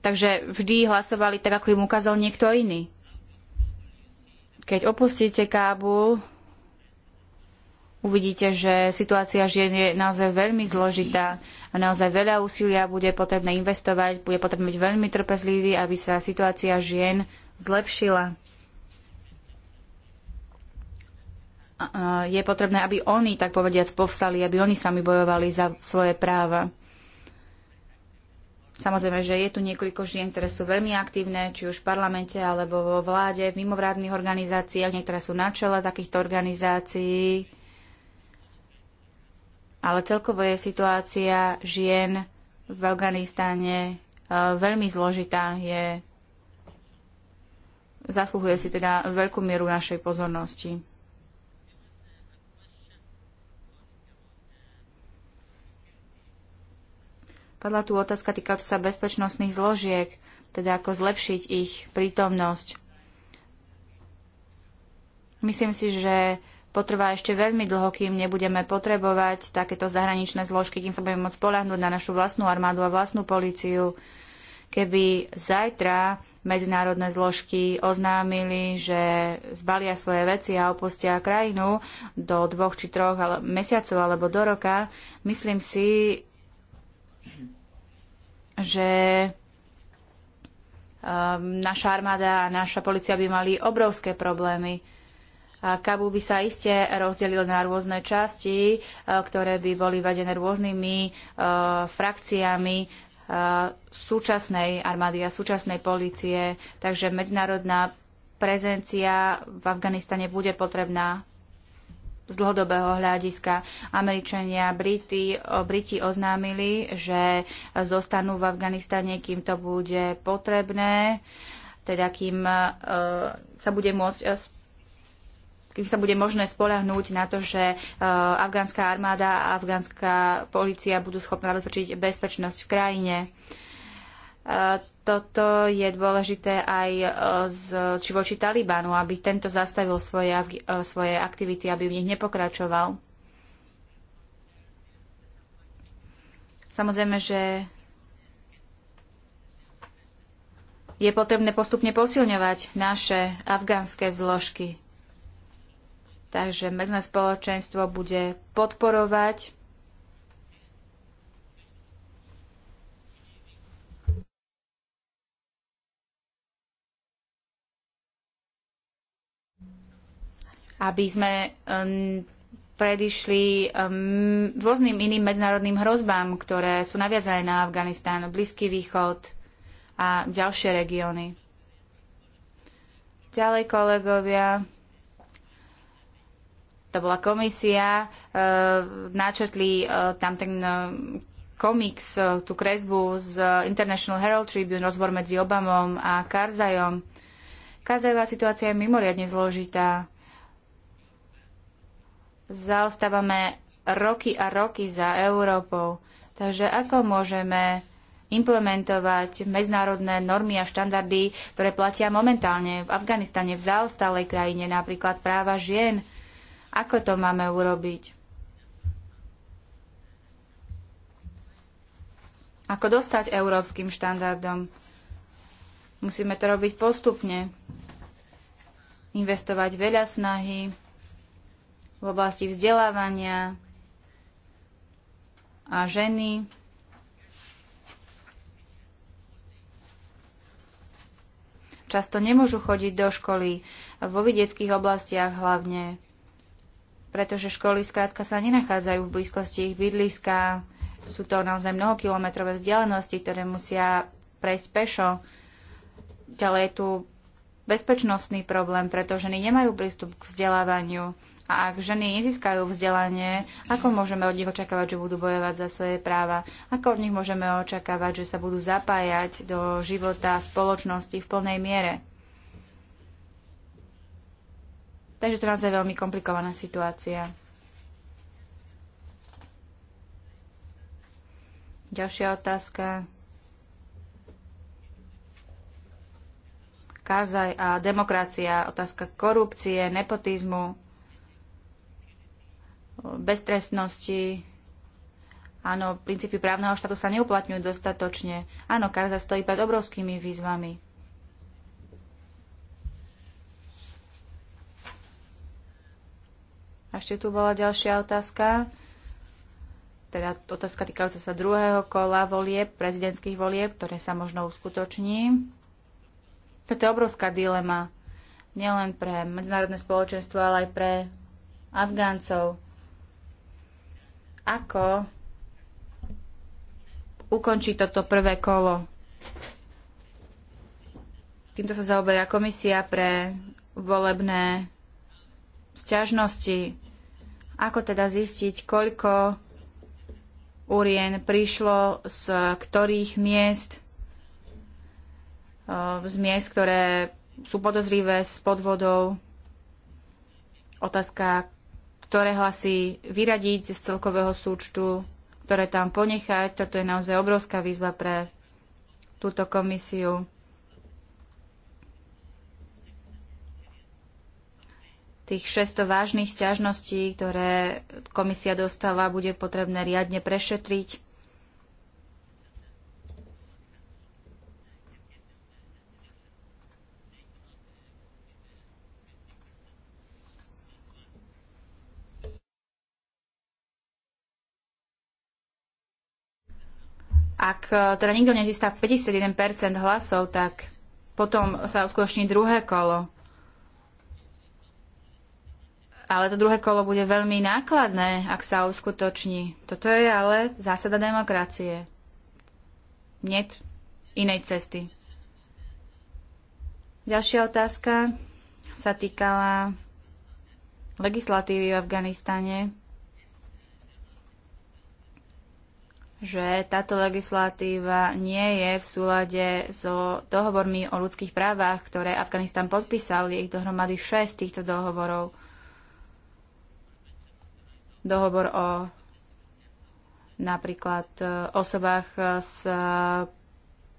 Takže vždy hlasovali tak, ako im ukázal niekto iný. Keď opustíte Kábul, uvidíte, že situácia žien je naozaj veľmi zložitá a naozaj veľa úsilia bude potrebné investovať, bude potrebné byť veľmi trpezlivý, aby sa situácia žien zlepšila. je potrebné, aby oni, tak povediac, povstali, aby oni sami bojovali za svoje práva. Samozrejme, že je tu niekoľko žien, ktoré sú veľmi aktívne, či už v parlamente, alebo vo vláde, v mimovládnych organizáciách, niektoré sú na čele takýchto organizácií. Ale celkovo je situácia žien v Afganistáne eh, veľmi zložitá, je, zasluhuje si teda veľkú mieru našej pozornosti. Padla tu otázka týkajúca sa bezpečnostných zložiek, teda ako zlepšiť ich prítomnosť. Myslím si, že potrvá ešte veľmi dlho, kým nebudeme potrebovať takéto zahraničné zložky, kým sa budeme môcť spolahnúť na našu vlastnú armádu a vlastnú políciu. Keby zajtra medzinárodné zložky oznámili, že zbalia svoje veci a opustia krajinu do dvoch či troch mesiacov alebo do roka, myslím si, že um, naša armáda a naša policia by mali obrovské problémy. Kabul by sa iste rozdelil na rôzne časti, uh, ktoré by boli vedené rôznymi uh, frakciami uh, súčasnej armády a súčasnej policie. Takže medzinárodná prezencia v Afganistane bude potrebná z dlhodobého hľadiska. Američania, Briti, Briti oznámili, že zostanú v Afganistane, kým to bude potrebné, teda kým e, sa bude môcť e, kým sa bude možné spolahnúť na to, že e, afgánska armáda a afgánska polícia budú schopná zabezpečiť bezpečnosť v krajine toto je dôležité aj e, z, či voči Talibanu, aby tento zastavil svoje, e, svoje aktivity, aby v nich nepokračoval. Samozrejme, že je potrebné postupne posilňovať naše afgánske zložky. Takže medzné spoločenstvo bude podporovať aby sme predišli um, rôznym iným medzinárodným hrozbám, ktoré sú naviazané na Afganistán, Blízky východ a ďalšie regióny. Ďalej, kolegovia, to bola komisia, načetli eh, načrtli eh, tam ten e, komiks, tú kresbu z International Herald Tribune, rozbor medzi Obamom a Karzajom. Karzajová situácia je mimoriadne zložitá zaostávame roky a roky za Európou. Takže ako môžeme implementovať medzinárodné normy a štandardy, ktoré platia momentálne v Afganistane, v zaostalej krajine, napríklad práva žien. Ako to máme urobiť? Ako dostať európskym štandardom? Musíme to robiť postupne. Investovať veľa snahy, v oblasti vzdelávania a ženy. Často nemôžu chodiť do školy vo vidieckých oblastiach hlavne, pretože školy skrátka sa nenachádzajú v blízkosti ich bydliska. Sú to naozaj mnohokilometrové vzdialenosti, ktoré musia prejsť pešo. Ďalej je tu bezpečnostný problém, pretože ženy nemajú prístup k vzdelávaniu. A ak ženy nezískajú vzdelanie, ako môžeme od nich očakávať, že budú bojovať za svoje práva? Ako od nich môžeme očakávať, že sa budú zapájať do života spoločnosti v plnej miere? Takže to je veľmi komplikovaná situácia. Ďalšia otázka. Kázaj a demokracia, otázka korupcie, nepotizmu beztrestnosti, áno, princípy právneho štátu sa neuplatňujú dostatočne. Áno, Karza stojí pred obrovskými výzvami. A ešte tu bola ďalšia otázka, teda otázka týkajúca sa druhého kola volieb, prezidentských volieb, ktoré sa možno uskutoční. Toto je obrovská dilema, nielen pre medzinárodné spoločenstvo, ale aj pre Afgáncov ako ukončiť toto prvé kolo. Týmto sa zaoberá komisia pre volebné sťažnosti. Ako teda zistiť, koľko urien prišlo z ktorých miest, eh, z miest, ktoré sú podozrivé s podvodov. Otázka, ktoré hlasy vyradiť z celkového súčtu, ktoré tam ponechať. Toto je naozaj obrovská výzva pre túto komisiu. Tých 600 vážnych sťažností, ktoré komisia dostala, bude potrebné riadne prešetriť Ak e, teda nikto nezíska 51% hlasov, tak potom sa uskutoční druhé kolo. Ale to druhé kolo bude veľmi nákladné, ak sa uskutoční. Toto je ale zásada demokracie. Nie inej cesty. Ďalšia otázka sa týkala legislatívy v Afganistane. že táto legislatíva nie je v súlade so dohovormi o ľudských právach, ktoré Afganistan podpísal. Je ich dohromady šesť týchto dohovorov. Dohovor o napríklad e, osobách s e,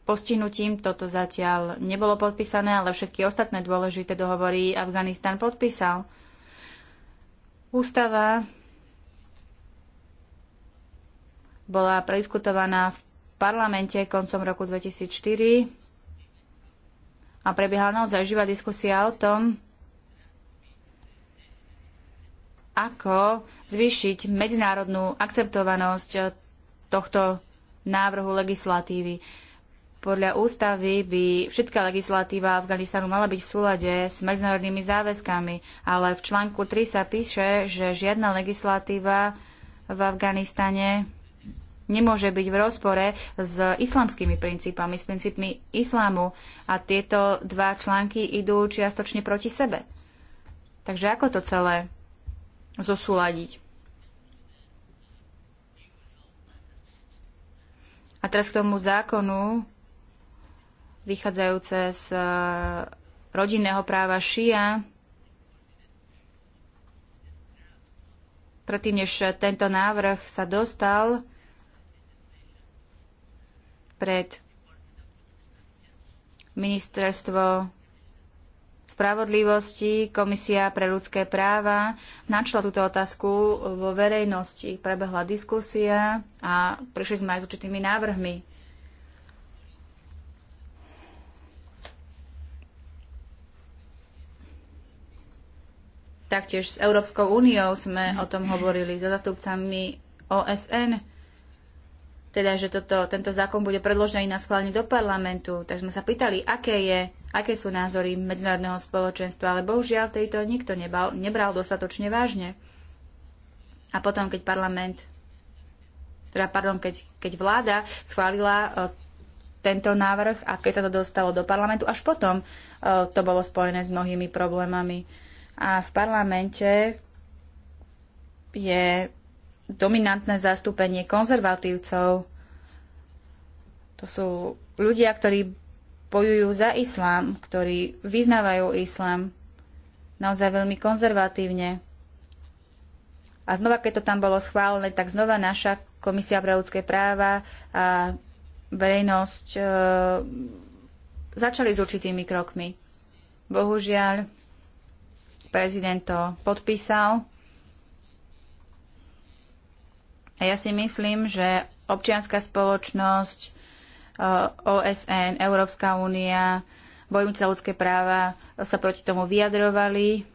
postihnutím. Toto zatiaľ nebolo podpísané, ale všetky ostatné dôležité dohovory Afganistan podpísal. Ústava bola prediskutovaná v parlamente koncom roku 2004 a prebiehala naozaj živá diskusia o tom, ako zvýšiť medzinárodnú akceptovanosť tohto návrhu legislatívy. Podľa ústavy by všetká legislatíva Afganistanu mala byť v súlade s medzinárodnými záväzkami, ale v článku 3 sa píše, že žiadna legislatíva v Afganistane nemôže byť v rozpore s islamskými princípami, s princípmi islámu. A tieto dva články idú čiastočne proti sebe. Takže ako to celé zosúľadiť? A teraz k tomu zákonu vychádzajúce z eh, rodinného práva šia. Predtým, než tento návrh sa dostal pred ministerstvo spravodlivosti, Komisia pre ľudské práva načla túto otázku vo verejnosti. Prebehla diskusia a prišli sme aj s určitými návrhmi. Taktiež s Európskou úniou sme o tom hovorili so zastupcami OSN teda, že toto, tento zákon bude predložený na schválenie do parlamentu. Tak sme sa pýtali, aké, je, aké sú názory medzinárodného spoločenstva, ale bohužiaľ tejto nikto nebal, nebral dostatočne vážne. A potom, keď parlament, teda pardon, keď, keď vláda schválila e, tento návrh a keď sa to dostalo do parlamentu, až potom e, to bolo spojené s mnohými problémami. A v parlamente je dominantné zastúpenie konzervatívcov. To sú ľudia, ktorí bojujú za islám, ktorí vyznávajú islám naozaj veľmi konzervatívne. A znova, keď to tam bolo schválené, tak znova naša Komisia pre ľudské práva a verejnosť e, začali s určitými krokmi. Bohužiaľ, prezident to podpísal A ja si myslím, že občianská spoločnosť, e, OSN, Európska únia, bojujúce ľudské práva sa proti tomu vyjadrovali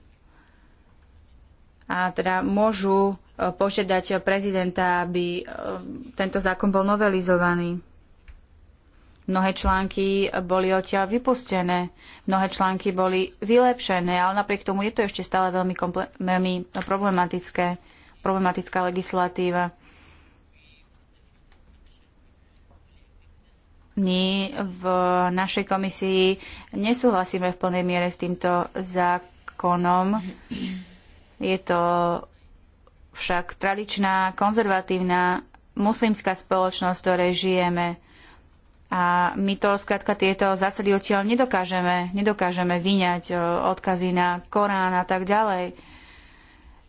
a teda môžu e, požiadať prezidenta, aby e, tento zákon bol novelizovaný. Mnohé články boli odtiaľ vypustené, mnohé články boli vylepšené, ale napriek tomu je to ešte stále veľmi, veľmi problematické, problematická legislatíva. my v našej komisii nesúhlasíme v plnej miere s týmto zákonom. Je to však tradičná, konzervatívna muslimská spoločnosť, v ktorej žijeme. A my to, skrátka, tieto zásady odtiaľ nedokážeme, nedokážeme vyňať e, odkazy na Korán a tak ďalej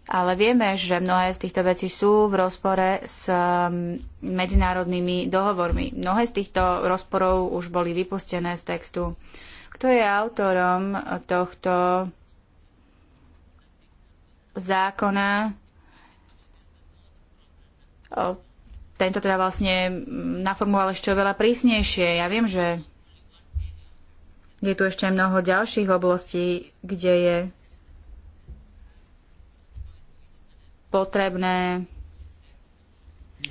ale vieme, že mnohé z týchto vecí sú v rozpore s um, medzinárodnými dohovormi. Mnohé z týchto rozporov už boli vypustené z textu. Kto je autorom tohto zákona? Tento teda vlastne naformoval ešte oveľa prísnejšie. Ja viem, že je tu ešte mnoho ďalších oblastí, kde je potrebné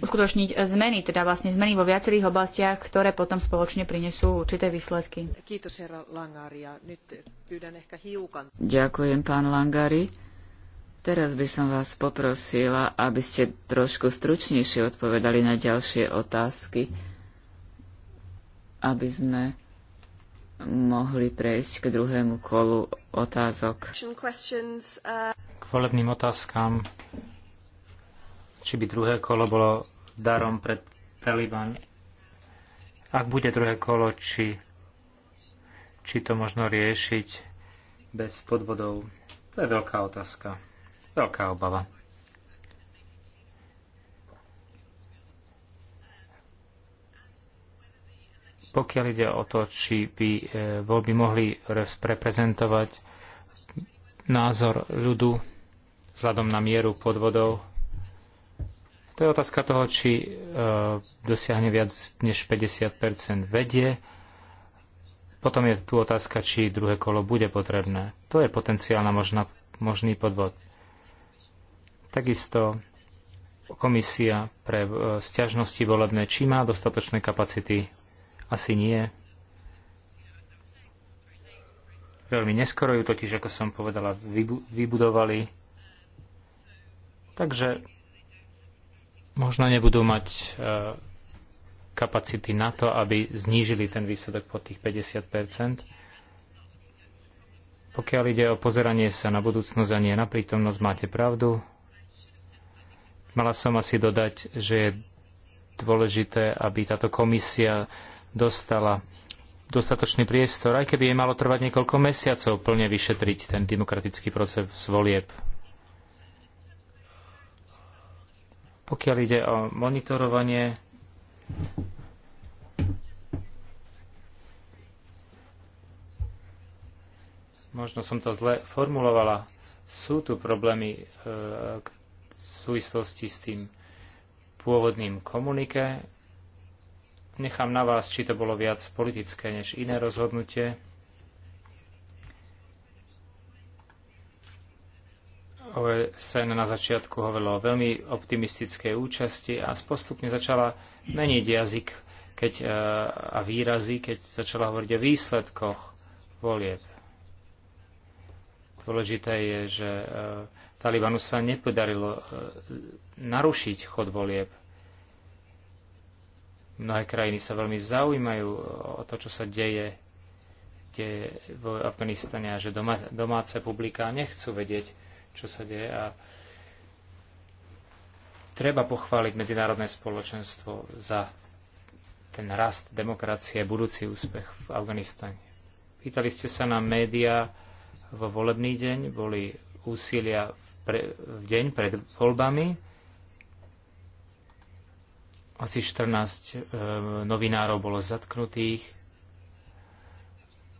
uskutočniť zmeny, teda vlastne zmeny vo viacerých oblastiach, ktoré potom spoločne prinesú určité výsledky. Ďakujem, pán Langari. Teraz by som vás poprosila, aby ste trošku stručnejšie odpovedali na ďalšie otázky, aby sme mohli prejsť k druhému kolu otázok. Uh, k volebným otázkam, či by druhé kolo bolo darom pre Taliban. Ak bude druhé kolo, či, či to možno riešiť bez podvodov, to je veľká otázka, veľká obava. Pokiaľ ide o to, či by e, voľby mohli reprezentovať názor ľudu vzhľadom na mieru podvodov, to je otázka toho, či e, dosiahne viac než 50 vedie. Potom je tu otázka, či druhé kolo bude potrebné. To je potenciálna možná, možný podvod. Takisto komisia pre e, sťažnosti volebné, či má dostatočné kapacity asi nie. Veľmi neskoro ju totiž, ako som povedala, vybudovali. Takže možno nebudú mať e, kapacity na to, aby znížili ten výsledok po tých 50 Pokiaľ ide o pozeranie sa na budúcnosť a nie na prítomnosť, máte pravdu. Mala som asi dodať, že je dôležité, aby táto komisia dostala dostatočný priestor, aj keby jej malo trvať niekoľko mesiacov plne vyšetriť ten demokratický proces volieb. Pokiaľ ide o monitorovanie, možno som to zle formulovala, sú tu problémy e, v súvislosti s tým pôvodným komunike, Nechám na vás, či to bolo viac politické než iné rozhodnutie. OSN na začiatku hovorilo o veľmi optimistickej účasti a postupne začala meniť jazyk keď, e, a výrazy, keď začala hovoriť o výsledkoch volieb. Dôležité je, že e, Talibanu sa nepodarilo e, narušiť chod volieb. Mnohé krajiny sa veľmi zaujímajú o to, čo sa deje, deje v Afganistane a že doma, domáce publiká nechcú vedieť, čo sa deje. A treba pochváliť medzinárodné spoločenstvo za ten rast demokracie, budúci úspech v Afganistane. Pýtali ste sa na médiá vo volebný deň, boli úsilia v, pre, v deň pred voľbami. Asi 14 e, novinárov bolo zatknutých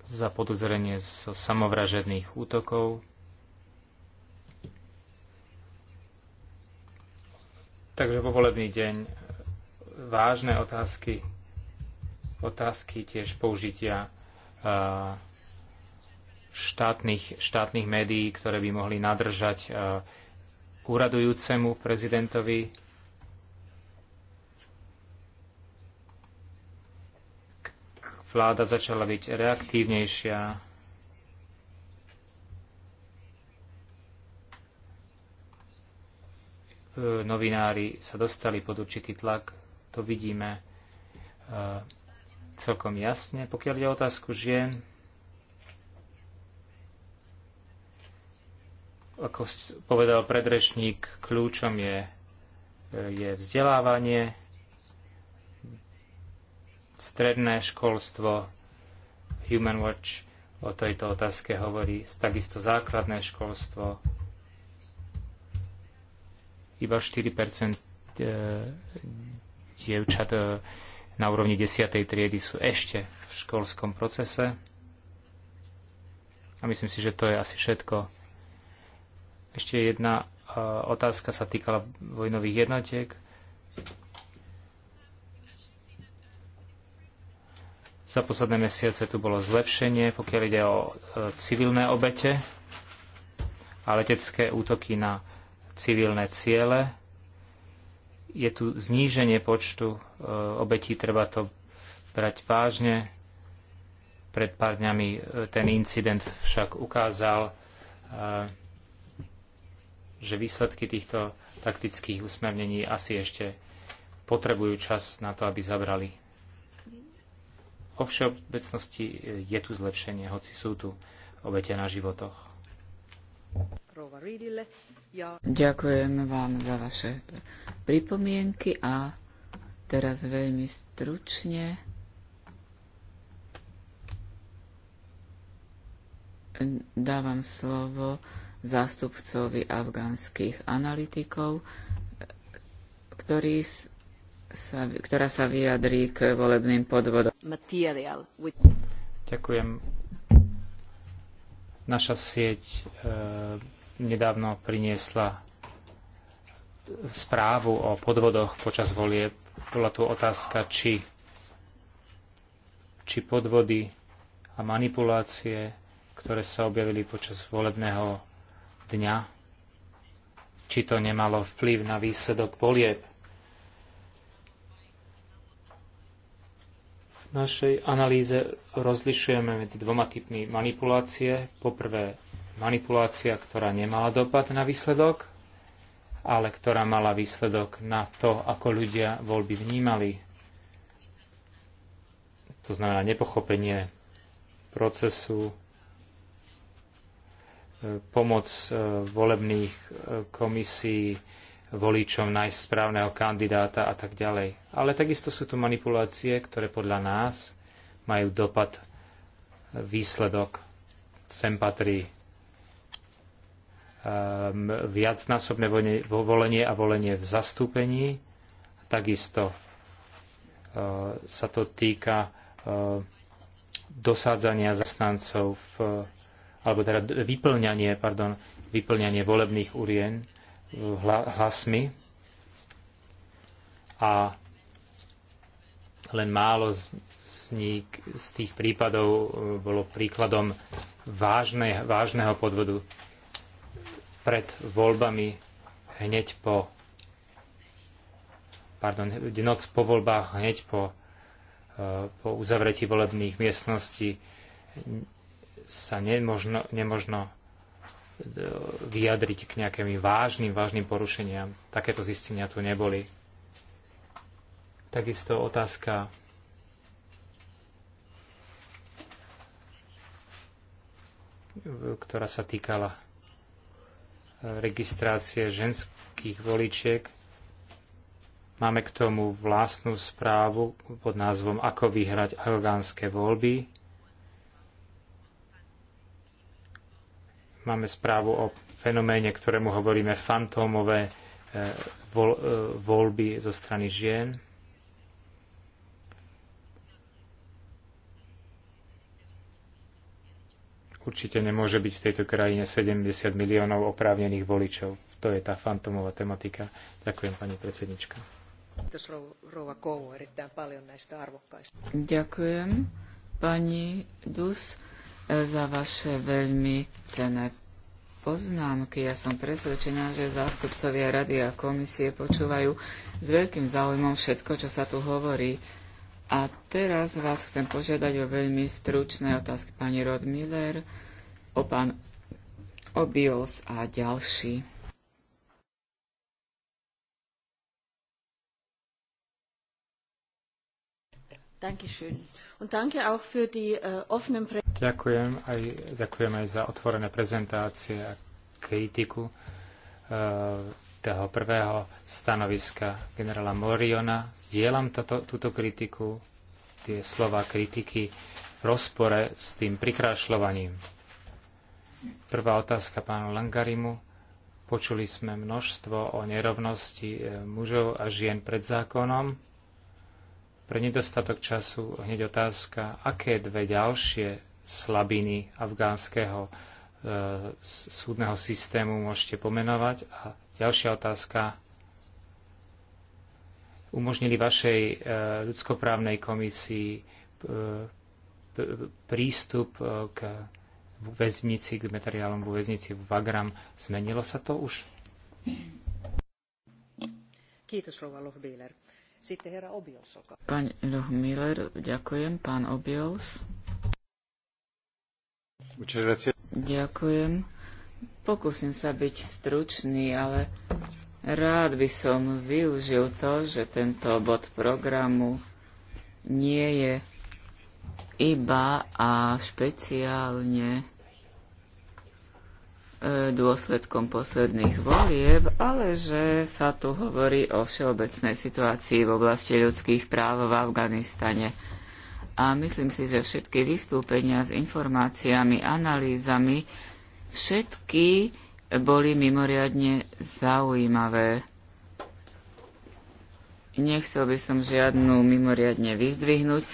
za podozrenie z samovražedných útokov. Takže vo volebný deň vážne otázky, otázky tiež použitia e, štátnych, štátnych médií, ktoré by mohli nadržať e, úradujúcemu prezidentovi vláda začala byť reaktívnejšia. E, novinári sa dostali pod určitý tlak, to vidíme e, celkom jasne. Pokiaľ ide o otázku žien, ako povedal predrečník, kľúčom je, e, je vzdelávanie, stredné školstvo, Human Watch o tejto otázke hovorí, takisto základné školstvo. Iba 4 e, dievčat e, na úrovni 10. triedy sú ešte v školskom procese. A myslím si, že to je asi všetko. Ešte jedna e, otázka sa týkala vojnových jednotiek. Za posledné mesiace tu bolo zlepšenie, pokiaľ ide o e, civilné obete a letecké útoky na civilné ciele. Je tu zníženie počtu e, obetí, treba to brať vážne. Pred pár dňami e, ten incident však ukázal, že výsledky týchto taktických usmernení asi ešte potrebujú čas na to, aby zabrali vo všeobecnosti e, je tu zlepšenie, hoci sú tu obete na životoch. Ďakujem vám za vaše pripomienky a teraz veľmi stručne dávam slovo zástupcovi afgánskych analytikov, ktorí sa, ktorá sa vyjadrí k volebným podvodom. Material. Ďakujem. Naša sieť e, nedávno priniesla správu o podvodoch počas volieb. Bola tu otázka, či, či podvody a manipulácie, ktoré sa objavili počas volebného dňa, či to nemalo vplyv na výsledok volieb našej analýze rozlišujeme medzi dvoma typmi manipulácie. Poprvé, manipulácia, ktorá nemala dopad na výsledok, ale ktorá mala výsledok na to, ako ľudia voľby vnímali. To znamená nepochopenie procesu, e, pomoc e, volebných e, komisí, voličom nájsť správneho kandidáta a tak ďalej. Ale takisto sú tu manipulácie, ktoré podľa nás majú dopad e, výsledok. Sem patrí um, viacnásobné vo volenie a volenie v zastúpení. Takisto uh, sa to týka uh, dosádzania zastancov v, alebo teda vyplňanie, pardon, vyplňanie volebných urien hlasmi a len málo z, z, z tých prípadov e, bolo príkladom vážne, vážneho podvodu pred voľbami hneď po pardon, noc po voľbách hneď po, e, po uzavretí volebných miestností sa nemožno, nemožno vyjadriť k nejakým vážnym, vážnym porušeniam. Takéto zistenia tu neboli. Takisto otázka ktorá sa týkala registrácie ženských voličiek. Máme k tomu vlastnú správu pod názvom Ako vyhrať arogánske voľby. Máme správu o fenoméne, ktorému hovoríme fantómové e, e, voľby zo strany žien. Určite nemôže byť v tejto krajine 70 miliónov oprávnených voličov. To je tá fantomová tematika. Ďakujem, pani predsednička. Ďakujem, pani Dus za vaše veľmi cené poznámky. Ja som presvedčená, že zástupcovia rady a komisie počúvajú s veľkým záujmom všetko, čo sa tu hovorí. A teraz vás chcem požiadať o veľmi stručné otázky pani Rod Miller, o pán Obios a ďalší. Dankeschön. Und danke auch für die äh, offenen ďakujem, aj, ďakujem aj za otvorené prezentácie a kritiku äh, toho prvého stanoviska generála Moriona. Zdieľam toto, túto kritiku, tie slova kritiky v rozpore s tým prikrášľovaním. Prvá otázka pánu Langarimu. Počuli sme množstvo o nerovnosti äh, mužov a žien pred zákonom. Pre nedostatok času hneď otázka, aké dve ďalšie slabiny afgánskeho e, súdneho systému môžete pomenovať. A ďalšia otázka, umožnili vašej e, ľudskoprávnej komisii e, prístup e, k väznici, k materiálom v väznici v Vagram. Zmenilo sa to už? Kiitos, Rova Lohbíler. Pán Miller, ďakujem. Pán Ďakujem. Pokúsim sa byť stručný, ale rád by som využil to, že tento bod programu nie je iba a špeciálne E, dôsledkom posledných volieb, ale že sa tu hovorí o všeobecnej situácii v oblasti ľudských práv v Afganistane. A myslím si, že všetky vystúpenia s informáciami, analýzami, všetky boli mimoriadne zaujímavé. Nechcel by som žiadnu mimoriadne vyzdvihnúť,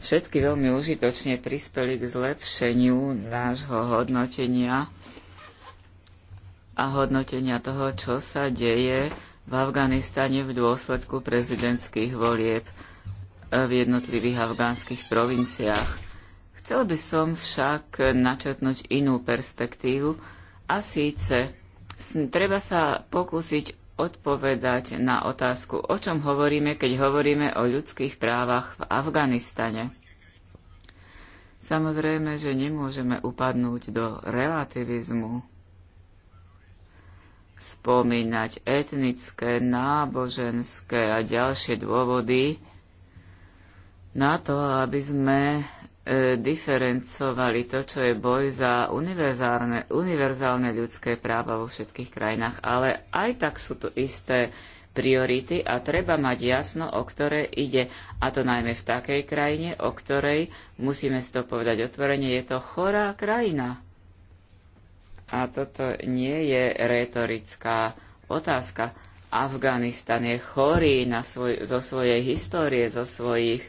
Všetky veľmi užitočne prispeli k zlepšeniu nášho hodnotenia a hodnotenia toho, čo sa deje v Afganistane v dôsledku prezidentských volieb v jednotlivých afgánskych provinciách. Chcel by som však načetnúť inú perspektívu a síce treba sa pokúsiť odpovedať na otázku, o čom hovoríme, keď hovoríme o ľudských právach v Afganistane. Samozrejme, že nemôžeme upadnúť do relativizmu, spomínať etnické, náboženské a ďalšie dôvody na to, aby sme E, diferencovali to, čo je boj za univerzálne, univerzálne ľudské práva vo všetkých krajinách, ale aj tak sú tu isté priority a treba mať jasno, o ktoré ide. A to najmä v takej krajine, o ktorej, musíme si to povedať otvorene, je to chorá krajina. A toto nie je retorická otázka. Afganistan je chorý na svoj, zo svojej histórie, zo svojich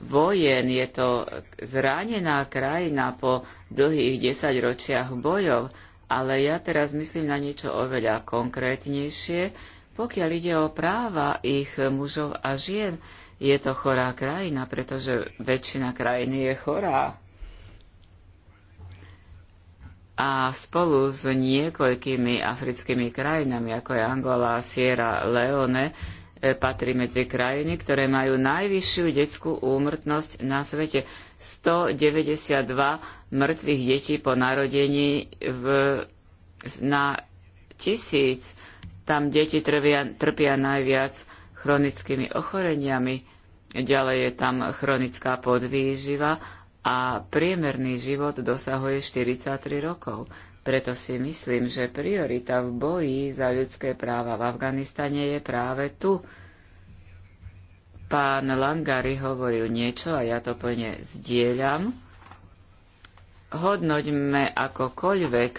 vojen, je to zranená krajina po dlhých desaťročiach bojov, ale ja teraz myslím na niečo oveľa konkrétnejšie. Pokiaľ ide o práva ich mužov a žien, je to chorá krajina, pretože väčšina krajiny je chorá. A spolu s niekoľkými africkými krajinami, ako je Angola, Sierra Leone, E, patrí medzi krajiny, ktoré majú najvyššiu detskú úmrtnosť na svete. 192 mŕtvych detí po narodení v, na tisíc. Tam deti trvia, trpia najviac chronickými ochoreniami. Ďalej je tam chronická podvýživa a priemerný život dosahuje 43 rokov. Preto si myslím, že priorita v boji za ľudské práva v Afganistane je práve tu. Pán Langari hovoril niečo a ja to plne zdieľam. Hodnoďme akokoľvek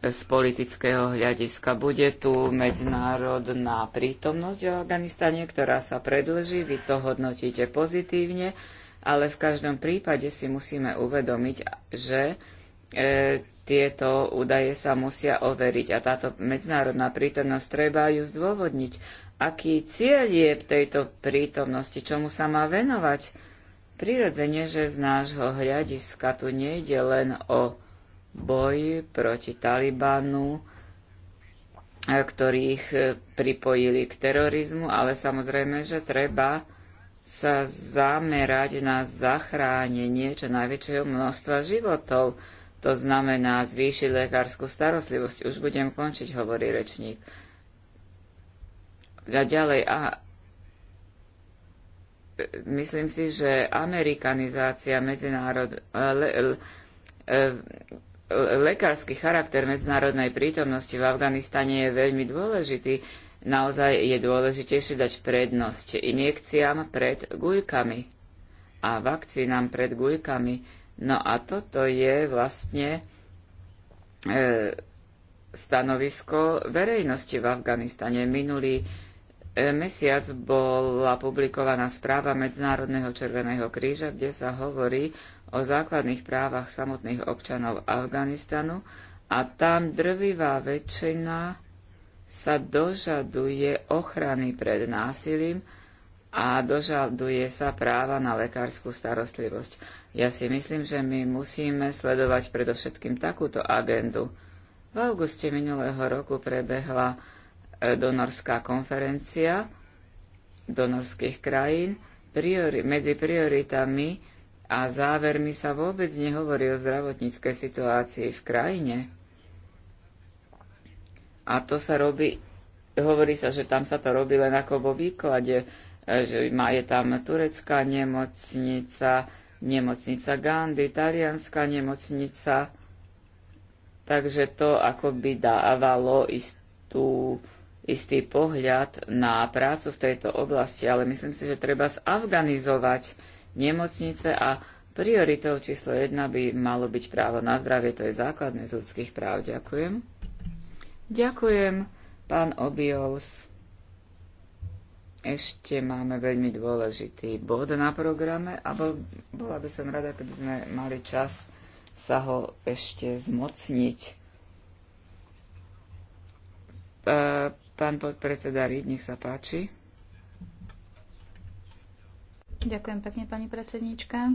z politického hľadiska. Bude tu medzinárodná prítomnosť v Afganistane, ktorá sa predlží, vy to hodnotíte pozitívne, ale v každom prípade si musíme uvedomiť, že e, tieto údaje sa musia overiť a táto medzinárodná prítomnosť treba ju zdôvodniť. Aký cieľ je v tejto prítomnosti, čomu sa má venovať? Prirodzene, že z nášho hľadiska tu nejde len o boj proti Talibanu, ktorých e, pripojili k terorizmu, ale samozrejme, že treba sa zamerať na zachránenie čo najväčšieho množstva životov. To znamená zvýšiť lekárskú starostlivosť. Už budem končiť, hovorí rečník. A ďalej, a myslím si, že amerikanizácia medzinárod, le, le, le, lekársky charakter medzinárodnej prítomnosti v Afganistane je veľmi dôležitý. Naozaj je dôležitejšie dať prednosť injekciám pred guľkami a vakcínám pred guľkami No a toto je vlastne e, stanovisko verejnosti v Afganistane. Minulý e, mesiac bola publikovaná správa Medzinárodného Červeného kríža, kde sa hovorí o základných právach samotných občanov Afganistanu a tam drvivá väčšina sa dožaduje ochrany pred násilím, a dožaduje sa práva na lekárskú starostlivosť. Ja si myslím, že my musíme sledovať predovšetkým takúto agendu. V auguste minulého roku prebehla e, donorská konferencia donorských krajín. Priori- medzi prioritami a závermi sa vôbec nehovorí o zdravotníckej situácii v krajine. A to sa robí, hovorí sa, že tam sa to robí len ako vo výklade. E, že je tam turecká nemocnica, nemocnica Gandhi, talianská nemocnica, takže to akoby dávalo istú, istý pohľad na prácu v tejto oblasti, ale myslím si, že treba zafganizovať nemocnice a prioritou číslo jedna by malo byť právo na zdravie, to je základné z ľudských práv. Ďakujem. Ďakujem, pán Obiols. Ešte máme veľmi dôležitý bod na programe a bol, bola by som rada, keby sme mali čas sa ho ešte zmocniť. E, pán podpredseda Ríd, nech sa páči. Ďakujem pekne, pani predsedníčka.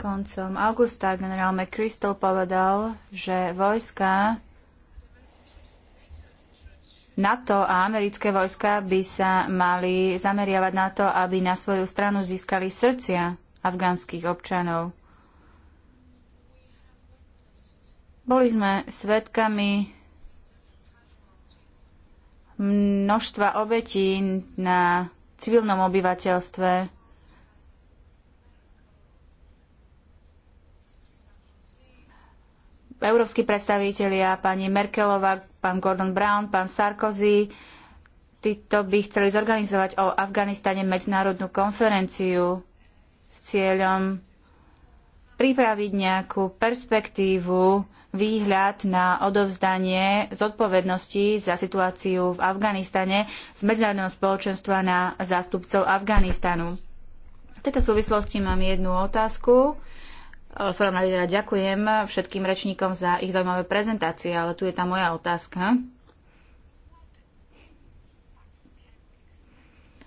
Koncom augusta generál McChrystal povedal, že vojska NATO a americké vojska by sa mali zameriavať na to, aby na svoju stranu získali srdcia afgánskych občanov. Boli sme svedkami množstva obetí na civilnom obyvateľstve. Európsky predstavitelia, pani Merkelová, pán Gordon Brown, pán Sarkozy, títo by chceli zorganizovať o Afganistane medzinárodnú konferenciu s cieľom pripraviť nejakú perspektívu, výhľad na odovzdanie zodpovednosti za situáciu v Afganistane z medzinárodného spoločenstva na zástupcov Afganistanu. V tejto súvislosti mám jednu otázku. V prvom rade teda ďakujem všetkým rečníkom za ich zaujímavé prezentácie, ale tu je tá moja otázka.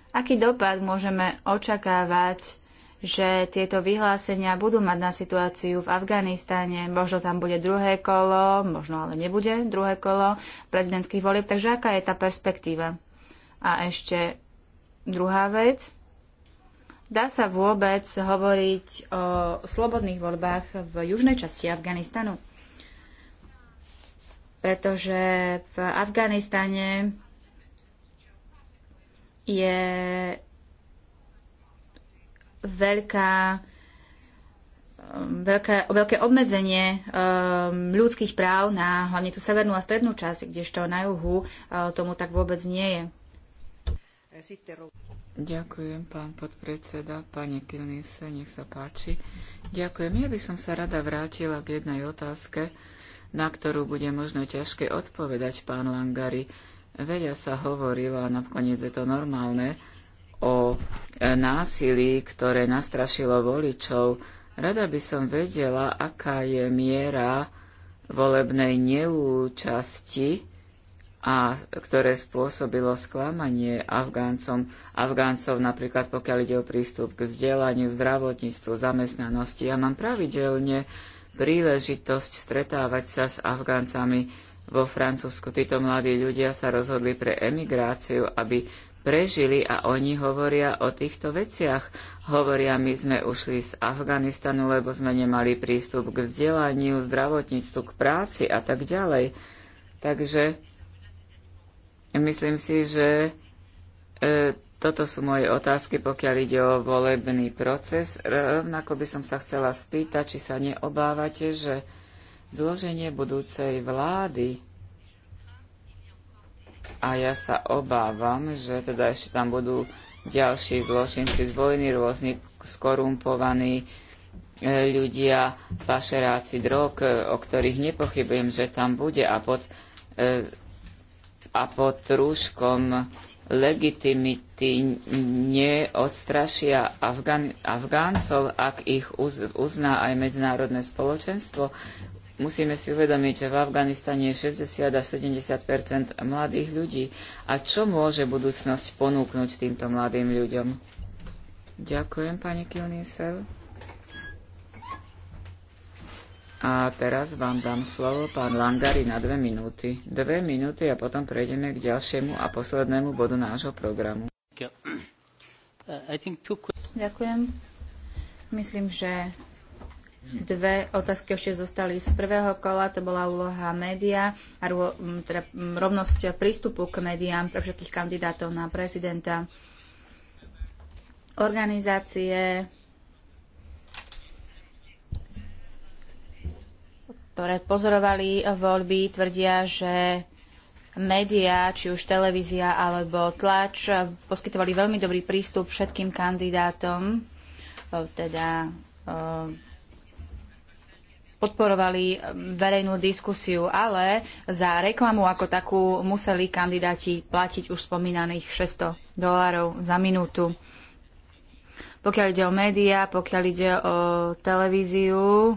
Aký dopad môžeme očakávať, že tieto vyhlásenia budú mať na situáciu v Afganistáne? Možno tam bude druhé kolo, možno ale nebude druhé kolo prezidentských volieb. Takže aká je tá perspektíva? A ešte druhá vec. Dá sa vôbec hovoriť o slobodných voľbách v južnej časti Afganistanu? Pretože v Afganistane je veľká um, veľké, veľké obmedzenie um, ľudských práv na hlavne tú severnú a strednú časť, kdežto na juhu uh, tomu tak vôbec nie je. Ďakujem, pán podpredseda, pani Kilnise, nech sa páči. Ďakujem. Ja by som sa rada vrátila k jednej otázke, na ktorú bude možno ťažké odpovedať pán Langari. Veľa sa hovorilo, a nakoniec je to normálne, o e, násilí, ktoré nastrašilo voličov. Rada by som vedela, aká je miera volebnej neúčasti a ktoré spôsobilo sklamanie Afgáncom, Afgáncov napríklad pokiaľ ide o prístup k vzdelaniu, zdravotníctvu, zamestnanosti. Ja mám pravidelne príležitosť stretávať sa s Afgáncami vo Francúzsku. Títo mladí ľudia sa rozhodli pre emigráciu, aby prežili a oni hovoria o týchto veciach. Hovoria, my sme ušli z Afganistanu, lebo sme nemali prístup k vzdelaniu, zdravotníctvu, k práci a tak ďalej. Takže Myslím si, že e, toto sú moje otázky, pokiaľ ide o volebný proces. E, rovnako by som sa chcela spýtať, či sa neobávate, že zloženie budúcej vlády a ja sa obávam, že teda ešte tam budú ďalší zločinci z vojny, rôzni skorumpovaní e, ľudia, pašeráci drog, e, o ktorých nepochybujem, že tam bude a pod e, a pod rúškom legitimity neodstrašia Afgán, Afgáncov, ak ich uz, uzná aj medzinárodné spoločenstvo. Musíme si uvedomiť, že v Afganistane je 60 až 70 mladých ľudí. A čo môže budúcnosť ponúknuť týmto mladým ľuďom? Ďakujem, pani Kilnisel. A teraz vám dám slovo, pán Langari, na dve minúty. Dve minúty a potom prejdeme k ďalšiemu a poslednému bodu nášho programu. Ďakujem. Myslím, že dve otázky ešte zostali z prvého kola, to bola úloha média a teda rovnosť prístupu k médiám pre všetkých kandidátov na prezidenta. Organizácie ktoré pozorovali voľby, tvrdia, že médiá, či už televízia alebo tlač, poskytovali veľmi dobrý prístup všetkým kandidátom, teda podporovali verejnú diskusiu, ale za reklamu ako takú museli kandidáti platiť už spomínaných 600 dolárov za minútu. Pokiaľ ide o médiá, pokiaľ ide o televíziu,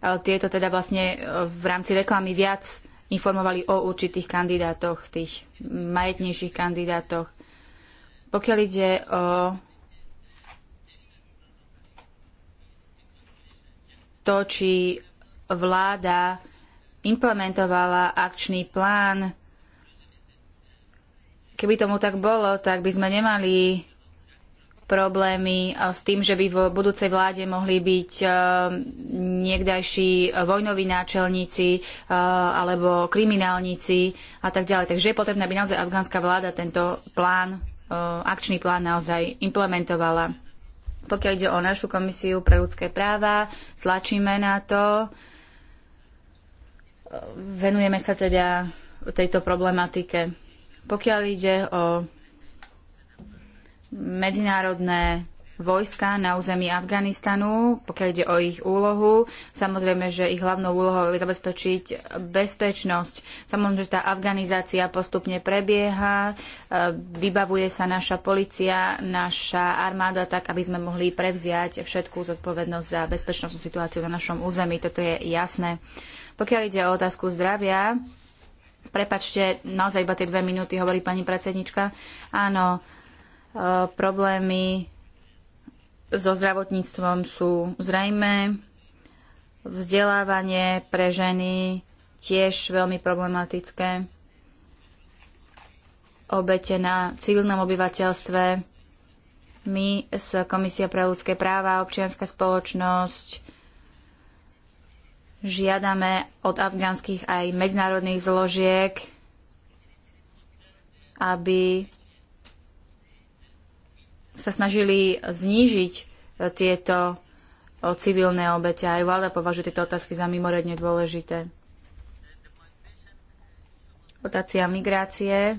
tieto teda vlastne e, v rámci reklamy viac informovali o určitých kandidátoch, tých majetnejších kandidátoch. Pokiaľ ide o to, či vláda implementovala akčný plán, keby tomu tak bolo, tak by sme nemali problémy s tým, že by v budúcej vláde mohli byť e, niekdajší vojnoví náčelníci e, alebo kriminálnici a tak ďalej. Takže je potrebné, aby naozaj afgánska vláda tento plán, e, akčný plán naozaj implementovala. Pokiaľ ide o našu komisiu pre ľudské práva, tlačíme na to. Venujeme sa teda tejto problematike. Pokiaľ ide o medzinárodné vojska na území Afganistanu, pokiaľ ide o ich úlohu. Samozrejme, že ich hlavnou úlohou je zabezpečiť bezpečnosť. Samozrejme, že tá afganizácia postupne prebieha, e, vybavuje sa naša policia, naša armáda tak, aby sme mohli prevziať všetkú zodpovednosť za bezpečnostnú situáciu na našom území. Toto je jasné. Pokiaľ ide o otázku zdravia, prepačte, naozaj iba tie dve minúty, hovorí pani predsednička. Áno, E, problémy so zdravotníctvom sú zrejmé. Vzdelávanie pre ženy tiež veľmi problematické. Obete na civilnom obyvateľstve. My z Komisia pre ľudské práva a občianská spoločnosť žiadame od afgánskych aj medzinárodných zložiek, aby sa snažili znížiť e, tieto e, civilné obete. Aj vláda považuje tieto otázky za mimoriadne dôležité. Otácia migrácie.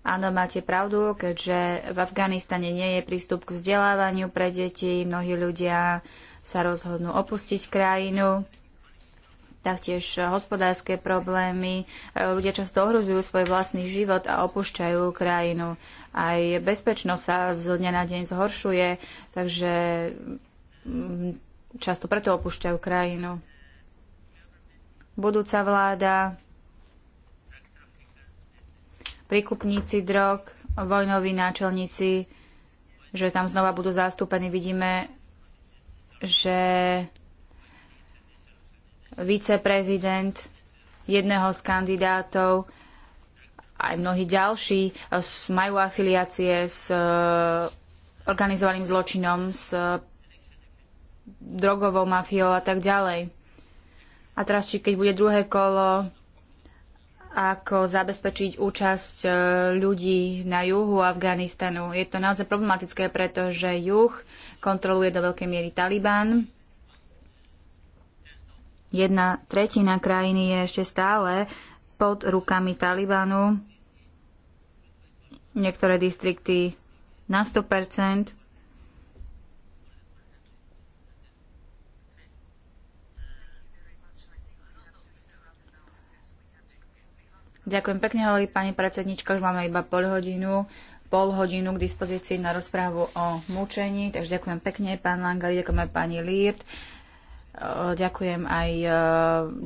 Áno, máte pravdu, keďže v Afganistane nie je prístup k vzdelávaniu pre deti. Mnohí ľudia sa rozhodnú opustiť krajinu taktiež hospodárske problémy. E, Ľudia často ohrozujú svoj vlastný život a opúšťajú krajinu. Aj bezpečnosť sa z dňa na deň zhoršuje, takže mm, často preto opúšťajú krajinu. Budúca vláda, príkupníci drog, vojnoví náčelníci, že tam znova budú zastúpení. Vidíme, že viceprezident jedného z kandidátov, aj mnohí ďalší eh, majú afiliácie s eh, organizovaným zločinom, s eh, drogovou mafiou a tak ďalej. A teraz, či keď bude druhé kolo, ako zabezpečiť účasť ľudí na juhu Afganistanu. Je to naozaj problematické, pretože juh kontroluje do veľkej miery Taliban Jedna tretina krajiny je ešte stále pod rukami Talibanu. Niektoré distrikty na 100 Ďakujem pekne, hovorí pani predsednička, už máme iba pol hodinu, pol hodinu k dispozícii na rozprávu o mučení, takže ďakujem pekne, pán Langari, aj pani Lírt. Eh, ďakujem aj eh,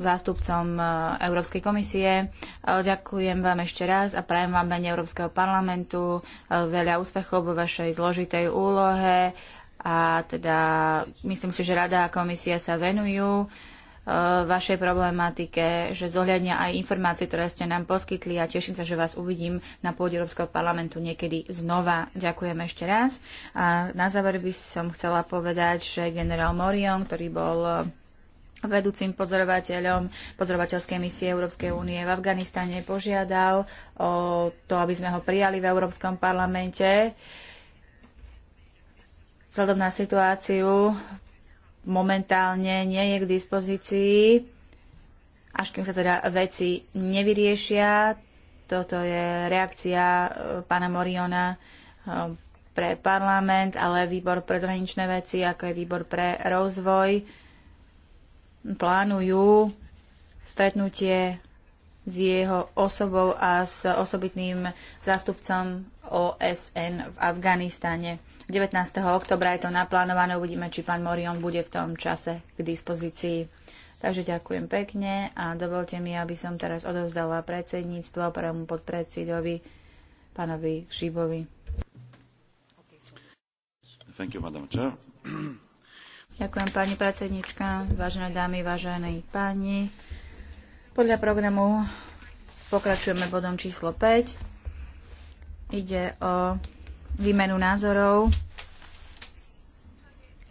zástupcom eh, Európskej komisie. Ďakujem vám ešte raz a prajem vám mene Európskeho parlamentu veľa úspechov vo vašej zložitej úlohe a teda myslím si, že Rada a komisia sa venujú uh, Eh, vašej problematike, že zohľadnia aj informácie, ktoré ste nám poskytli a teším sa, že vás uvidím na pôde Európskeho parlamentu niekedy znova. Ďakujem ešte raz. A na záver by som chcela povedať, že generál Morion, ktorý bol eh, vedúcim pozorovateľom pozorovateľskej misie Európskej únie v Afganistane požiadal o to, aby sme ho prijali v Európskom parlamente. Vzhľadom na situáciu momentálne nie je k dispozícii, až kým sa teda veci nevyriešia. Toto je reakcia e, pána Moriona e, pre parlament, ale výbor pre zahraničné veci, ako je výbor pre rozvoj, plánujú stretnutie s jeho osobou a s osobitným zástupcom OSN v Afganistane. 19. oktobra je to naplánované, uvidíme, či pán Morion bude v tom čase k dispozícii. Takže ďakujem pekne a dovolte mi, aby som teraz odovzdala predsedníctvo prvému podpredsedovi, pánovi Šibovi. You, ďakujem pani predsednička, vážené dámy, vážení páni. Podľa programu pokračujeme bodom číslo 5. Ide o výmenu názorov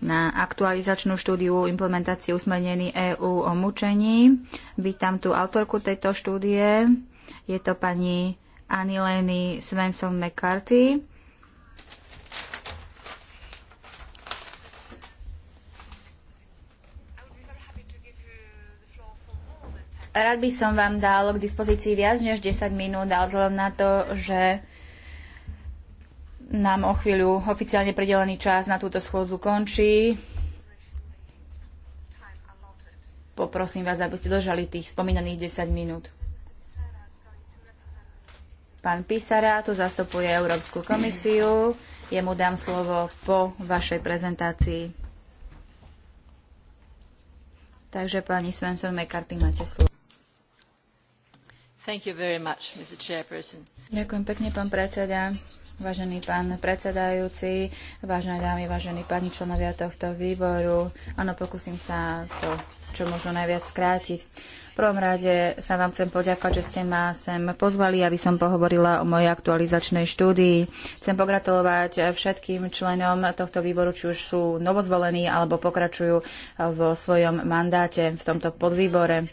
na aktualizačnú štúdiu implementácie usmernení EÚ o mučení. Vítam tu autorku tejto štúdie. Je to pani Anileny Svensson McCarthy. Rád by som vám dal k dispozícii viac než 10 minút, ale vzhľadom na to, že nám o chvíľu oficiálne pridelený čas na túto schôdzu končí. Poprosím vás, aby ste dožali tých spomínaných 10 minút. Pán Písara tu zastupuje Európsku komisiu. Jemu dám slovo po vašej prezentácii. Takže pani Svensson McCarthy, máte slovo. Thank you very much, Mr. Chairperson. Ďakujem pekne, pán predseda. Vážený pán predsedajúci, vážené dámy, vážení páni členovia tohto výboru, áno, pokúsim sa to čo možno najviac skrátiť. V prvom rade sa vám chcem poďakovať, že ste ma sem pozvali, aby som pohovorila o mojej aktualizačnej štúdii. Chcem pogratulovať všetkým členom tohto výboru, či už sú novozvolení alebo pokračujú vo svojom mandáte v tomto podvýbore.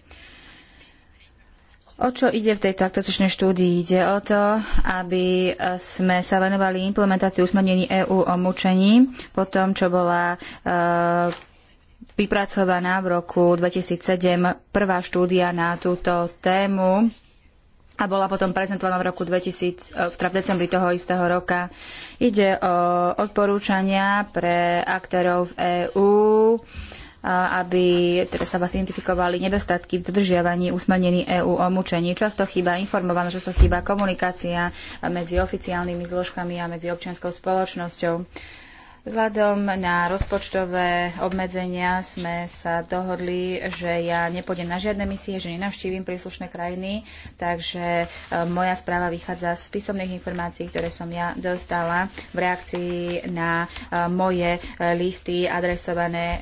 O čo ide v tejto aktočnej štúdii? Ide o to, aby e, sme sa venovali implementácii usmernení EÚ o mučení po tom, čo bola e, vypracovaná v roku 2007 prvá štúdia na túto tému a bola potom prezentovaná v roku 2000, e, teda v decembri toho istého roka. Ide o odporúčania pre aktérov v EÚ aby teda sa vás identifikovali nedostatky v dodržiavaní usmernení EÚ o mučení. Často chýba informovanosť, sú chýba komunikácia medzi oficiálnymi zložkami a medzi občianskou spoločnosťou. Vzhľadom na rozpočtové obmedzenia sme sa dohodli, že ja nepôjdem na žiadne misie, že nenavštívim príslušné krajiny, takže e, moja správa vychádza z písomných informácií, ktoré som ja dostala v reakcii na e, moje e, listy adresované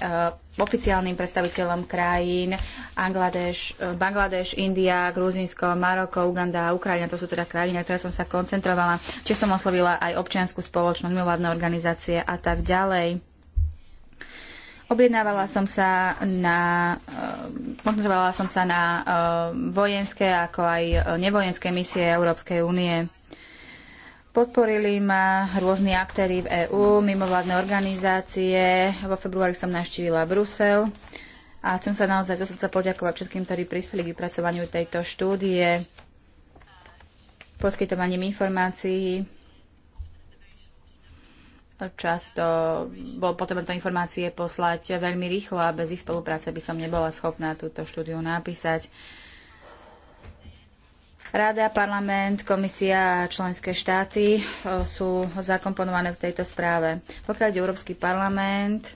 oficiálnym predstaviteľom krajín Angladeš, e, Bangladeš, India, Gruzinsko, Maroko, Uganda a Ukrajina. To sú teda krajiny, na ktoré som sa koncentrovala. či som oslovila aj občianskú spoločnosť, mimovládne organizácie a tak ďalej. Objednávala som sa na, koncentrovala e, som sa na e, vojenské ako aj nevojenské misie Európskej únie. Podporili ma rôzni aktéry v EÚ, mimovládne organizácie. Vo februári som navštívila Brusel a chcem sa naozaj zo srdca poďakovať všetkým, ktorí prispeli k vypracovaniu tejto štúdie, poskytovaním informácií. Často bol potrebné informácie poslať veľmi rýchlo a bez ich spolupráce by som nebola schopná túto štúdiu napísať. Rada, parlament, komisia a členské štáty eh, sú zakomponované v tejto správe. Pokiaľ ide Európsky parlament,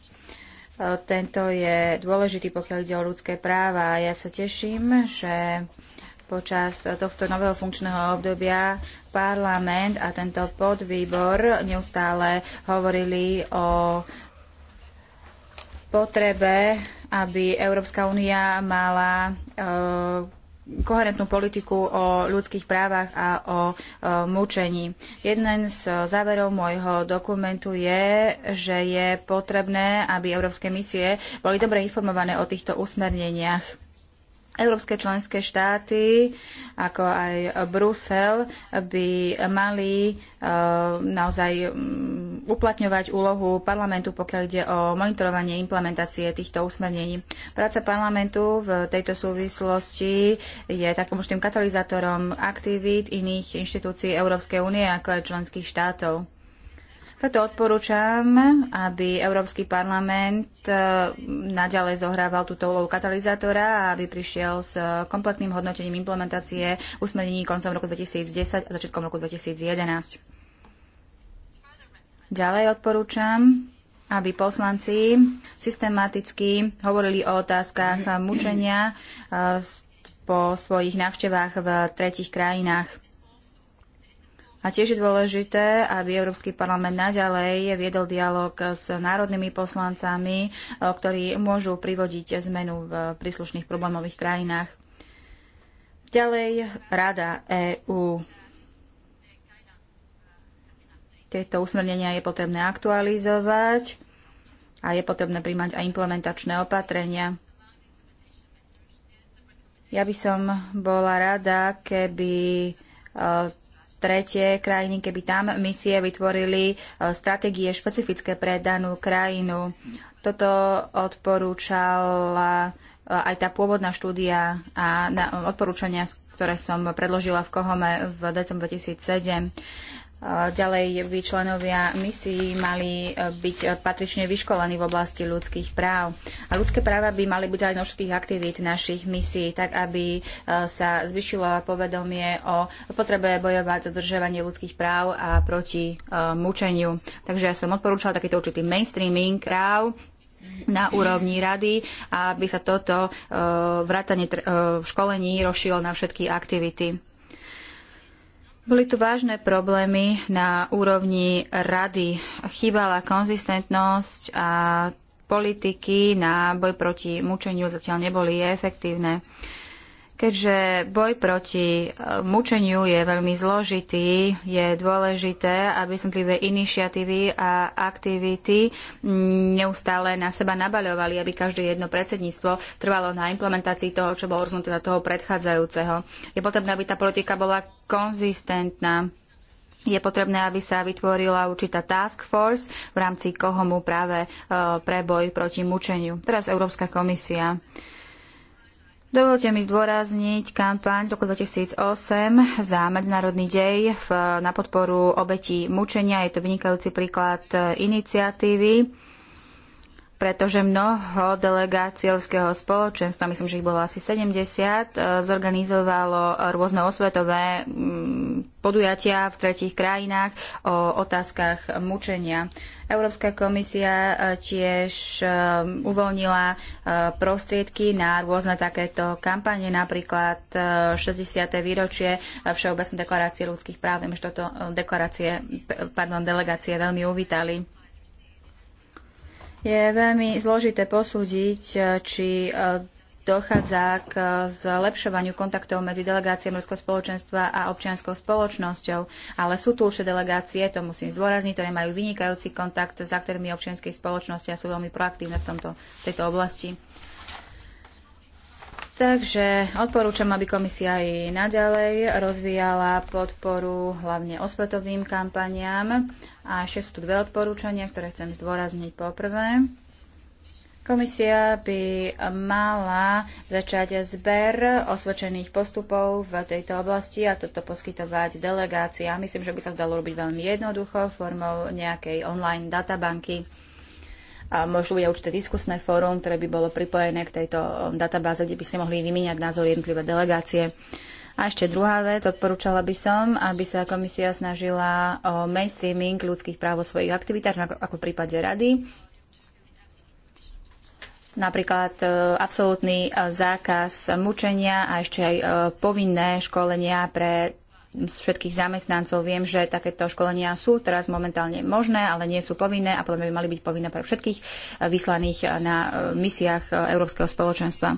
eh, tento je dôležitý, pokiaľ ide o ľudské práva. Ja sa teším, že počas tohto nového funkčného obdobia parlament a tento podvýbor neustále hovorili o potrebe, aby Európska únia mala eh, koherentnú politiku o ľudských právach a o, mučení. Jeden z záverov môjho dokumentu je, že je potrebné, aby európske misie boli dobre informované o týchto usmerneniach Európske členské štáty, ako aj Brusel, by mali eh, naozaj mm, uplatňovať úlohu parlamentu, pokiaľ ide o monitorovanie implementácie týchto usmernení. Práca parlamentu v tejto súvislosti je takým tým katalizátorom aktivít iných inštitúcií Európskej únie, ako aj členských štátov. Preto odporúčam, aby Európsky parlament e, naďalej zohrával túto úlohu katalizátora a aby prišiel s kompletným hodnotením implementácie usmernení koncom roku 2010 a začiatkom roku 2011. Ďalej odporúčam, aby poslanci systematicky hovorili o otázkach mučenia e, po svojich návštevách v tretich krajinách. A tiež je dôležité, aby Európsky parlament naďalej viedol dialog s národnými poslancami, eh, ktorí môžu privodiť zmenu v príslušných problémových krajinách. Ďalej Rada EÚ. Tieto usmernenia je potrebné aktualizovať a je potrebné príjmať aj implementačné opatrenia. Ja by som bola rada, keby eh, tretie krajiny, keby tam misie vytvorili e, stratégie špecifické pre danú krajinu. Toto odporúčala e, aj tá pôvodná štúdia a odporúčania, ktoré som predložila v Kohome v decembri 2007. Ďalej by členovia misií mali e, byť e, patrične vyškolení v oblasti ľudských práv. A ľudské práva by mali byť aj všetkých aktivít našich misií, tak aby e, sa zvyšilo povedomie o potrebe bojovať za dodržiavanie ľudských práv a proti mučeniu. Takže ja som odporúčala takýto určitý mainstreaming práv na úrovni rady, aby sa toto vrátanie školení rozšírilo na všetky aktivity. Boli tu vážne problémy na úrovni rady. Chýbala konzistentnosť a politiky na boj proti mučeniu zatiaľ neboli efektívne. Keďže boj proti e, mučeniu je veľmi zložitý, je dôležité, aby jednotlivé iniciatívy a aktivity neustále na seba nabaľovali, aby každé jedno predsedníctvo trvalo na implementácii toho, čo bolo rozhodnuté toho predchádzajúceho. Je potrebné, aby tá politika bola konzistentná. Je potrebné, aby sa vytvorila určitá task force, v rámci koho mu práve e, preboj proti mučeniu. Teraz Európska komisia. Dovolte mi zdôrazniť kampaň z roku 2008 za Medzinárodný dej na podporu obetí mučenia. Je to vynikajúci príklad eh, iniciatívy pretože mnoho delegáciovského spoločenstva, myslím, že ich bolo asi 70, e, zorganizovalo rôzne osvetové mm, podujatia v tretich krajinách o otázkach mučenia. Európska komisia e, tiež e, uvoľnila prostriedky na rôzne takéto kampanie, napríklad 60. výročie Všeobecnej deklarácie ľudských práv. Viem, že toto deklarácie, pardon, delegácie veľmi uvítali. Je veľmi zložité posúdiť, eh, či eh, dochádza k eh, zlepšovaniu kontaktov medzi delegáciami ľudského spoločenstva a občianskou spoločnosťou. Ale sú tu už delegácie, to musím zdôrazniť, ktoré majú vynikajúci kontakt s aktérmi občianskej spoločnosti a sú veľmi proaktívne v tomto, tejto oblasti. Takže odporúčam, aby komisia aj naďalej rozvíjala podporu hlavne osvetovým kampaniám a ešte sú tu dve odporúčania, ktoré chcem zdôrazniť poprvé. Komisia by mala začať zber osvedčených postupov v tejto oblasti a toto poskytovať A Myslím, že by sa dalo robiť veľmi jednoducho formou nejakej online databanky. A možno bude určité diskusné fórum, ktoré by bolo pripojené k tejto databáze, kde by ste mohli vymieňať názor jednotlivé delegácie. A ešte druhá vec, odporúčala by som, aby sa komisia snažila o mainstreaming ľudských práv vo svojich aktivitách, ako v prípade rady. Napríklad e, absolútny e, zákaz mučenia a ešte aj e, povinné školenia pre všetkých zamestnancov. Viem, že takéto školenia sú teraz momentálne možné, ale nie sú povinné a podľa mňa by mali byť povinné pre všetkých vyslaných na misiách Európskeho spoločenstva.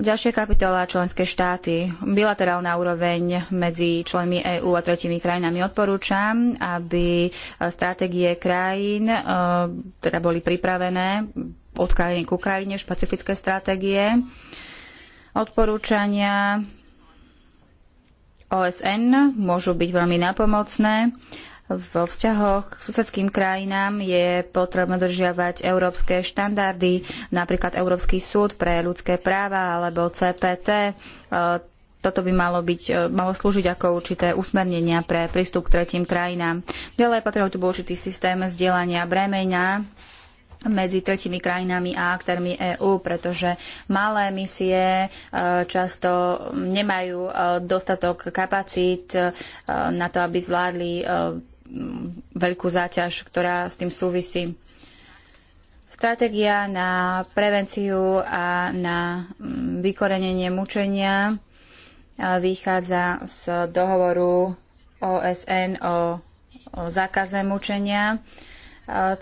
Ďalšia kapitola členské štáty. Bilaterálna úroveň medzi členmi EÚ a tretimi krajinami odporúčam, aby e, stratégie krajín e, teda boli pripravené od krajiny ku krajine, špecifické stratégie. Odporúčania OSN môžu byť veľmi napomocné vo vzťahoch k susedským krajinám je potrebné dodržiavať európske štandardy, napríklad Európsky súd pre ľudské práva alebo CPT. E, toto by malo, byť, e, malo slúžiť ako určité usmernenia pre prístup k tretím krajinám. Ďalej potrebuje tu bol určitý systém zdieľania bremena medzi tretimi krajinami a aktérmi EÚ, pretože malé misie e, často nemajú dostatok kapacít na to, aby zvládli veľkú záťaž, ktorá s tým súvisí. Stratégia na prevenciu a na mm, vykorenenie mučenia vychádza z dohovoru OSN o, o zákaze mučenia.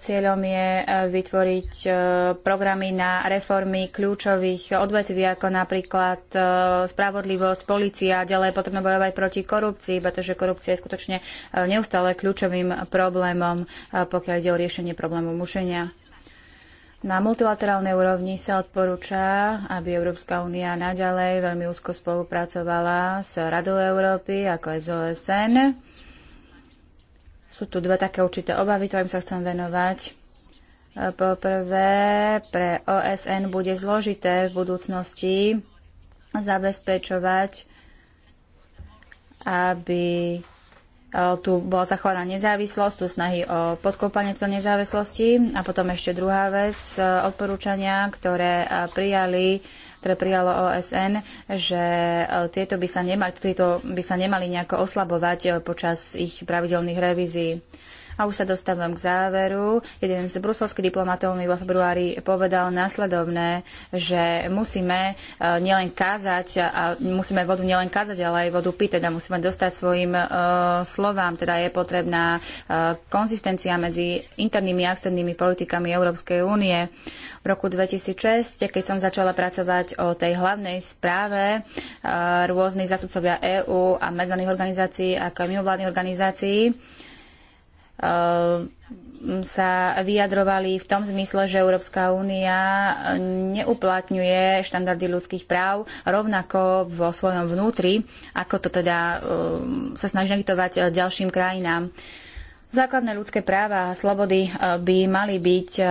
Cieľom je eh, vytvoriť eh, programy na reformy kľúčových odvetví, ako napríklad eh, spravodlivosť, policia, ďalej potrebno bojovať proti korupcii, pretože korupcia je skutočne neustále kľúčovým problémom, pokiaľ ide o riešenie problému mušenia. Na multilaterálnej úrovni sa odporúča, aby Európska únia naďalej veľmi úzko spolupracovala s Radou Európy, ako aj s OSN sú tu dva také určité obavy, ktorým sa chcem venovať. E, poprvé, pre OSN bude zložité v budúcnosti zabezpečovať, aby E, tu bola zachovaná nezávislosť, tu snahy o podkopanie tejto nezávislosti a potom ešte druhá vec, e, odporúčania, ktoré e, prijali ktoré prijalo OSN, že tieto by sa nemali, tieto by sa nemali nejako oslabovať počas ich pravidelných revízií. A už sa dostávam k záveru. Jeden z bruselských diplomatov mi vo februári povedal následovné, že musíme eh, nielen kázať, a musíme vodu nielen kázať, ale aj vodu piť, teda musíme dostať svojim uh, slovám, teda je potrebná uh, konzistencia medzi internými a externými politikami Európskej únie. V roku 2006, keď som začala pracovať o tej hlavnej správe, uh, rôznych zatupcovia EÚ a medzaných organizácií, ako aj mimovládnych organizácií, Ehm, sa vyjadrovali v tom zmysle, že Európska únia neuplatňuje štandardy ľudských práv rovnako vo svojom vnútri, ako to teda ehm, sa snaží nagitovať e, ďalším krajinám. Základné ľudské práva a slobody e, by mali byť ehm,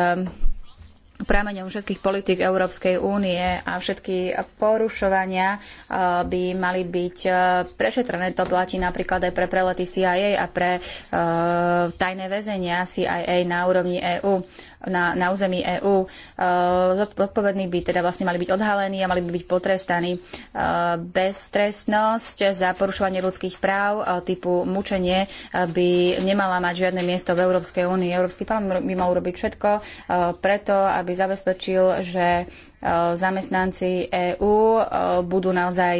prameňom všetkých politik Európskej únie a všetky porušovania eh, by mali byť eh, prešetrené. To platí napríklad aj pre prelety CIA a pre eh, tajné väzenia CIA na úrovni EÚ na, na území EÚ. E, zodpovední by teda vlastne mali byť odhalení a mali by byť potrestaní. E, beztrestnosť za porušovanie ľudských práv e, typu mučenie by nemala mať žiadne miesto v Európskej únii. Európsky parlament by mal urobiť všetko preto, aby zabezpečil, že zamestnanci EÚ budú naozaj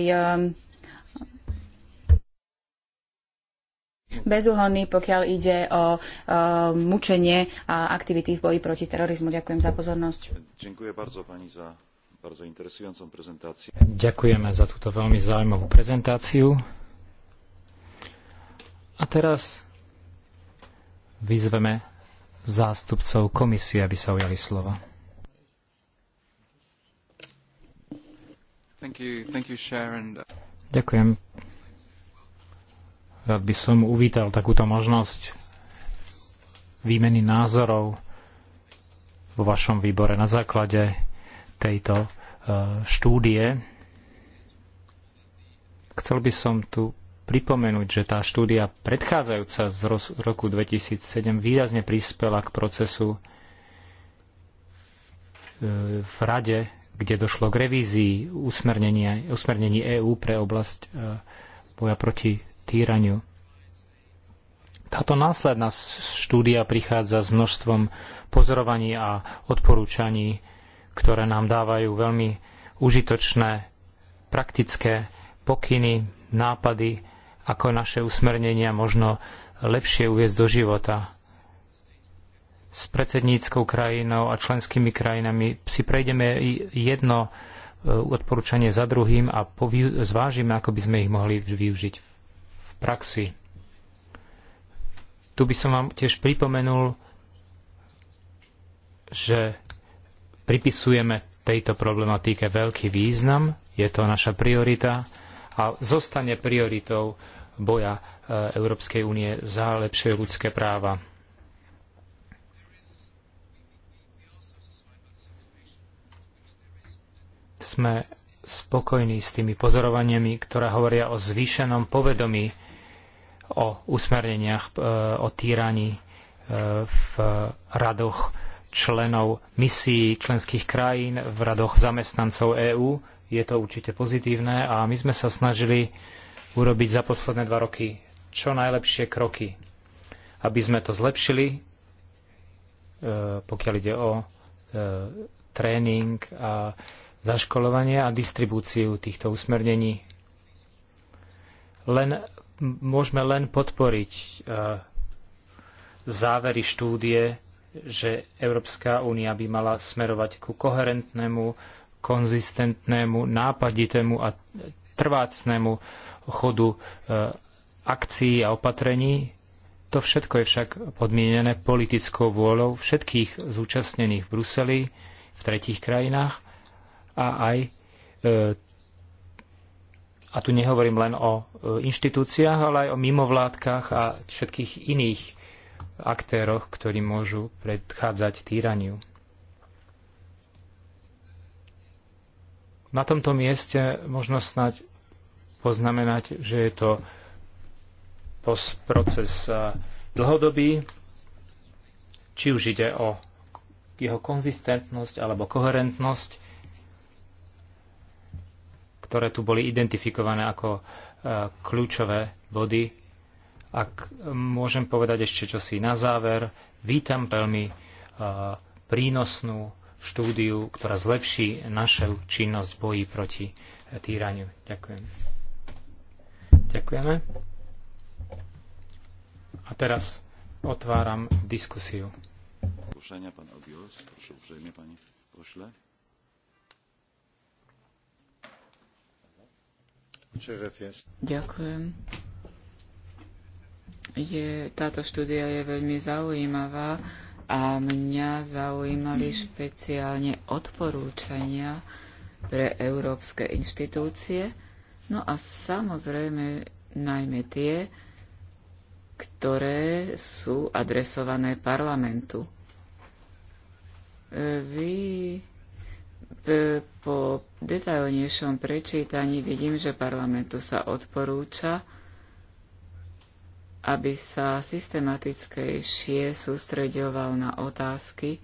bezúhonný, pokiaľ ide o, o mučenie a aktivity v boji proti terorizmu. Ďakujem za pozornosť. Ďakujem bardzo pani za bardzo interesujúcu prezentáciu. Ďakujeme za túto veľmi zaujímavú prezentáciu. A teraz vyzveme zástupcov komisie, aby sa ujali slova. Thank you, thank you, Ďakujem, Rád by som uvítal takúto možnosť výmeny názorov vo vašom výbore na základe tejto e, štúdie. Chcel by som tu pripomenúť, že tá štúdia predchádzajúca z roku 2007 výrazne prispela k procesu e, v Rade, kde došlo k revízii usmernení EÚ pre oblasť e, boja proti týraniu. Táto následná štúdia prichádza s množstvom pozorovaní a odporúčaní, ktoré nám dávajú veľmi užitočné, praktické pokyny, nápady, ako naše usmernenia možno lepšie uviezť do života. S predsedníckou krajinou a členskými krajinami si prejdeme jedno e, odporúčanie za druhým a zvážime, ako by sme ich mohli využiť v praxi. Tu by som vám tiež pripomenul, že pripisujeme tejto problematike veľký význam, je to naša priorita a zostane prioritou boja e, Európskej únie za lepšie ľudské práva. Sme spokojní s tými pozorovaniami, ktoré hovoria o zvýšenom povedomí o usmerneniach e, o týraní e, v radoch členov misií členských krajín, v radoch zamestnancov EÚ. Je to určite pozitívne a my sme sa snažili urobiť za posledné dva roky čo najlepšie kroky, aby sme to zlepšili, e, pokiaľ ide o tréning a zaškolovanie a distribúciu týchto usmernení. Len môžeme len podporiť e, závery štúdie, že Európska únia by mala smerovať ku koherentnému, konzistentnému, nápaditému a trvácnému chodu e, akcií a opatrení. To všetko je však podmienené politickou vôľou všetkých zúčastnených v Bruseli, v tretích krajinách a aj e, a tu nehovorím len o e, inštitúciách, ale aj o mimovládkach a všetkých iných aktéroch, ktorí môžu predchádzať týraniu. Na tomto mieste možno snať poznamenať, že je to proces e, dlhodobý, či už ide o jeho konzistentnosť alebo koherentnosť ktoré tu boli identifikované ako e, kľúčové body. Ak môžem povedať ešte čosi na záver, vítam veľmi e, prínosnú štúdiu, ktorá zlepší našu činnosť v boji proti e, týraniu. Ďakujem. Ďakujeme. A teraz otváram diskusiu. Proszę uprzejmie, pani pošle. Ďakujem. Je, táto štúdia je veľmi zaujímavá a mňa zaujímali špeciálne odporúčania pre európske inštitúcie, no a samozrejme najmä tie, ktoré sú adresované parlamentu. E, vy E, po detailnejšom prečítaní vidím, že parlamentu sa odporúča, aby sa systematickejšie sústreďoval na otázky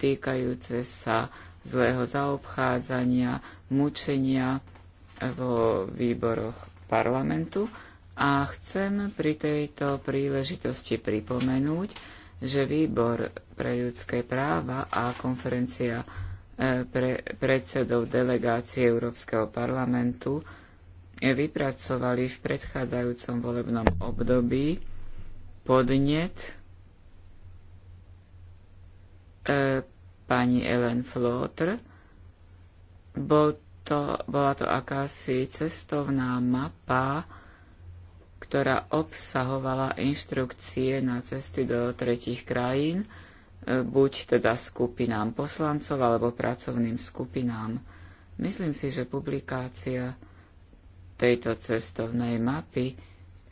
týkajúce sa zlého zaobchádzania, mučenia vo výboroch parlamentu. A chcem pri tejto príležitosti pripomenúť, že výbor pre ľudské práva a konferencia pre predsedov delegácie Európskeho parlamentu vypracovali v predchádzajúcom volebnom období podnet e, pani Ellen Flotr. Bol to, bola to akási cestovná mapa, ktorá obsahovala inštrukcie na cesty do tretich krajín, buď teda skupinám poslancov alebo pracovným skupinám. Myslím si, že publikácia tejto cestovnej mapy,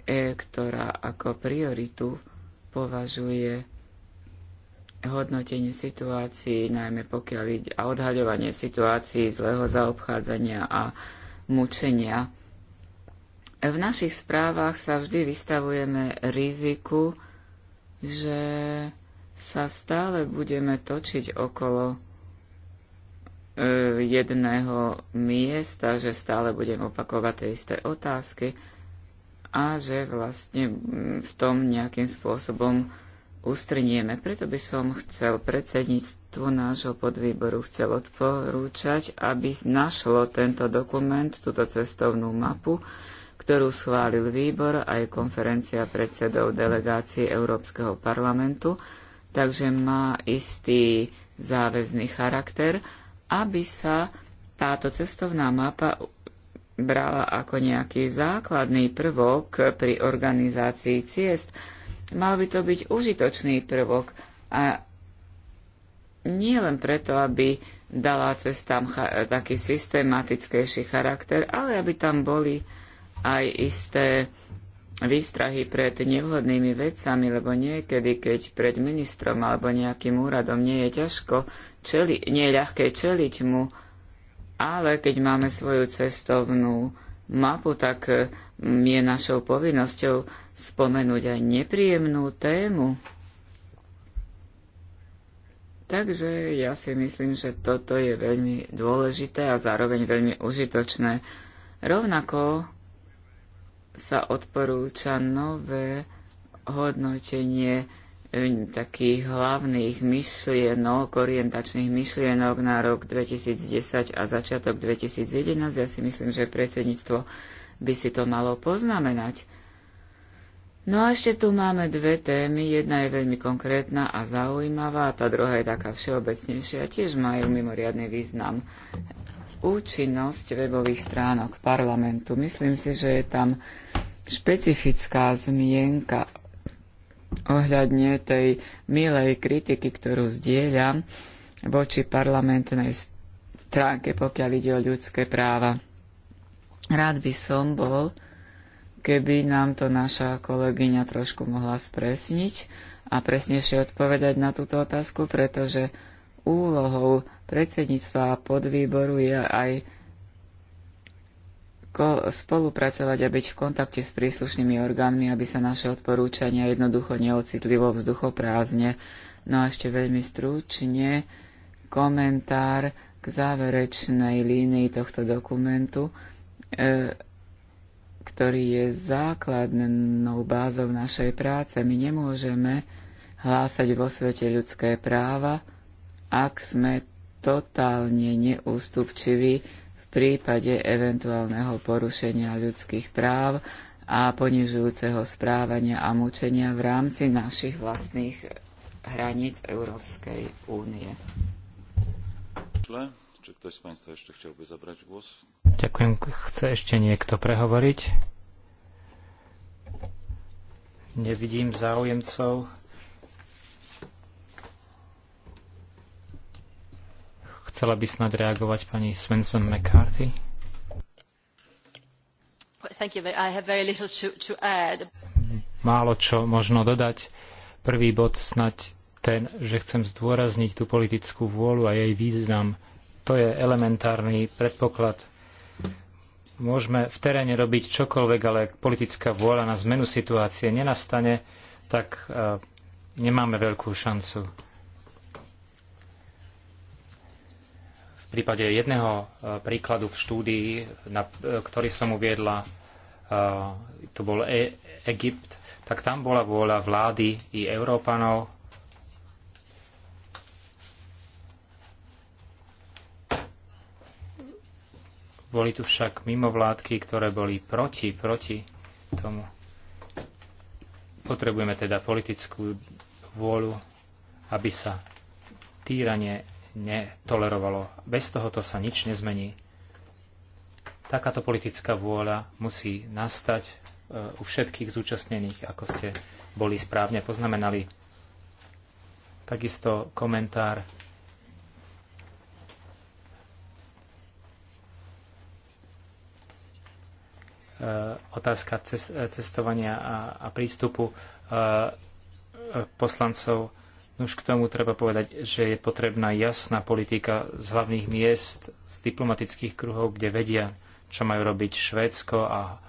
e, ktorá ako prioritu považuje hodnotenie situácií, najmä pokiaľ ide a odhaľovanie situácií zlého zaobchádzania a mučenia. V našich správach sa vždy vystavujeme riziku, že sa stále budeme točiť okolo e, jedného miesta, že stále budem opakovať tie isté otázky a že vlastne mm, v tom nejakým spôsobom ustrnieme. Preto by som chcel predsedníctvo nášho podvýboru chcel odporúčať, aby našlo tento dokument, túto cestovnú mapu, ktorú schválil výbor aj konferencia predsedov delegácií Európskeho parlamentu, takže má istý záväzný charakter, aby sa táto cestovná mapa brala ako nejaký základný prvok pri organizácii ciest. Mal by to byť užitočný prvok a nie len preto, aby dala cestám taký systematickejší charakter, ale aby tam boli aj isté výstrahy pred nevhodnými vecami, lebo niekedy, keď pred ministrom alebo nejakým úradom nie je ťažko, čeli, nie je ľahké čeliť mu, ale keď máme svoju cestovnú mapu, tak mm, je našou povinnosťou spomenúť aj nepríjemnú tému. Takže ja si myslím, že toto je veľmi dôležité a zároveň veľmi užitočné. Rovnako sa odporúča nové hodnotenie e, takých hlavných myšlienok, orientačných myšlienok na rok 2010 a začiatok 2011. Ja si myslím, že predsedníctvo by si to malo poznamenať. No a ešte tu máme dve témy. Jedna je veľmi konkrétna a zaujímavá, a tá druhá je taká všeobecnejšia. Tiež majú mimoriadný význam účinnosť webových stránok parlamentu. Myslím si, že je tam špecifická zmienka ohľadne tej milej kritiky, ktorú zdieľam voči parlamentnej stránke, pokiaľ ide o ľudské práva. Rád by som bol, keby nám to naša kolegyňa trošku mohla spresniť a presnejšie odpovedať na túto otázku, pretože úlohou predsedníctva a podvýboru je aj spolupracovať a byť v kontakte s príslušnými orgánmi, aby sa naše odporúčania jednoducho neocitli vo vzduchoprázdne. No a ešte veľmi stručne komentár k záverečnej línii tohto dokumentu, e, ktorý je základnou bázou našej práce. My nemôžeme hlásať vo svete ľudské práva, ak sme totálne neústupčivý v prípade eventuálneho porušenia ľudských práv a ponižujúceho správania a mučenia v rámci našich vlastných hraníc Európskej únie. Ďakujem. Chce ešte niekto prehovoriť? Nevidím záujemcov. Chcela by snad reagovať pani Svensson McCarthy. Málo čo možno dodať. Prvý bod snať ten, že chcem zdôrazniť tú politickú vôľu a jej význam. To je elementárny predpoklad. Môžeme v teréne robiť čokoľvek, ale politická vôľa na zmenu situácie nenastane, tak eh, nemáme veľkú šancu prípade jedného e, príkladu v štúdii, na, e, ktorý som uviedla, e, to bol e- Egypt, tak tam bola vôľa vlády i Európanov Boli tu však mimovládky, ktoré boli proti, proti tomu. Potrebujeme teda politickú vôľu, aby sa týranie netolerovalo. Bez tohoto sa nič nezmení. Takáto politická vôľa musí nastať e, u všetkých zúčastnených, ako ste boli správne poznamenali. Takisto komentár e, otázka cestovania a, prístupu e, poslancov Nož k tomu treba povedať, že je potrebná jasná politika z hlavných miest, z diplomatických kruhov, kde vedia, čo majú robiť. Švédsko a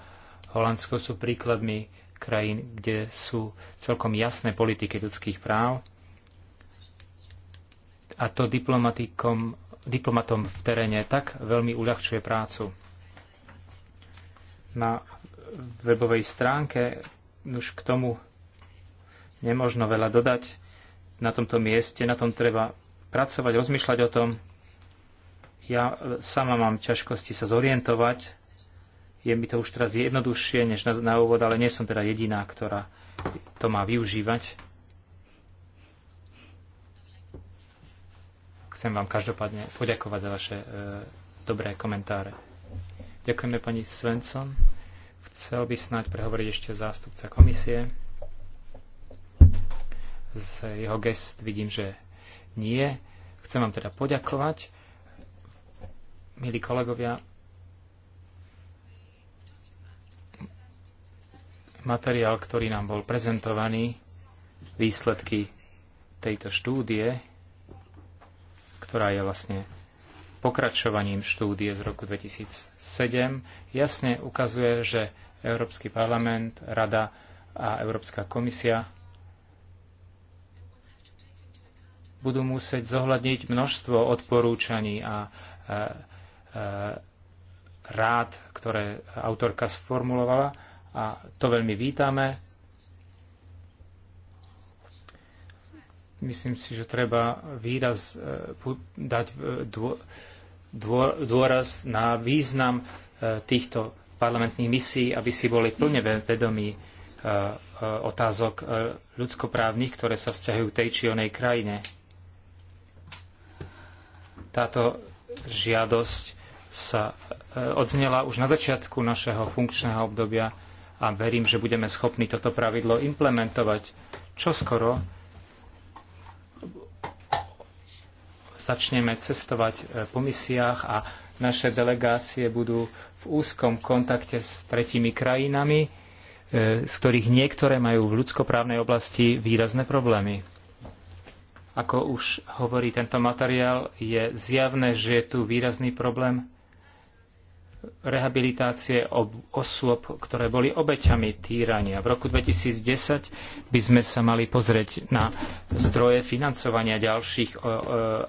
Holandsko sú príkladmi krajín, kde sú celkom jasné politiky ľudských práv. A to diplomatikom, diplomatom v teréne tak veľmi uľahčuje prácu. Na webovej stránke už k tomu nemožno veľa dodať na tomto mieste, na tom treba pracovať, rozmýšľať o tom. Ja e, sama mám ťažkosti sa zorientovať. Je mi to už teraz jednoduchšie než na, na úvod, ale nie som teda jediná, ktorá to má využívať. Chcem vám každopádne poďakovať za vaše e, dobré komentáre. Ďakujeme pani Svensson. Chcel by snáď prehovoriť ešte zástupca komisie z jeho gest vidím, že nie. Chcem vám teda poďakovať, milí kolegovia. Materiál, ktorý nám bol prezentovaný, výsledky tejto štúdie, ktorá je vlastne pokračovaním štúdie z roku 2007, jasne ukazuje, že Európsky parlament, Rada a Európska komisia budú musieť zohľadniť množstvo odporúčaní a rád, ktoré autorka sformulovala a to veľmi vítame. Myslím si, že treba výraz e, dať e, dôraz na význam e, týchto parlamentných misií, aby si boli plne vedomí otázok ľudskoprávnych, ktoré sa vzťahujú tej či onej krajine. Táto žiadosť sa e, odznela už na začiatku našeho funkčného obdobia a verím, že budeme schopní toto pravidlo implementovať čoskoro. Začneme cestovať e, po misiách a naše delegácie budú v úzkom kontakte s tretími krajinami, e, z ktorých niektoré majú v ľudskoprávnej oblasti výrazné problémy ako už hovorí tento materiál, je zjavné, že je tu výrazný problém rehabilitácie ob- osôb, ktoré boli obeťami týrania. V roku 2010 by sme sa mali pozrieť na zdroje financovania ďalších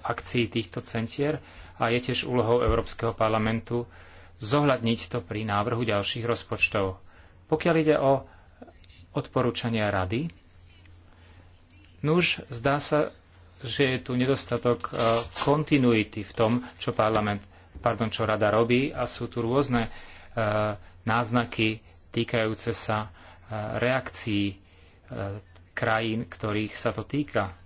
akcií týchto centier a je tiež úlohou Európskeho parlamentu zohľadniť to pri návrhu ďalších rozpočtov. Pokiaľ ide o odporúčania rady, nuž zdá sa, že je tu nedostatok e, kontinuity v tom, čo parlament, pardon, čo rada robí a sú tu rôzne e, náznaky týkajúce sa e, reakcií krajín, ktorých sa to týka.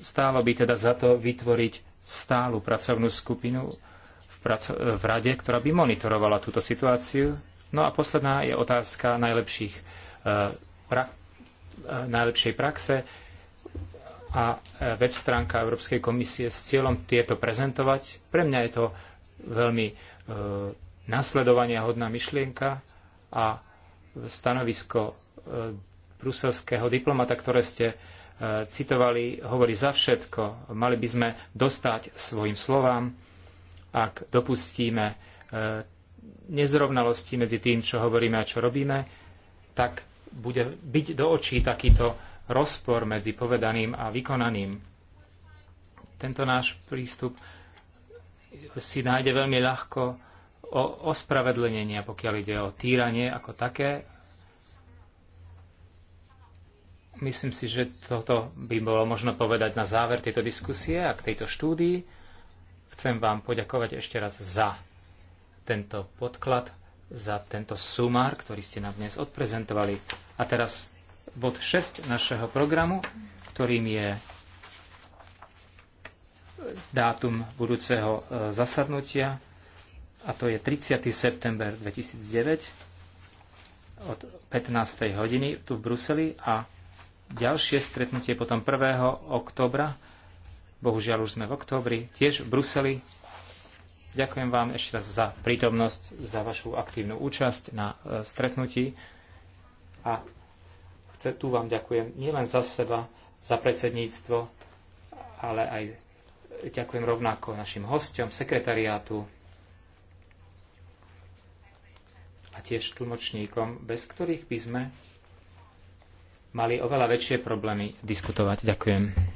Stálo by teda za to vytvoriť stálu pracovnú skupinu v, praco- v rade, ktorá by monitorovala túto situáciu. No a posledná je otázka najlepších, pra- najlepšej praxe a e, web stránka Európskej komisie s cieľom tieto prezentovať. Pre mňa je to veľmi e, nasledovania hodná myšlienka a stanovisko e, bruselského diplomata, ktoré ste e, citovali, hovorí za všetko. Mali by sme dostať svojim slovám, ak dopustíme e, nezrovnalosti medzi tým, čo hovoríme a čo robíme, tak bude byť do očí takýto rozpor medzi povedaným a vykonaným. Tento náš prístup si nájde veľmi ľahko o ospravedlenenia, pokiaľ ide o týranie ako také. Myslím si, že toto by bolo možno povedať na záver tejto diskusie a k tejto štúdii. Chcem vám poďakovať ešte raz za tento podklad, za tento sumár, ktorý ste nám dnes odprezentovali. A teraz bod 6 našeho programu, ktorým je dátum budúceho e, zasadnutia a to je 30. september 2009 od 15. hodiny tu v Bruseli a ďalšie stretnutie potom 1. oktobra, bohužiaľ už sme v oktobri, tiež v Bruseli. Ďakujem vám ešte raz za prítomnosť, za vašu aktívnu účasť na e, stretnutí a Chce, tu vám ďakujem nielen za seba, za predsedníctvo, ale aj ďakujem rovnako našim hostom, sekretariátu a tiež tlmočníkom, bez ktorých by sme mali oveľa väčšie problémy diskutovať. Ďakujem.